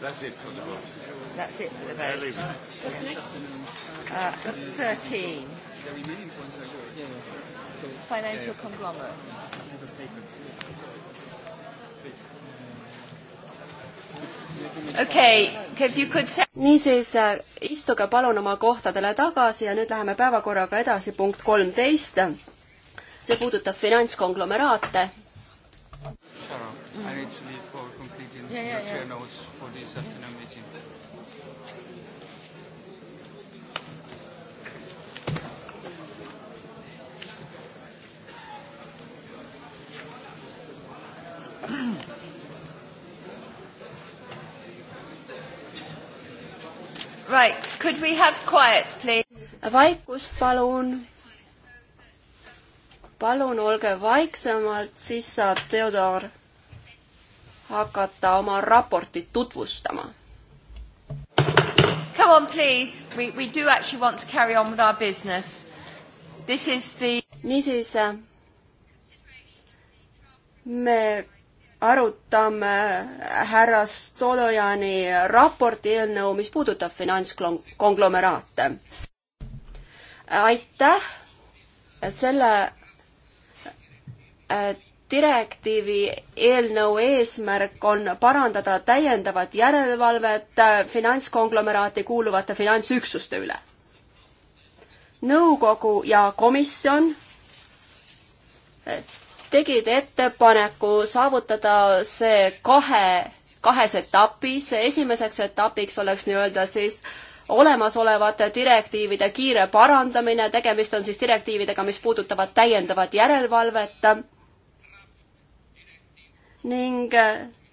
That's it for the vote. That's it for the vote. What's next? Uh, 13 financial conglomerates. okei okay,, if you could say niisiis, äh, istuge palun oma kohtadele tagasi ja nüüd läheme päevakorraga edasi, punkt kolmteist. see puudutab finantskonglomeraate. Sarah, I need to leave for completing yeah, yeah, your chair notes for this afternoon. [CLEARS THROAT] Right, could we have quiet, please? vaikust palun. palun olge vaiksemalt, siis saab Theodor hakata oma raportit tutvustama. Come on, please, we, we do actually want to carry on with our business. This is the niisiis, me arutame härra Stolojani raporti eelnõu, mis puudutab finantskonglomeraate. aitäh selle äh, direktiivi eelnõu eesmärk on parandada täiendavat järelevalvet äh, finantskonglomeraati kuuluvate finantsüksuste üle. nõukogu ja komisjon tegid ettepaneku saavutada see kahe, kahes etapis, esimeseks etapiks oleks nii-öelda siis olemasolevate direktiivide kiire parandamine, tegemist on siis direktiividega, mis puudutavad täiendavat järelevalvet ning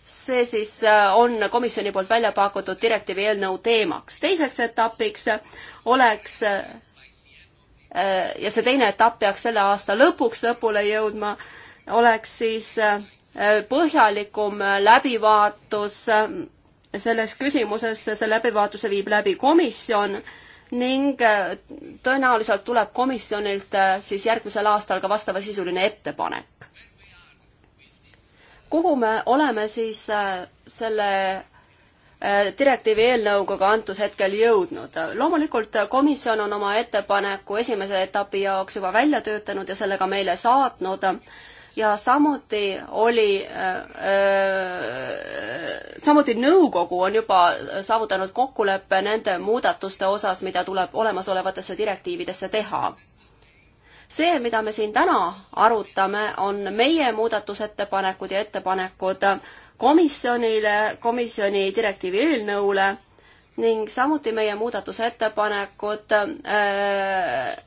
see siis on komisjoni poolt välja pakutud direktiivi eelnõu teemaks. teiseks etapiks oleks ja see teine etapp peaks selle aasta lõpuks lõpule jõudma, oleks siis äh, põhjalikum äh, läbivaatus äh, selles küsimuses, see läbivaatuse viib läbi komisjon ning tõenäoliselt tuleb komisjonilt siis järgmisel aastal ka vastavasisuline ettepanek. kuhu me oleme siis selle direktiivi eelnõuga ka antud hetkel jõudnud. loomulikult komisjon on oma ettepaneku esimese etapi jaoks juba välja töötanud ja selle ka meile saatnud ja samuti oli äh, äh,, samuti nõukogu on juba saavutanud kokkuleppe nende muudatuste osas, mida tuleb olemasolevatesse direktiividesse teha see, mida me siin täna arutame, on meie muudatusettepanekud ja ettepanekud komisjonile, komisjoni direktiivi eelnõule ning samuti meie muudatusettepanekud äh,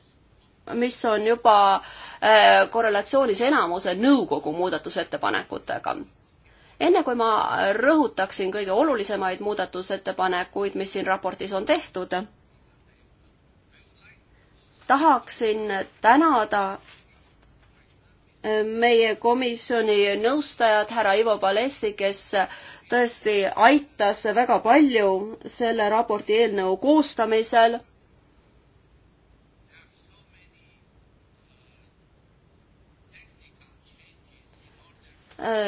mis on juba äh, korrelatsioonis enamuse nõukogu muudatusettepanekutega. enne kui ma rõhutaksin kõige olulisemaid muudatusettepanekuid, mis siin raportis on tehtud, tahaksin tänada äh, meie komisjoni nõustajat härra Ivo Palessi, kes tõesti aitas väga palju selle raporti eelnõu koostamisel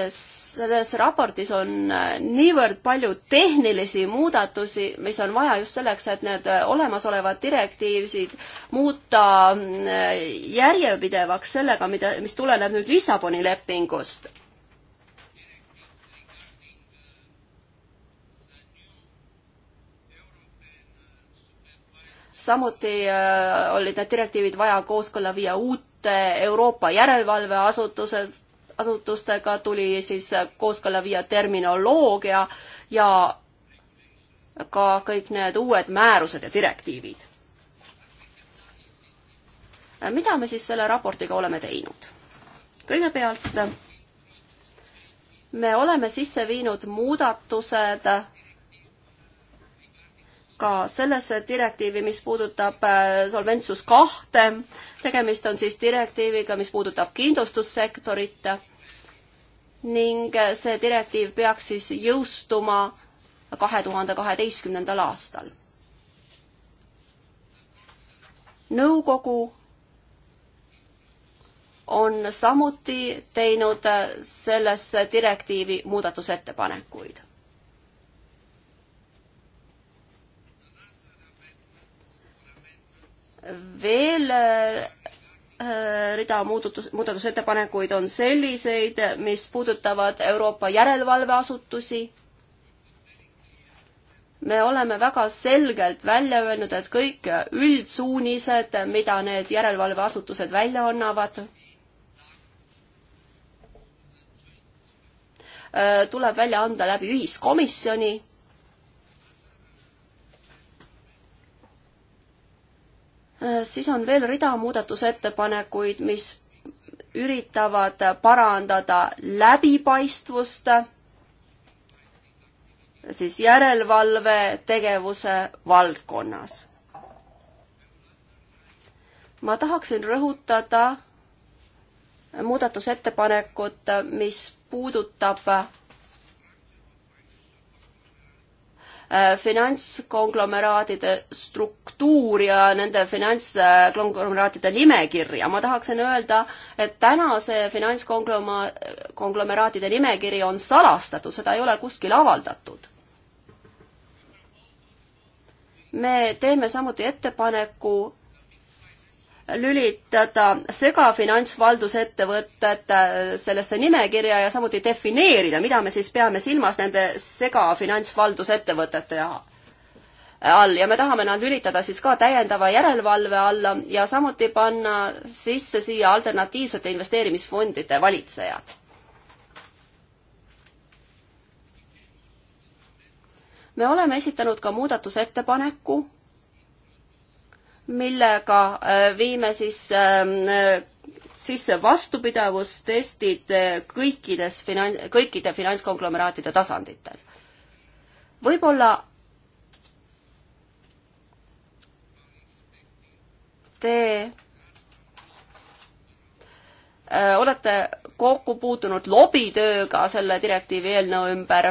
selles raportis on äh, niivõrd palju tehnilisi muudatusi, mis on vaja just selleks, et need äh, olemasolevad direktiivsid muuta mm, äh, järjepidevaks sellega, mida, mis tuleneb nüüd Lissaboni lepingust. samuti olid need direktiivid vaja kooskõlla viia uute Euroopa järelevalveasutused, asutustega tuli siis kooskõlla viia terminoloogia ja ka kõik need uued määrused ja direktiivid. mida me siis selle raportiga oleme teinud? kõigepealt me oleme sisse viinud muudatused ka sellesse direktiivi, mis puudutab äh, solventsus kahte. tegemist on siis direktiiviga, mis puudutab kindlustussektorit ning äh, see direktiiv peaks siis jõustuma kahe tuhande kaheteistkümnendal aastal. nõukogu on samuti teinud äh, sellesse direktiivi muudatusettepanekuid veel äh, rida muudatus, muudatusettepanekuid on selliseid, mis puudutavad Euroopa järelevalveasutusi. me oleme väga selgelt välja öelnud, et kõik üldsuunised, mida need järelevalveasutused välja annavad, äh, tuleb välja anda läbi ühiskomisjoni Äh, siis on veel rida muudatusettepanekuid, mis üritavad parandada läbipaistvust, siis järelevalve tegevuse valdkonnas. ma tahaksin rõhutada muudatusettepanekut, mis puudutab Äh, finantskonglomeraadide struktuur ja nende finantskonglomeraatide nimekirja. ma tahaksin öelda, et täna see finantskonglomeraatide nimekiri on salastatud, seda ei ole kuskil avaldatud. me teeme samuti ettepaneku lülitada segafinantsvaldusettevõtted äh, sellesse nimekirja ja samuti defineerida, mida me siis peame silmas nende segafinantsvaldusettevõtete äh, all ja me tahame nad lülitada siis ka täiendava järelevalve alla ja samuti panna sisse siia alternatiivsete investeerimisfondide valitsejad me oleme esitanud ka muudatusettepaneku millega äh, viime siis ähm, äh, sisse vastupidavustestid äh, kõikides finan-, kõikide finantskonglomeraatide tasanditel. võib-olla te olete kokku puutunud lobitööga selle direktiivi eelnõu ümber.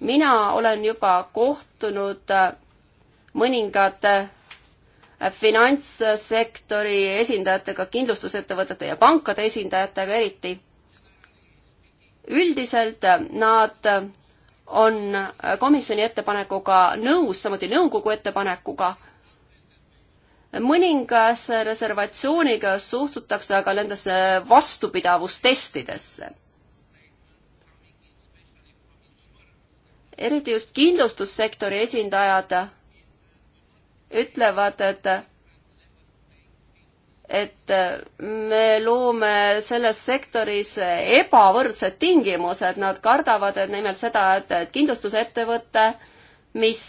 mina olen juba kohtunud mõningad äh, finantssektori esindajatega, kindlustusettevõtete ja pankade esindajatega eriti. üldiselt äh, nad äh, on komisjoni ettepanekuga nõus, samuti nõukogu ettepanekuga. mõningase reservatsiooniga suhtutakse aga nendesse vastupidavustestidesse. eriti just kindlustussektori esindajad ütlevad, et et me loome selles sektoris ebavõrdsed tingimused, nad kardavad et nimelt seda, et, et kindlustusettevõte, mis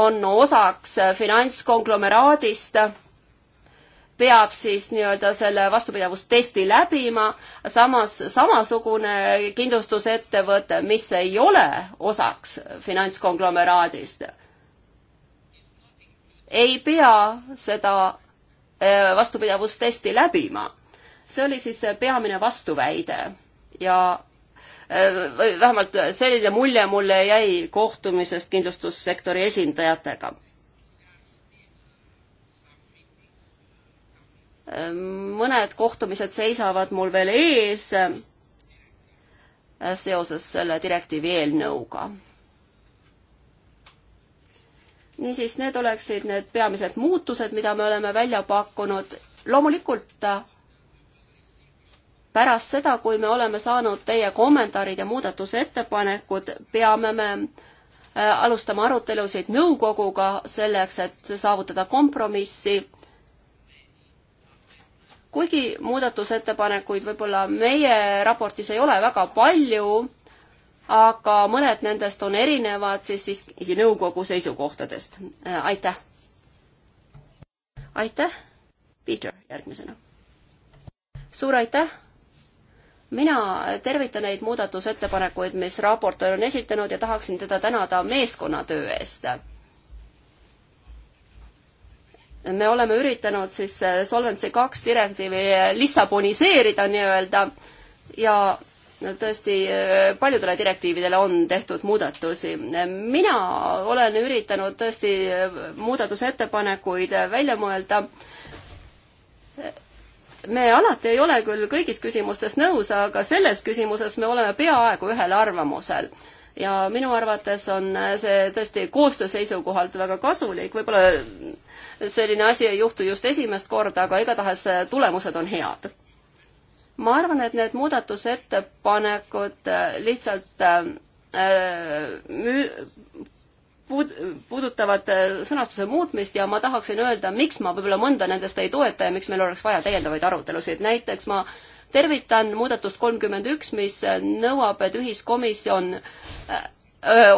on osaks finantskonglomeraadist, peab siis nii-öelda selle vastupidavustesti läbima, samas samasugune kindlustusettevõte, mis ei ole osaks finantskonglomeraadist ei pea seda äh, vastupidavustesti läbima. see oli siis peamine vastuväide ja äh, või vähemalt selline mulje mulle jäi kohtumisest kindlustussektori esindajatega. Äh, mõned kohtumised seisavad mul veel ees seoses selle direktiivi eelnõuga niisiis, need oleksid need peamised muutused, mida me oleme välja pakkunud. loomulikult äh, pärast seda, kui me oleme saanud teie kommentaarid ja muudatusettepanekud, peame me äh, alustama arutelusid nõukoguga selleks, et saavutada kompromissi. kuigi muudatusettepanekuid võib-olla meie raportis ei ole väga palju aga mõned nendest on erinevad siis siiski nõukogu seisukohtadest. Äh, aitäh! aitäh, Peter, järgmisena! suur aitäh! mina tervitan neid muudatusettepanekuid, mis raportöör on esitanud ja tahaksin teda tänada meeskonnatöö eest. me oleme üritanud siis Solvency kaks direktiivi lissaboniseerida nii-öelda ja tõesti eh, paljudele direktiividele on tehtud muudatusi. mina olen üritanud tõesti eh, muudatusettepanekuid eh, välja mõelda. me alati ei ole küll kõigis küsimustes nõus, aga selles küsimuses me oleme peaaegu ühel arvamusel ja minu arvates on see tõesti koostöö seisukohalt väga kasulik, võib-olla selline asi ei juhtu just esimest korda, aga igatahes tulemused on head ma arvan, et need muudatusettepanekud äh, lihtsalt äh, müü-, puud-, puudutavad äh, sõnastuse muutmist ja ma tahaksin öelda, miks ma võib-olla mõnda nendest ei toeta ja miks meil oleks vaja täiendavaid arutelusid, näiteks ma tervitan muudatust kolmkümmend üks, mis nõuab, et ühiskomisjon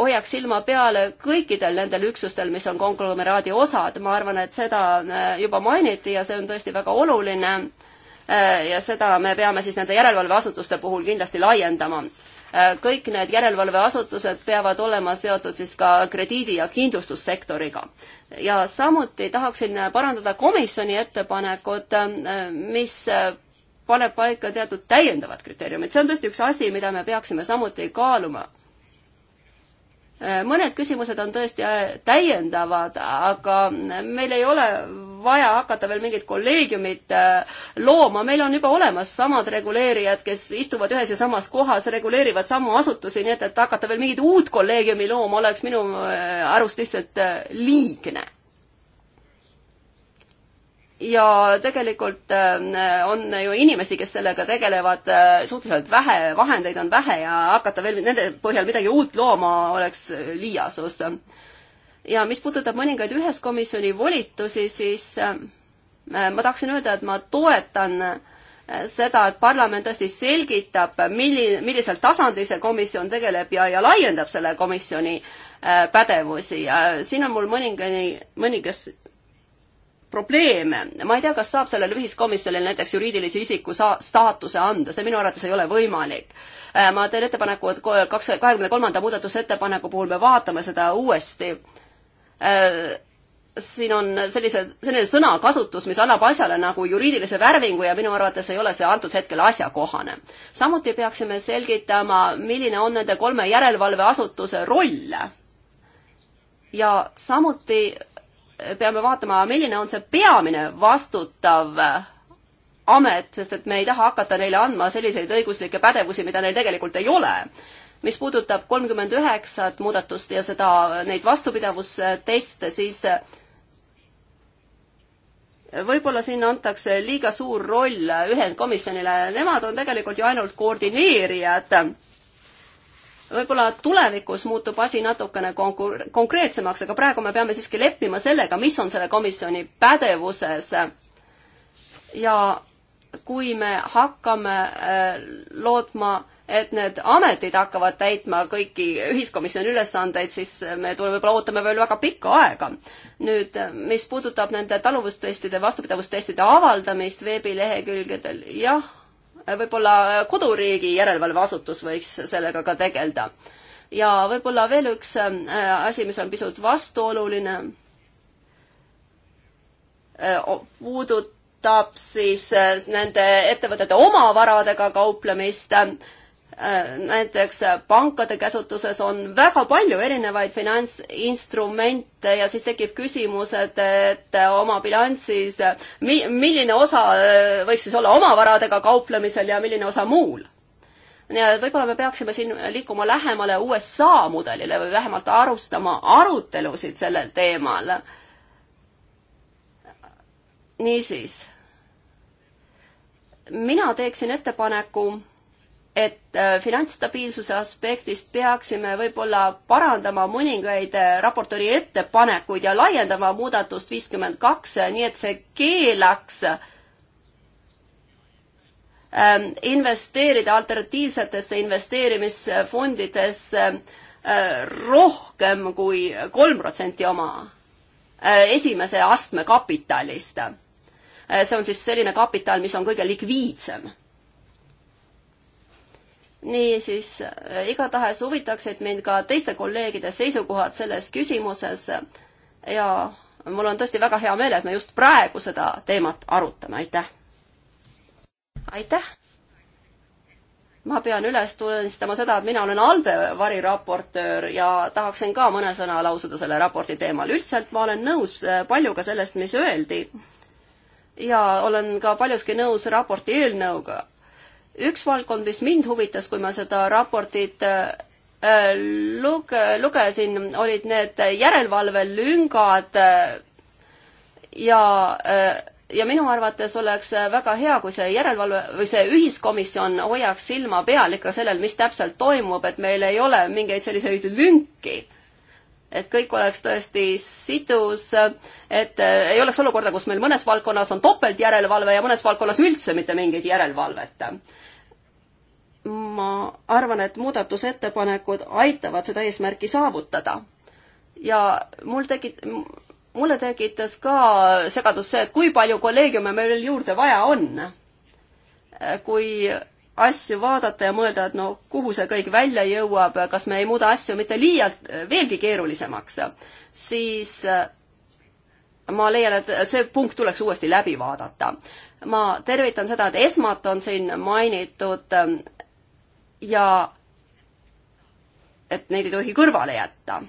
hoiaks silma peale kõikidel nendel üksustel, mis on konglomeraadi osad, ma arvan, et seda juba mainiti ja see on tõesti väga oluline Äh, ja seda me peame siis nende järelevalveasutuste puhul kindlasti laiendama. Äh, kõik need järelevalveasutused peavad olema seotud siis ka krediidi- ja kindlustussektoriga. ja samuti tahaksin parandada komisjoni ettepanekut, äh, mis paneb paika teatud täiendavad kriteeriumid, see on tõesti üks asi, mida me peaksime samuti kaaluma Äh, mõned küsimused on tõesti äh, täiendavad, aga meil ei ole vaja hakata veel mingit kolleegiumit äh, looma, meil on juba olemas samad reguleerijad, kes istuvad ühes ja samas kohas, reguleerivad samu asutusi, nii et, et hakata veel mingit uut kolleegiumi looma oleks minu arust lihtsalt liigne ja tegelikult äh, on ju inimesi, kes sellega tegelevad, äh, suhteliselt vähe, vahendeid on vähe ja hakata veel nende põhjal midagi uut looma oleks liiasus. ja mis puudutab mõningaid ühes komisjoni volitusi, siis äh, ma tahaksin öelda, et ma toetan seda, et parlament tõesti selgitab, milli-, millisel tasandil see komisjon tegeleb ja, ja laiendab selle komisjoni pädevusi ja siin on mul mõningani, mõningast probleeme. ma ei tea, kas saab sellele ühiskomisjonile näiteks juriidilise isiku saa-, staatuse anda, see minu arvates ei ole võimalik. Äh, ma teen ettepaneku, et kaks, kahekümne kolmanda muudatusettepaneku puhul me vaatame seda uuesti. Äh, siin on sellise, selline sõnakasutus, mis annab asjale nagu juriidilise värvingu ja minu arvates ei ole see antud hetkel asjakohane. samuti peaksime selgitama, milline on nende kolme järelevalveasutuse roll ja samuti peame vaatama, milline on see peamine vastutav amet, sest et me ei taha hakata neile andma selliseid õiguslikke pädevusi, mida neil tegelikult ei ole. mis puudutab kolmkümmend üheksat muudatust ja seda, neid vastupidavusteste, siis võib-olla siin antakse liiga suur roll ühendkomisjonile, nemad on tegelikult ju ainult koordineerijad võib-olla tulevikus muutub asi natukene konkur-, konkreetsemaks, aga praegu me peame siiski leppima sellega, mis on selle komisjoni pädevuses. ja kui me hakkame äh, lootma, et need ametid hakkavad täitma kõiki ühiskomisjoni ülesandeid, siis me tuleb, võib-olla ootame veel väga pikka aega. nüüd, mis puudutab nende taluvustestide, vastupidavustestide avaldamist veebilehekülgedel, jah võib-olla koduriigi järelevalveasutus võiks sellega ka tegeleda. ja võib-olla veel üks äh, asi, mis on pisut vastuoluline, äh, puudutab siis äh, nende ettevõtete omavaradega kauplemist näiteks pankade käsutuses on väga palju erinevaid finantsinstrumente ja siis tekib küsimus, et, et oma bilansis mi,, milline osa äh, võiks siis olla oma varadega kauplemisel ja milline osa muul. nii et võib-olla me peaksime siin liikuma lähemale USA mudelile või vähemalt alustama arutelusid sellel teemal. niisiis, mina teeksin ettepaneku et äh, finantsstabiilsuse aspektist peaksime võib-olla parandama mõningaid äh, raportööri ettepanekuid ja laiendama muudatust viiskümmend kaks, nii et see keelaks ähm, investeerida alternatiivsetesse investeerimisfondidesse äh, rohkem kui kolm protsenti oma esimese astme kapitalist. see on siis selline kapital, mis on kõige likviidsem niisiis äh, igatahes huvitaksid mind ka teiste kolleegide seisukohad selles küsimuses ja mul on tõesti väga hea meel, et me just praegu seda teemat arutame, aitäh! aitäh! ma pean üles tunnistama seda, et mina olen ALDE variraportöör ja tahaksin ka mõne sõna lausuda selle raporti teemal. üldiselt ma olen nõus äh, paljuga sellest, mis öeldi ja olen ka paljuski nõus raporti eelnõuga, üks valdkond, mis mind huvitas, kui ma seda raportit äh, äh, lug-, lugesin, olid need järelevalvelüngad äh, ja, ja minu arvates oleks väga hea, kui see järelevalve või see ühiskomisjon hoiaks silma peal ikka sellel, mis täpselt toimub, et meil ei ole mingeid selliseid lünki et kõik oleks tõesti sidus, et äh, ei oleks olukorda, kus meil mõnes valdkonnas on topeltjärelevalve ja mõnes valdkonnas üldse mitte mingit järelevalvet. ma arvan, et muudatusettepanekud aitavad seda eesmärki saavutada. ja mul tekit-, mulle tekitas ka segadus see, et kui palju kolleegiume meil veel juurde vaja on. kui asju vaadata ja mõelda, et no kuhu see kõik välja jõuab, kas me ei muuda asju mitte liialt, veelgi keerulisemaks, siis äh, ma leian, et see punkt tuleks uuesti läbi vaadata. ma tervitan seda, et esmalt on siin mainitud ähm, ja et neid ei tohi kõrvale jätta.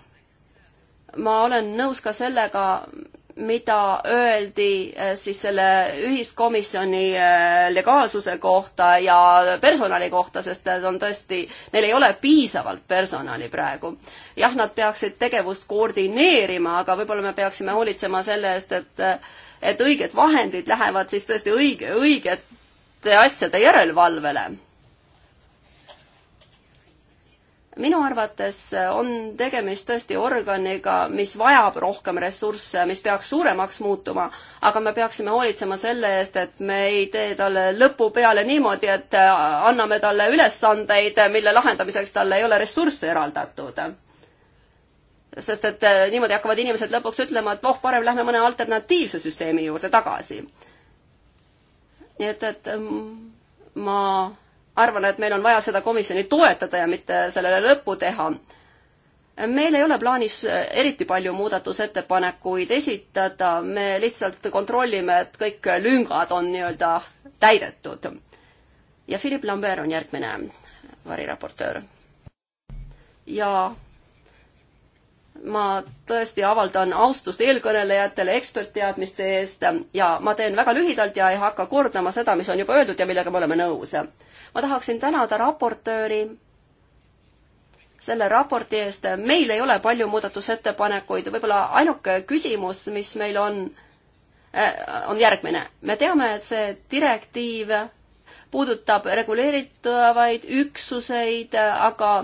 ma olen nõus ka sellega, mida öeldi äh, siis selle ühiskomisjoni äh, legaalsuse kohta ja personali kohta, sest nad on tõesti, neil ei ole piisavalt personali praegu. jah, nad peaksid tegevust koordineerima, aga võib-olla me peaksime hoolitsema selle eest, et et õiged vahendid lähevad siis tõesti õige, õigete asjade järelevalvele minu arvates on tegemist tõesti organiga, mis vajab rohkem ressursse, mis peaks suuremaks muutuma, aga me peaksime hoolitsema selle eest, et me ei tee talle lõpu peale niimoodi, et äh, anname talle ülesandeid, mille lahendamiseks talle ei ole ressursse eraldatud. sest et äh, niimoodi hakkavad inimesed lõpuks ütlema, et voh, parem lähme mõne alternatiivse süsteemi juurde tagasi. nii et, et mm, ma arvan, et meil on vaja seda komisjoni toetada ja mitte sellele lõppu teha. meil ei ole plaanis äh, eriti palju muudatusettepanekuid esitada, me lihtsalt kontrollime, et kõik lüngad on nii-öelda täidetud. ja Philip Lambert on järgmine variraportöör. ja ma tõesti avaldan austust eelkõnelejatele ekspertteadmiste eest ja ma teen väga lühidalt ja ei hakka kordama seda, mis on juba öeldud ja millega me oleme nõus. ma tahaksin tänada raportööri selle raporti eest. meil ei ole palju muudatusettepanekuid, võib-olla ainuke küsimus, mis meil on, eh, on järgmine. me teame, et see direktiiv puudutab reguleeritavaid üksuseid, aga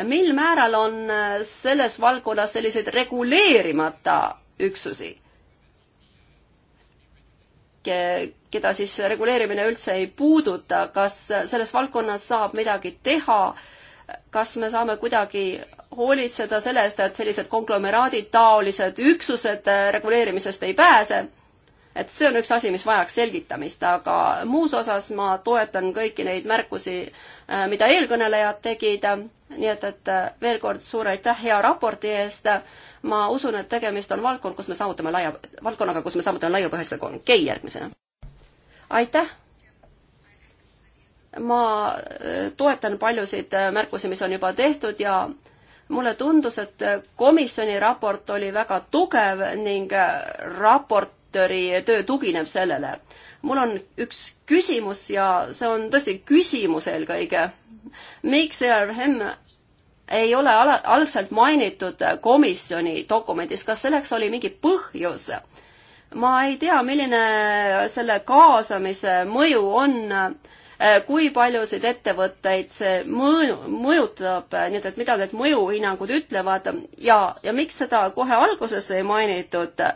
mil määral on äh, selles valdkonnas selliseid reguleerimata üksusi, keda siis reguleerimine üldse ei puuduta, kas selles valdkonnas saab midagi teha, kas me saame kuidagi hoolitseda selle eest, et sellised konglomeraadid, taolised üksused äh, reguleerimisest ei pääse et see on üks asi, mis vajaks selgitamist, aga muus osas ma toetan kõiki neid märkusi, äh, mida eelkõnelejad tegid, nii et, et äh, veel kord suur aitäh hea raporti eest, ma usun, et tegemist on valdkond, kus me saavutame laia, valdkonnaga, kus me saavutame laiapõhjalise kei järgmisena. aitäh! ma äh, toetan paljusid märkusi, mis on juba tehtud ja mulle tundus, et komisjoni raport oli väga tugev ning raport raportööri töö tugineb sellele. mul on üks küsimus ja see on tõesti küsimus eelkõige. miks ERM ei ole ala, algselt mainitud komisjoni dokumendis, kas selleks oli mingi põhjus? ma ei tea, milline selle kaasamise mõju on, kui paljusid ettevõtteid see mõju, mõjutab, nii et, et mida need mõjuhinnangud ütlevad ja, ja miks seda kohe alguses ei mainitud äh,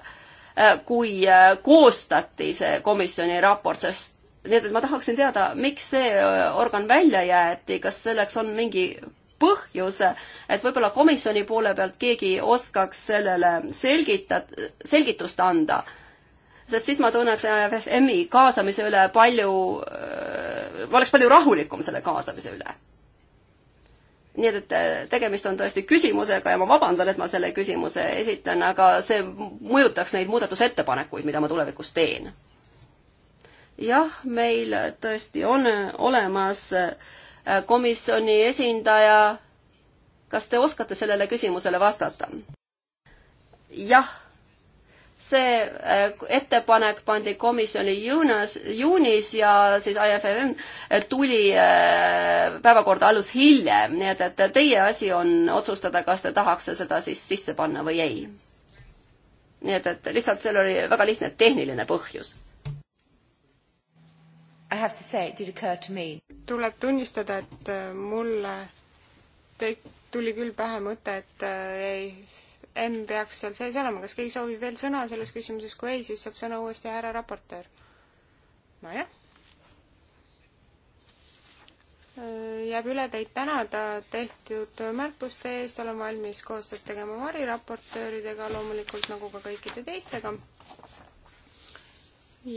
Äh, kui äh, koostati see komisjoni raport, sest nii et ma tahaksin teada, miks see äh, organ välja jäeti, kas selleks on mingi põhjus, et võib-olla komisjoni poole pealt keegi oskaks sellele selgitada, selgitust anda sest siis ma tunneks FFM-i kaasamise üle palju, ma oleks palju rahulikum selle kaasamise üle nii et, et tegemist on tõesti küsimusega ja ma vabandan, et ma selle küsimuse esitan, aga see mõjutaks neid muudatusettepanekuid, mida ma tulevikus teen. jah, meil tõesti on olemas äh, komisjoni esindaja. kas te oskate sellele küsimusele vastata? jah see äh, ettepanek pandi komisjoni juunis, juunis ja siis IFM tuli äh, päevakorda alles hiljem, nii et, et teie asi on otsustada, kas te tahaks seda siis sisse panna või ei. nii et, et lihtsalt seal oli väga lihtne tehniline põhjus Say, tuleb tunnistada, et äh, mulle te-, tuli küll pähe mõte, et ei, N peaks seal sees olema, kas keegi soovib veel sõna selles küsimuses, kui ei, siis saab sõna uuesti härra raportöör. nojah. jääb üle teid tänada tehtud märkuste eest, olen valmis koostööd tegema variraportööridega loomulikult, nagu ka kõikide teistega.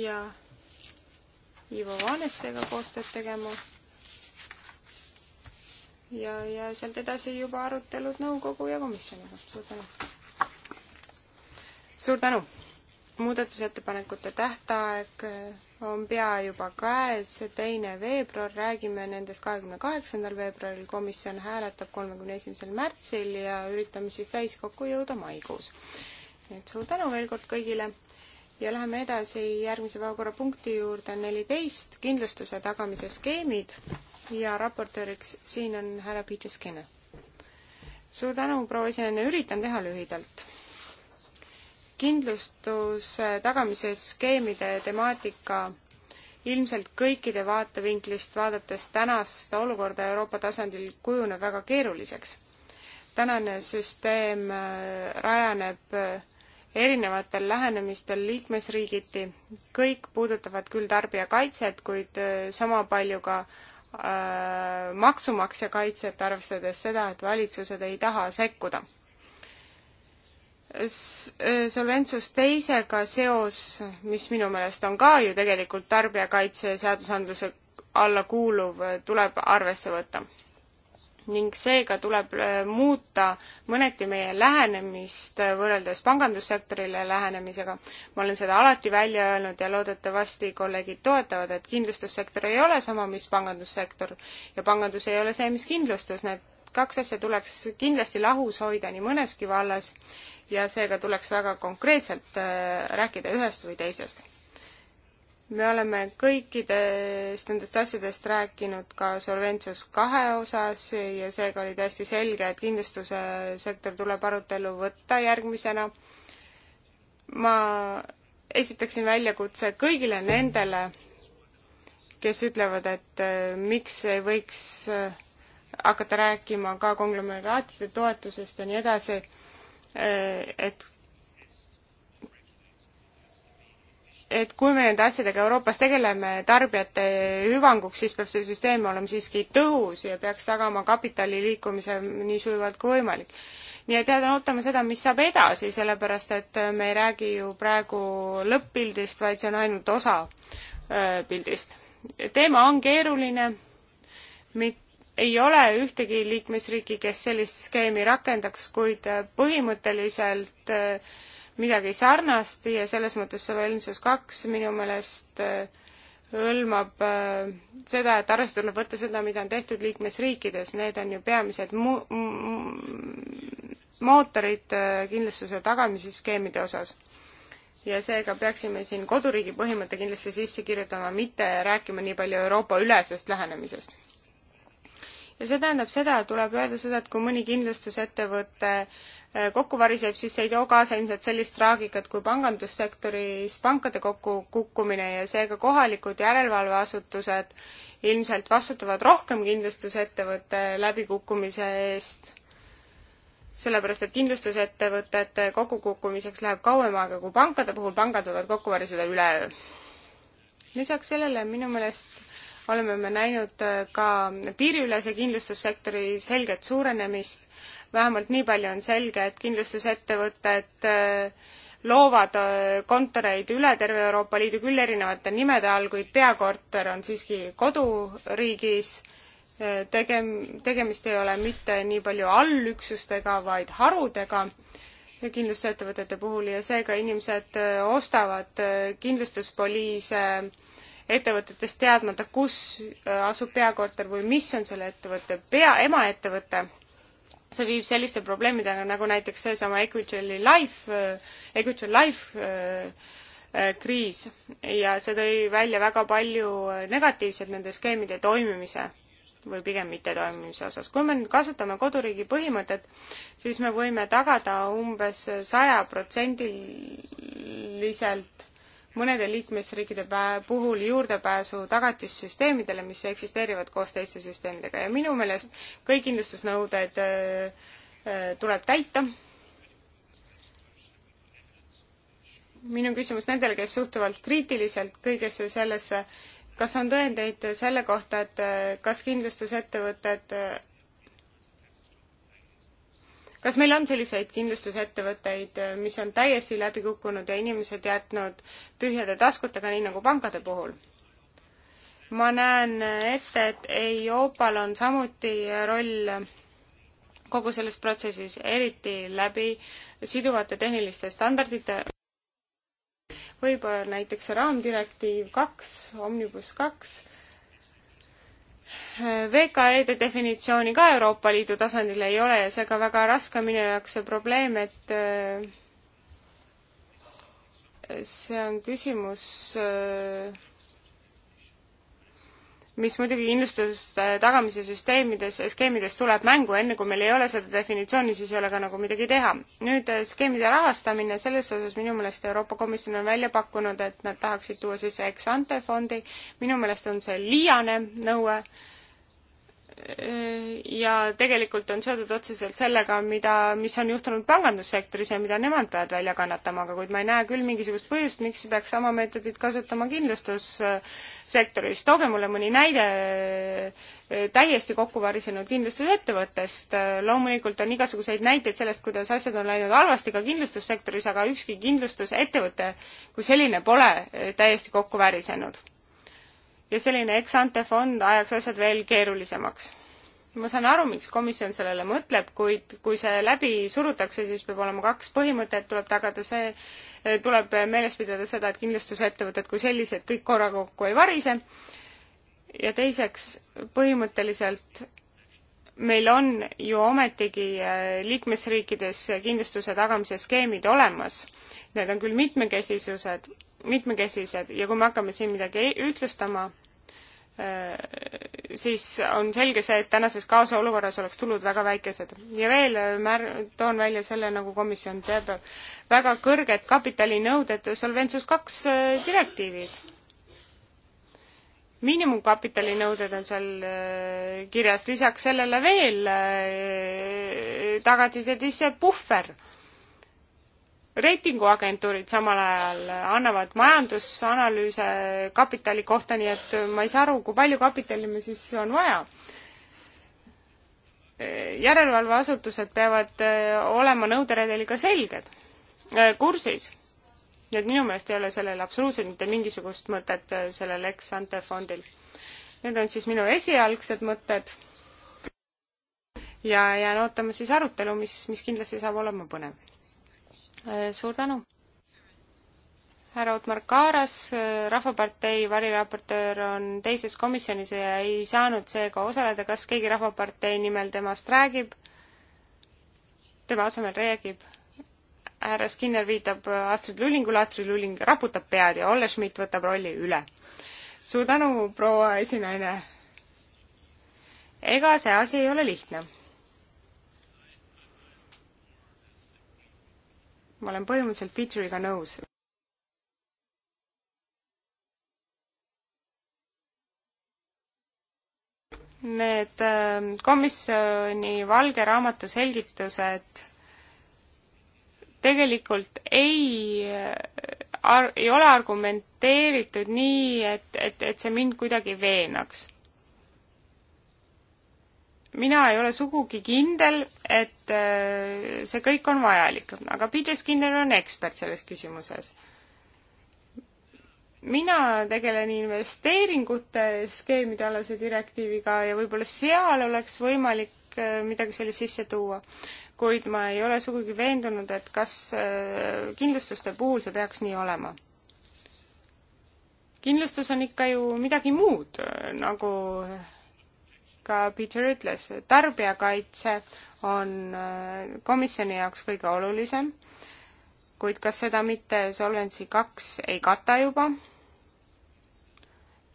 ja Ivo Vanesega koostööd tegema ja, ja sealt edasi juba arutelud nõukogu ja komisjoniga. suur tänu! suur tänu! muudatusettepanekute tähtaeg äh, on pea juba käes, teine veebruar, räägime nendest kahekümne kaheksandal veebruaril, komisjon hääletab kolmekümne esimesel märtsil ja üritame siis täiskokku jõuda maikuus. nii et suur tänu veel kord kõigile ja läheme edasi järgmise päevakorrapunkti juurde, neliteist, kindlustuse tagamise skeemid ja raportööriks siin on härra Peter Skinner. suur tänu, proua esineja, üritan teha lühidalt. kindlustuse tagamise skeemide temaatika ilmselt kõikide vaatevinklist vaadates tänast olukorda Euroopa tasandil kujuneb väga keeruliseks. tänane süsteem äh, rajaneb äh, erinevatel lähenemistel liikmesriigiti, kõik puudutavad küll tarbijakaitset, kuid äh, sama palju ka äh, Äh, maksumaksja kaitset, arvestades seda, et valitsused ei taha sekkuda. Solventsus teisega seos, mis minu meelest on ka ju tegelikult tarbijakaitse seadusandluse alla kuuluv, tuleb arvesse võtta ning seega tuleb äh, muuta mõneti meie lähenemist äh, võrreldes pangandussektorile lähenemisega. ma olen seda alati välja öelnud ja loodetavasti kolleegid toetavad, et kindlustussektor ei ole sama, mis pangandussektor ja pangandus ei ole see, mis kindlustus, need kaks asja tuleks kindlasti lahus hoida nii mõneski vallas ja seega tuleks väga konkreetselt äh, rääkida ühest või teisest me oleme kõikidest nendest asjadest rääkinud ka Solventsus kahe osas ja seega oli täiesti selge, et kindlustuse sektor tuleb arutelu võtta järgmisena. ma esitaksin väljakutse kõigile nendele, kes ütlevad, et äh, miks ei võiks äh, hakata rääkima ka konglomeraatide toetusest ja nii edasi, äh, et et kui me nende asjadega Euroopas tegeleme tarbijate hüvanguks, siis peab see süsteem olema siiski tõhus ja peaks tagama kapitali liikumise nii sujuvalt kui võimalik. nii et jääda ootama seda, mis saab edasi, sellepärast et me ei räägi ju praegu lõpp-pildist, vaid see on ainult osa äh, pildist. teema on keeruline, ei ole ühtegi liikmesriiki, kes sellist skeemi rakendaks, kuid põhimõtteliselt äh, midagi sarnast ja selles mõttes Solventsus kaks minu meelest äh, hõlmab äh, seda, et arvesse tuleb võtta seda, mida on tehtud liikmesriikides, need on ju peamised mu-, mootorid äh, kindlustuse tagamise skeemide osas. ja seega peaksime siin koduriigi põhimõtte kindlasti sisse kirjutama, mitte rääkima nii palju Euroopa-ülesest lähenemisest ja see tähendab seda, et tuleb öelda seda, et kui mõni kindlustusettevõte äh, kokku variseb, siis see ei too kaasa ilmselt sellist traagikat kui pangandussektoris pankade kokkukukkumine ja seega kohalikud järelevalveasutused ilmselt vastutavad rohkem kindlustusettevõtte läbikukkumise eest sellepärast, et kindlustusettevõtete kokkukukkumiseks läheb kauem aega kui pankade puhul, pangad võivad kokku variseda üleöö. lisaks sellele minu meelest oleme me näinud äh, ka piiriülese kindlustussektori selget suurenemist, vähemalt nii palju on selge, et kindlustusettevõtted äh, loovad äh, kontoreid üle terve Euroopa Liidu küll erinevate nimede all, kuid peakorter on siiski koduriigis tegem-, tegemist ei ole mitte nii palju allüksustega, vaid harudega kindlustusettevõtete puhul ja seega inimesed ostavad kindlustuspoliise ettevõtetest teadmata, kus äh, asub peakorter või mis on selle ettevõtte pea, emaettevõte, see viib selliste probleemidega, nagu näiteks seesama Equitel Life, äh, Equitel Life äh, kriis ja see tõi välja väga palju negatiivset nende skeemide toimimise või pigem mittetoimimise osas. kui me nüüd kasutame koduriigi põhimõtet, siis me võime tagada umbes sajaprotsendiliselt mõnede liikmesriikide puhul juurdepääsu tagatissüsteemidele, mis eksisteerivad koos teiste süsteemidega ja minu meelest kõik kindlustusnõuded äh, äh, tuleb täita. minu küsimus nendele, kes suhtuvad kriitiliselt kõigesse sellesse, kas on tõendeid selle kohta, et äh, kas kindlustusettevõtted kas meil on selliseid kindlustusettevõtteid, äh, mis on täiesti läbi kukkunud ja inimesed jätnud tühjade taskutega, nii nagu pankade puhul? ma näen äh, ette, et EIOPal on samuti äh, roll kogu selles protsessis, eriti läbi siduvate tehniliste standardite. võib-olla näiteks raamdirektiiv kaks, Omnibus kaks VKE-de definitsiooni ka Euroopa Liidu tasandil ei ole ja seega väga raske on minu jaoks see probleem, et äh, see on küsimus äh, mis muidugi kindlustuste tagamise süsteemides, skeemides tuleb mängu, enne kui meil ei ole seda definitsiooni, siis ei ole ka nagu midagi teha. nüüd äh, skeemide rahastamine, selles osas minu meelest Euroopa Komisjon on välja pakkunud, et nad tahaksid tuua sisse ex-ante fondi, minu meelest on see liiane nõue no,, ja tegelikult on seotud otseselt sellega, mida, mis on juhtunud pangandussektoris ja mida nemad peavad välja kannatama, aga kuid ma ei näe küll mingisugust põhjust, miks peaks sama meetodit kasutama kindlustussektoris. tooge mulle mõni näide eh, täiesti kokku varisenud kindlustusettevõttest. Eh, loomulikult on igasuguseid näiteid sellest, kuidas asjad on läinud halvasti ka kindlustussektoris, aga ükski kindlustusettevõte kui selline pole eh, täiesti kokku varisenud ja selline ex-ante fond ajaks asjad veel keerulisemaks. ma saan aru, miks komisjon sellele mõtleb, kuid kui see läbi surutakse, siis peab olema kaks põhimõtet, tuleb tagada see, eh, tuleb meeles pidada seda, et kindlustusettevõtted kui sellised kõik korraga kokku ei varise ja teiseks, põhimõtteliselt meil on ju ometigi eh, liikmesriikides kindlustuse tagamise skeemid olemas. Need on küll mitmekesisused, mitmekesised ja kui me hakkame siin midagi ühtlustama, Äh, siis on selge see, et tänases kaasa olukorras oleks tulud väga väikesed. ja veel äh, mär-, toon välja selle, nagu komisjon teab, väga kõrged kapitalinõuded Solventsus kaks äh, direktiivis. miinimumkapitalinõuded on seal kirjas, lisaks sellele veel tagatised, siis see puhver reitinguagentuurid samal ajal annavad majandusanalüüse kapitali kohta, nii et ma ei saa aru, kui palju kapitali meil siis on vaja. järelevalveasutused peavad eh, olema nõuderedeliga selged, eh, kursis. nii et minu meelest ei ole sellel absoluutselt mitte mingisugust mõtet, eh, sellel ex-ante fondil. Need on siis minu esialgsed mõtted ja jään ootama siis arutelu, mis, mis kindlasti saab olema põnev Eh, suur tänu! härra Otmar Kaaras, eh, Rahvapartei variraportöör, on teises komisjonis ja ei saanud seega osaleda, kas keegi Rahvapartei nimel temast räägib? tema asemel räägib härra Skinner viitab eh, Astrid Lullingule, Astrid Lulling raputab pead ja Olle Schmidt võtab rolli üle. suur tänu, proua esinaine! ega see asi ei ole lihtne ma olen põhimõtteliselt Peteriga nõus. Need ähm, komisjoni valge raamatu selgitused tegelikult ei äh, ar-, ei ole argumenteeritud nii, et, et, et see mind kuidagi veenaks mina ei ole sugugi kindel, et äh, see kõik on vajalik, aga Peter Skinner on ekspert selles küsimuses. mina tegelen investeeringute skeemide alase direktiiviga ja võib-olla seal oleks võimalik äh, midagi sellist sisse tuua, kuid ma ei ole sugugi veendunud, et kas äh, kindlustuste puhul see peaks nii olema kindlustus on ikka ju midagi muud, nagu ka Peter ütles, tarbijakaitse on äh, komisjoni jaoks kõige olulisem, kuid kas seda mitte Solvency kaks ei kata juba?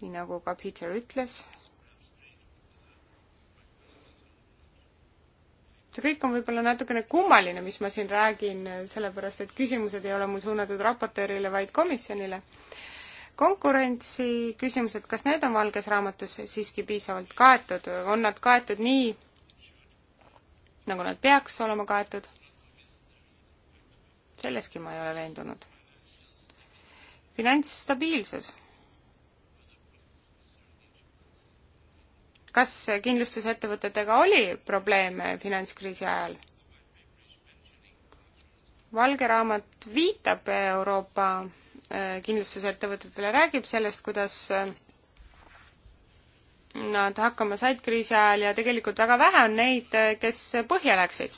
nii nagu ka Peter ütles. see kõik on võib-olla natukene kummaline, mis ma siin räägin, sellepärast et küsimused ei ole mul suunatud raportöörile, vaid komisjonile konkurentsi küsimused, kas need on Valges Raamatus siiski piisavalt kaetud, on nad kaetud nii, nagu nad peaks olema kaetud? selleski ma ei ole veendunud. finantsstabiilsus. kas kindlustusettevõtetega oli probleeme finantskriisi ajal? valge raamat viitab Euroopa Äh, kindlustusettevõtetele räägib sellest, kuidas äh, nad hakkama said kriisi ajal ja tegelikult väga vähe on neid, äh, kes põhja läksid.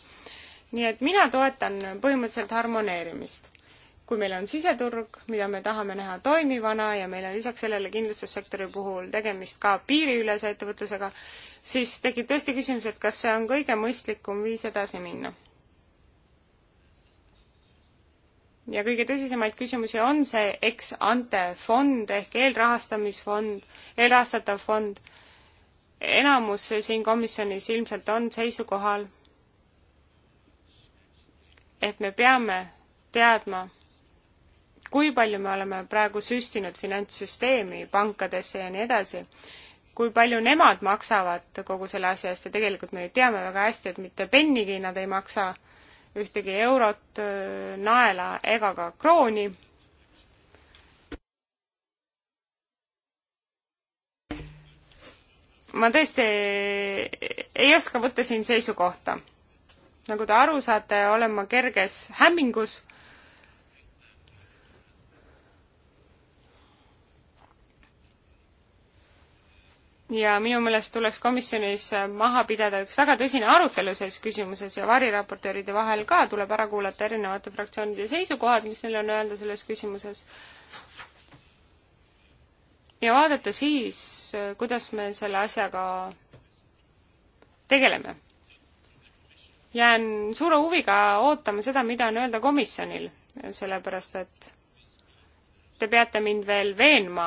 nii et mina toetan põhimõtteliselt harmoneerimist. kui meil on siseturg, mida me tahame näha toimivana ja meil on lisaks sellele kindlustussektori puhul tegemist ka piiriülese ettevõtlusega, siis tekib tõesti küsimus, et kas see on kõige mõistlikum viis edasi minna ja kõige tõsisemaid küsimusi on see ex-ante fond ehk eelrahastamisfond, eelrahastatav fond. enamus siin komisjonis ilmselt on seisukohal, et me peame teadma, kui palju me oleme praegu süstinud finantssüsteemi pankadesse ja nii edasi, kui palju nemad maksavad kogu selle asja eest ja tegelikult me ju teame väga hästi, et mitte pennigi nad ei maksa ühtegi eurot, naela ega ka krooni. ma tõesti ei oska võtta siin seisukohta. nagu te aru saate, olen ma kerges hämmingus ja minu meelest tuleks komisjonis äh, maha pidada üks väga tõsine arutelu selles küsimuses ja variraportööride vahel ka tuleb ära kuulata erinevate fraktsioonide seisukohad, mis neil on öelda selles küsimuses. ja vaadata siis, äh, kuidas me selle asjaga tegeleme. jään suure huviga ootama seda, mida on öelda komisjonil, sellepärast et te peate mind veel veenma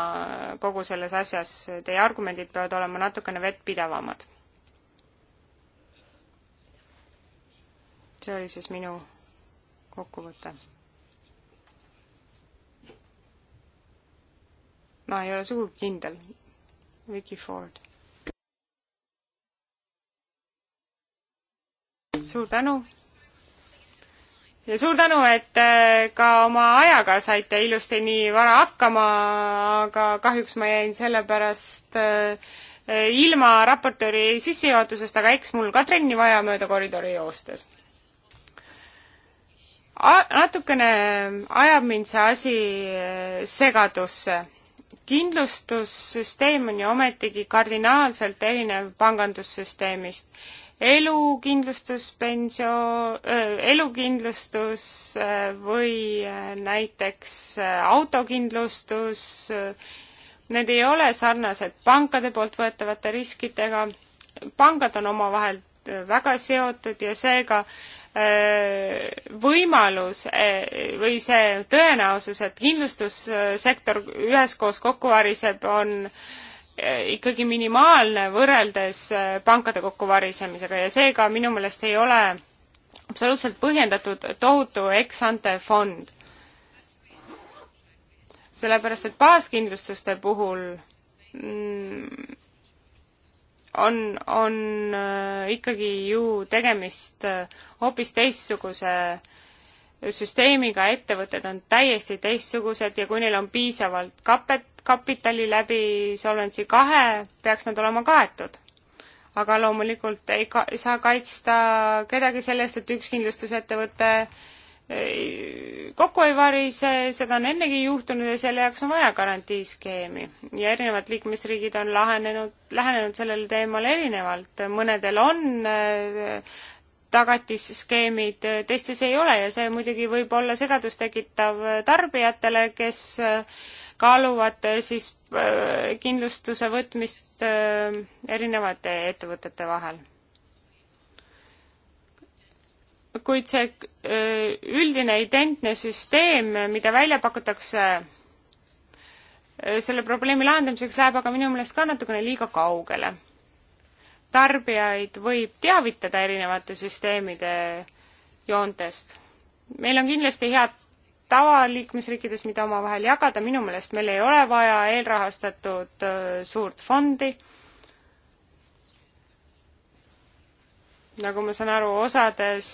kogu selles asjas, teie argumendid peavad olema natukene vettpidavamad. see oli siis minu kokkuvõte. ma ei ole sugugi kindel. Vicky Ford. suur tänu ja suur tänu, et äh, ka oma ajaga saite ilusti nii vara hakkama, aga kahjuks ma jäin sellepärast äh, ilma raportööri sissejuhatusest, aga eks mul ka trenni vaja mööda koridori joostes. natukene ajab mind see asi äh, segadusse. kindlustussüsteem on ju ometigi kardinaalselt erinev pangandussüsteemist elukindlustuspensio-, äh, elukindlustus äh, või äh, näiteks autokindlustus, need ei ole sarnased pankade poolt võetavate riskidega, pangad on omavahel väga seotud ja seega võimalus või see tõenäosus, et kindlustussektor üheskoos kokku variseb, on Eh, ikkagi minimaalne võrreldes eh, pankade kokkuvarisemisega ja seega minu meelest ei ole absoluutselt põhjendatud tohutu ex-ante fond. sellepärast, et baaskindlustuste puhul mm, on, on eh, ikkagi ju tegemist hoopis teistsuguse äh, süsteemiga ettevõtted on täiesti teistsugused ja kui neil on piisavalt kapet, kapitali läbi Solvency kahe, peaks nad olema kaetud. aga loomulikult ei ka-, ei saa kaitsta kedagi selle eest, et üks kindlustusettevõte eh, kokku ei varise, seda on ennegi juhtunud ja selle jaoks on vaja garantiiskeemi. ja erinevad liikmesriigid on lahenenud, lähenenud sellele teemale erinevalt, mõnedel on äh, tagatisskeemid, äh, teistes ei ole ja see muidugi võib olla segadust tekitav äh, tarbijatele, kes äh, kaaluvad siis kindlustuse võtmist erinevate ettevõtete vahel. kuid see üldine identne süsteem, mida välja pakutakse selle probleemi lahendamiseks, läheb aga minu meelest ka natukene liiga kaugele tarbijaid võib teavitada erinevate süsteemide joontest. meil on kindlasti head tava liikmesriikides, mida omavahel jagada, minu meelest meil ei ole vaja eelrahastatud äh, suurt fondi. nagu ma saan aru, osades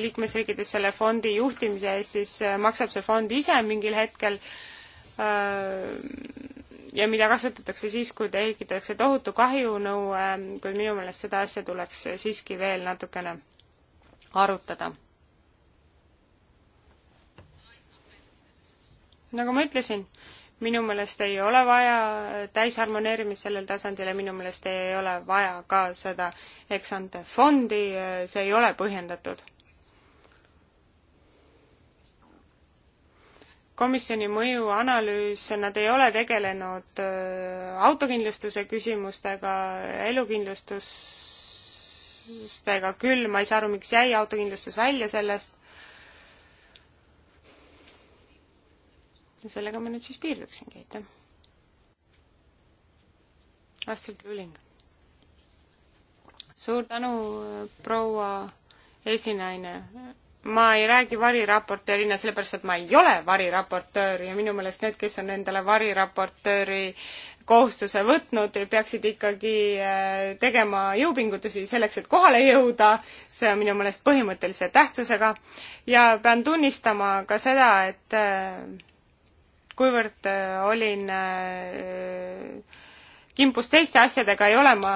liikmesriikides selle fondi juhtimise eest siis äh, maksab see fond ise mingil hetkel öö, äh, ja mida kasutatakse siis, kui tekitatakse tohutu kahjunõue, kuid minu meelest seda asja tuleks siiski veel natukene arutada. nagu ma ütlesin, minu meelest ei ole vaja täisharmoneerimist sellel tasandil ja minu meelest ei ole vaja ka seda eksante fondi, see ei ole põhjendatud komisjoni mõjuanalüüs, nad ei ole tegelenud äh, autokindlustuse küsimustega, elukindlustustega küll, ma ei saa aru, miks jäi autokindlustus välja sellest. ja sellega ma nüüd siis piirduksingi, aitäh. Astrid Luling. suur tänu, proua esinaine ma ei räägi variraportöörina, sellepärast et ma ei ole variraportöör ja minu meelest need, kes on endale variraportööri kohustuse võtnud, peaksid ikkagi äh, tegema jõupingutusi selleks, et kohale jõuda, see on minu meelest põhimõttelise tähtsusega ja pean tunnistama ka seda, et äh, kuivõrd äh, olin äh, kimpus teiste asjadega ei ole ma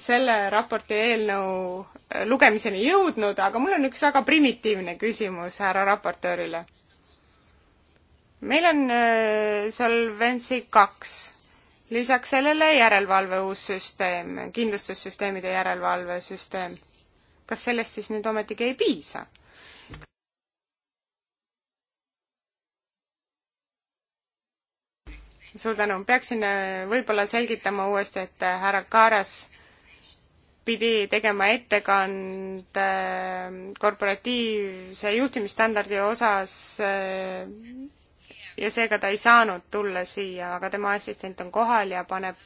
selle raporti eelnõu äh, lugemiseni jõudnud, aga mul on üks väga primitiivne küsimus härra raportöörile. meil on äh, Solvency kaks, lisaks sellele järelevalve uus süsteem, kindlustussüsteemide järelevalvesüsteem. kas sellest siis nüüd ometigi ei piisa? suur tänu, peaksin äh, võib-olla selgitama uuesti, et äh, härra Kaaras pidi tegema ettekande äh, korporatiivse juhtimisstandardi osas ja seega ta ei saanud tulla siia, aga tema assistent on kohal ja paneb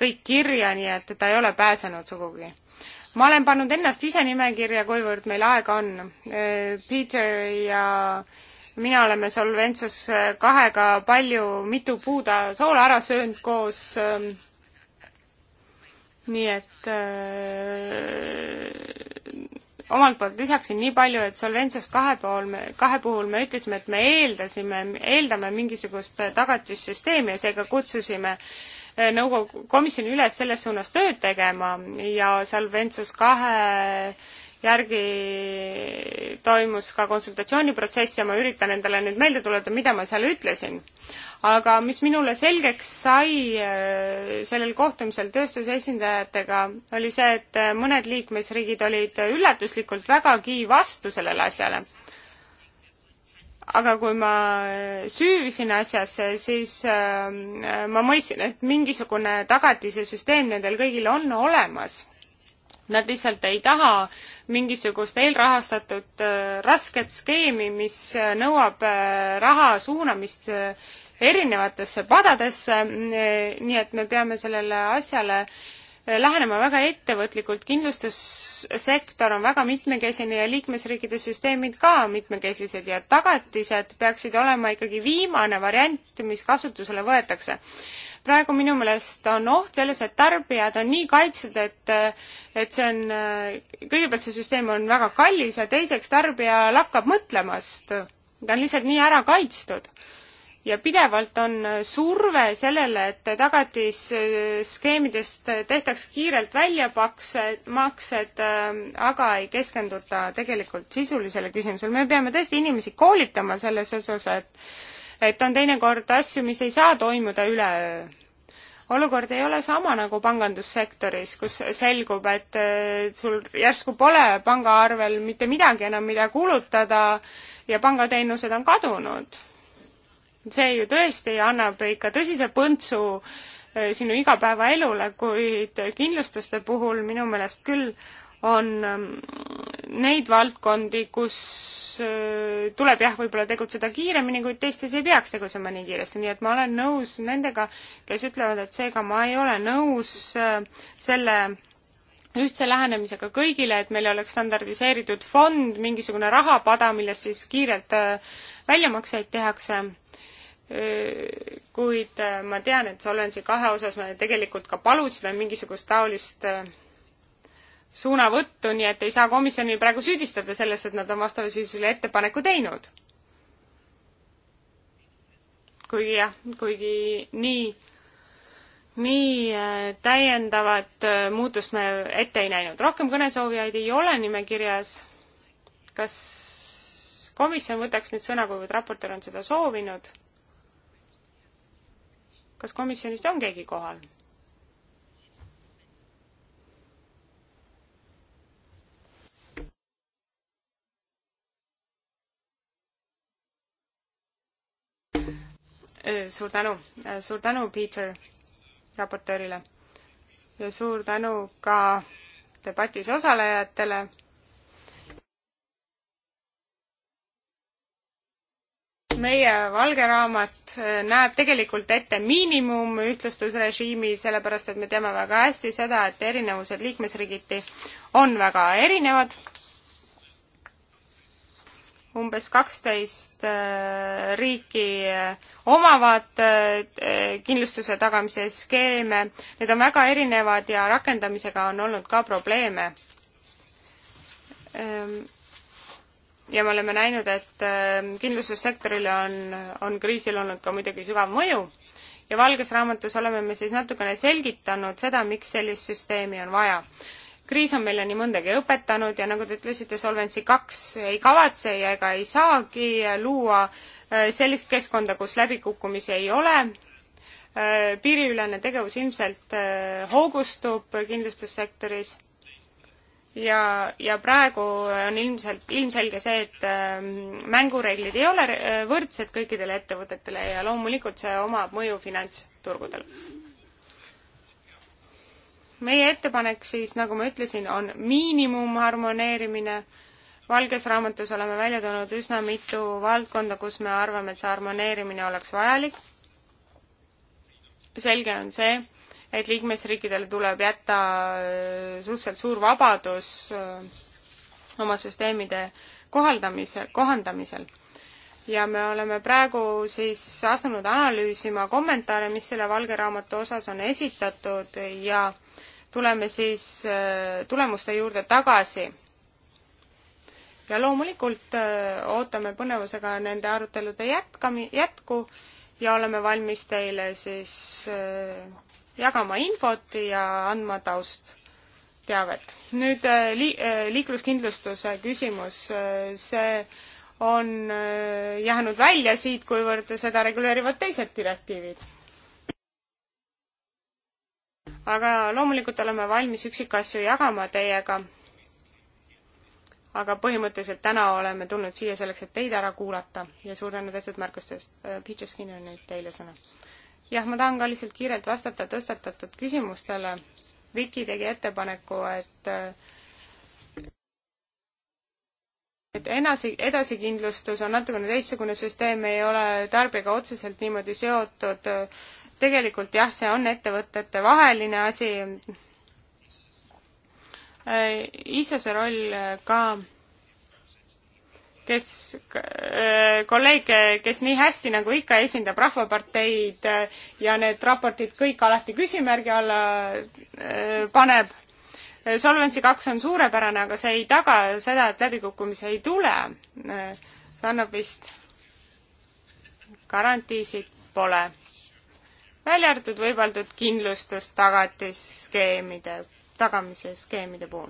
kõik kirja, nii et ta ei ole pääsenud sugugi. ma olen pannud ennast ise nimekirja, kuivõrd meil aega on. Peter ja mina oleme Solventsus äh, kahega palju, mitu puuda soola ära söönud koos. Ähm, nii et öö, äh, omalt poolt lisaksin nii palju, et Solventsus kahe pool me, kahe puhul me ütlesime, et me eeldasime, eeldame mingisugust äh, tagatissüsteemi ja seega kutsusime nõukogu komisjoni üles selles suunas tööd tegema ja Solventsus kahe 2 järgi toimus ka konsultatsiooniprotsess ja ma üritan endale nüüd meelde tuletada, mida ma seal ütlesin. aga mis minule selgeks sai äh, sellel kohtumisel tööstuse esindajatega, oli see, et äh, mõned liikmesriigid olid üllatuslikult vägagi vastu sellele asjale aga kui ma äh, süüvisin asjasse, siis ma mõistsin, et mingisugune tagatise süsteem nendel kõigil on olemas Nad lihtsalt ei taha mingisugust eelrahastatud äh, rasket skeemi, mis äh, nõuab äh, raha suunamist erinevatesse padadesse, mm, nii et me peame sellele asjale lähenema väga ettevõtlikult, kindlustussektor on väga mitmekesine ja liikmesriikide süsteemid ka mitmekesised ja tagatised peaksid olema ikkagi viimane variant, mis kasutusele võetakse praegu minu meelest on oht selles, et tarbijad on nii kaitstud, et et see on, kõigepealt see süsteem on väga kallis ja teiseks tarbija lakkab mõtlemast. ta on lihtsalt nii ära kaitstud. ja pidevalt on surve sellele, et tagatisskeemidest äh, tehtaks kiirelt väljapakse, maksed, äh, aga ei keskenduta tegelikult sisulisele küsimusele. me peame tõesti inimesi koolitama selles osas, et et on teinekord asju, mis ei saa toimuda üleöö. olukord ei ole sama nagu pangandussektoris, kus selgub, et äh, sul järsku pole pangaarvel mitte midagi enam, mida kulutada ja pangateenused on kadunud. see ju tõesti annab ikka tõsise põntsu äh, sinu igapäevaelule, kuid kindlustuste puhul minu meelest küll on ähm, neid valdkondi, kus äh, tuleb jah, võib-olla tegutseda kiiremini, kuid teistes ei peaks tegutsema nii kiiresti, nii et ma olen nõus nendega, kes ütlevad, et seega ma ei ole nõus äh, selle ühtse lähenemisega kõigile, et meil oleks standardiseeritud fond, mingisugune rahapada, millest siis kiirelt äh, väljamakseid tehakse. kuid ma tean, et Solvency kahe osas me tegelikult ka palusime mingisugust taolist suunavõttu, nii et ei saa komisjoni praegu süüdistada selles, et nad on vastavasisusele ettepaneku teinud. kuigi jah, kuigi nii, nii äh, täiendavat äh, muutust me ette ei näinud. rohkem kõnesoovijaid ei ole nimekirjas. kas komisjon võtaks nüüd sõna, kuivõrd raportöör on seda soovinud? kas komisjonist on keegi kohal? Äh, suur tänu, äh, suur tänu, Peter, raportöörile ja suur tänu ka debatis osalejatele. meie valge raamat äh, näeb tegelikult ette miinimum ühtlustusrežiimi, sellepärast et me teame väga hästi seda, et erinevused liikmesriigiti on väga erinevad umbes kaksteist äh, riiki äh, omavad äh, kindlustuse tagamise skeeme, need on väga erinevad ja rakendamisega on olnud ka probleeme. Ähm, ja me oleme näinud, et ähm, kindlustussektorile on, on kriisil olnud ka muidugi sügav mõju ja Valges Raamatus oleme me siis natukene selgitanud seda, miks sellist süsteemi on vaja kriis on meile nii mõndagi õpetanud ja nagu te ütlesite, Solvency kaks ei kavatse ja ega ei saagi luua äh, sellist keskkonda, kus läbikukkumisi ei ole. Äh, piiriülene tegevus ilmselt äh, hoogustub kindlustussektoris ja, ja praegu on ilmselt, ilmselge see, et ähm, mängureeglid ei ole võrdsed kõikidele ettevõtetele ja loomulikult see omab mõju finantsturgudele meie ettepanek siis, nagu ma ütlesin, on miinimumharmoneerimine. valges raamatus oleme välja toonud üsna mitu valdkonda, kus me arvame, et see harmoneerimine oleks vajalik. selge on see, et liikmesriikidele tuleb jätta äh, suhteliselt suur vabadus äh, oma süsteemide kohaldamise, kohandamisel ja me oleme praegu siis asunud analüüsima kommentaare, mis selle valge raamatu osas on esitatud ja tuleme siis äh, tulemuste juurde tagasi. ja loomulikult äh, ootame põnevusega nende arutelude jätkami-, jätku ja oleme valmis teile siis äh, jagama infot ja andma taust, teavet. nüüd li-, liikluskindlustuse küsimus, see on jäänud välja siit, kuivõrd seda reguleerivad teised direktiivid aga loomulikult oleme valmis üksikasju jagama teiega. aga põhimõtteliselt täna oleme tulnud siia selleks, et teid ära kuulata ja suur tänu tehtud märkustest. Äh, Peter Skinner, nüüd teile sõna. jah, ma tahan ka lihtsalt kiirelt vastata tõstatatud küsimustele. Viki tegi ettepaneku, et äh, et enasi, edasikindlustus on natukene teistsugune süsteem, ei ole tarbijaga otseselt niimoodi seotud äh, tegelikult jah, see on ettevõtete vaheline asi. Äh, ISO-se roll äh, ka, kes, äh, kolleeg, kes nii hästi nagu ikka esindab Rahvaparteid ja need raportid kõik alati küsimärgi alla paneb. Solvency kaks on suurepärane, aga see ei taga seda, et läbikukkumisi ei tule. see annab vist garantiisid pole välja arvatud võimaldatud kindlustustagatis-skeemide, tagamise skeemide puhul.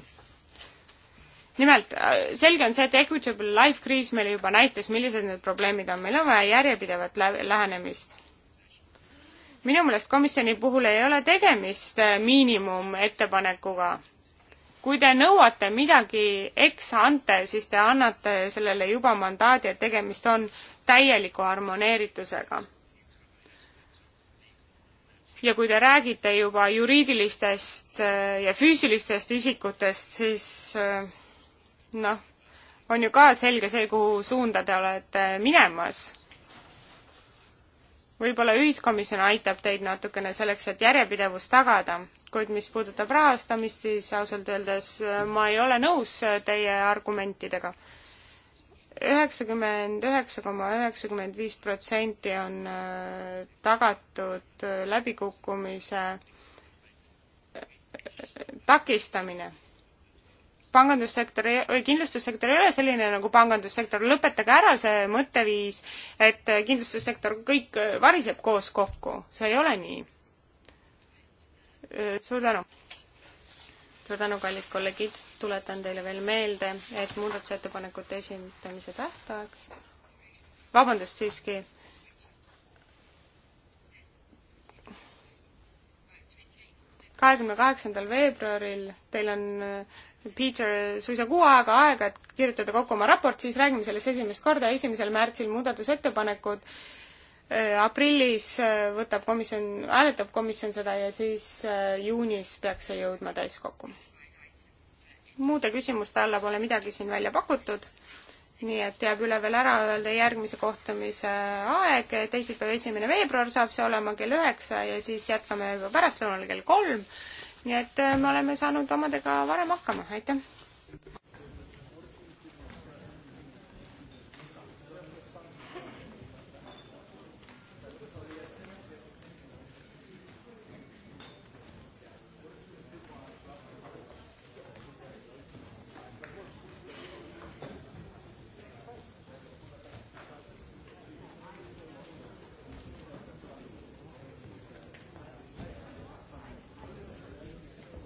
nimelt, äh, selge on see, et Equitable Life kriis meile juba näitas, millised need probleemid on, meil on vaja järjepidevat lä lähenemist minu meelest komisjoni puhul ei ole tegemist äh, miinimumettepanekuga. kui te nõuate midagi ex ante, siis te annate sellele juba mandaadi, et tegemist on täieliku harmoneeritusega ja kui te räägite juba juriidilistest äh, ja füüsilistest isikutest, siis äh, noh, on ju ka selge see, kuhu suunda te olete minemas. võib-olla ühiskomisjon aitab teid natukene selleks, et järjepidevust tagada, kuid mis puudutab rahastamist, siis ausalt öeldes äh, ma ei ole nõus teie argumentidega üheksakümmend üheksa koma üheksakümmend viis protsenti on äh, tagatud äh, läbikukkumise äh, takistamine. pangandussektor või kindlustussektor ei ole selline nagu pangandussektor, lõpetage ära see mõtteviis, et kindlustussektor kõik variseb koos kokku, see ei ole nii. suur tänu! suur tänu, kallid kolleegid! tuletan teile veel meelde, et muudatusettepanekute esindamise tähtaeg, vabandust siiski, kahekümne kaheksandal veebruaril, teil on äh, Peter suisa kuu aega aega, et kirjutada kokku oma raport, siis räägime sellest esimest korda, esimesel märtsil muudatusettepanekud, äh, aprillis äh, võtab komisjon, hääletab komisjon seda ja siis juunis peaks see jõudma täiskokku muude küsimuste alla pole midagi siin välja pakutud, nii et jääb üle veel ära öelda järgmise kohtumise aeg, teisipäev, esimene veebruar saab see olema kell üheksa ja siis jätkame juba pärastlõunal kell kolm, nii et äh, me oleme saanud omadega varem hakkama, aitäh!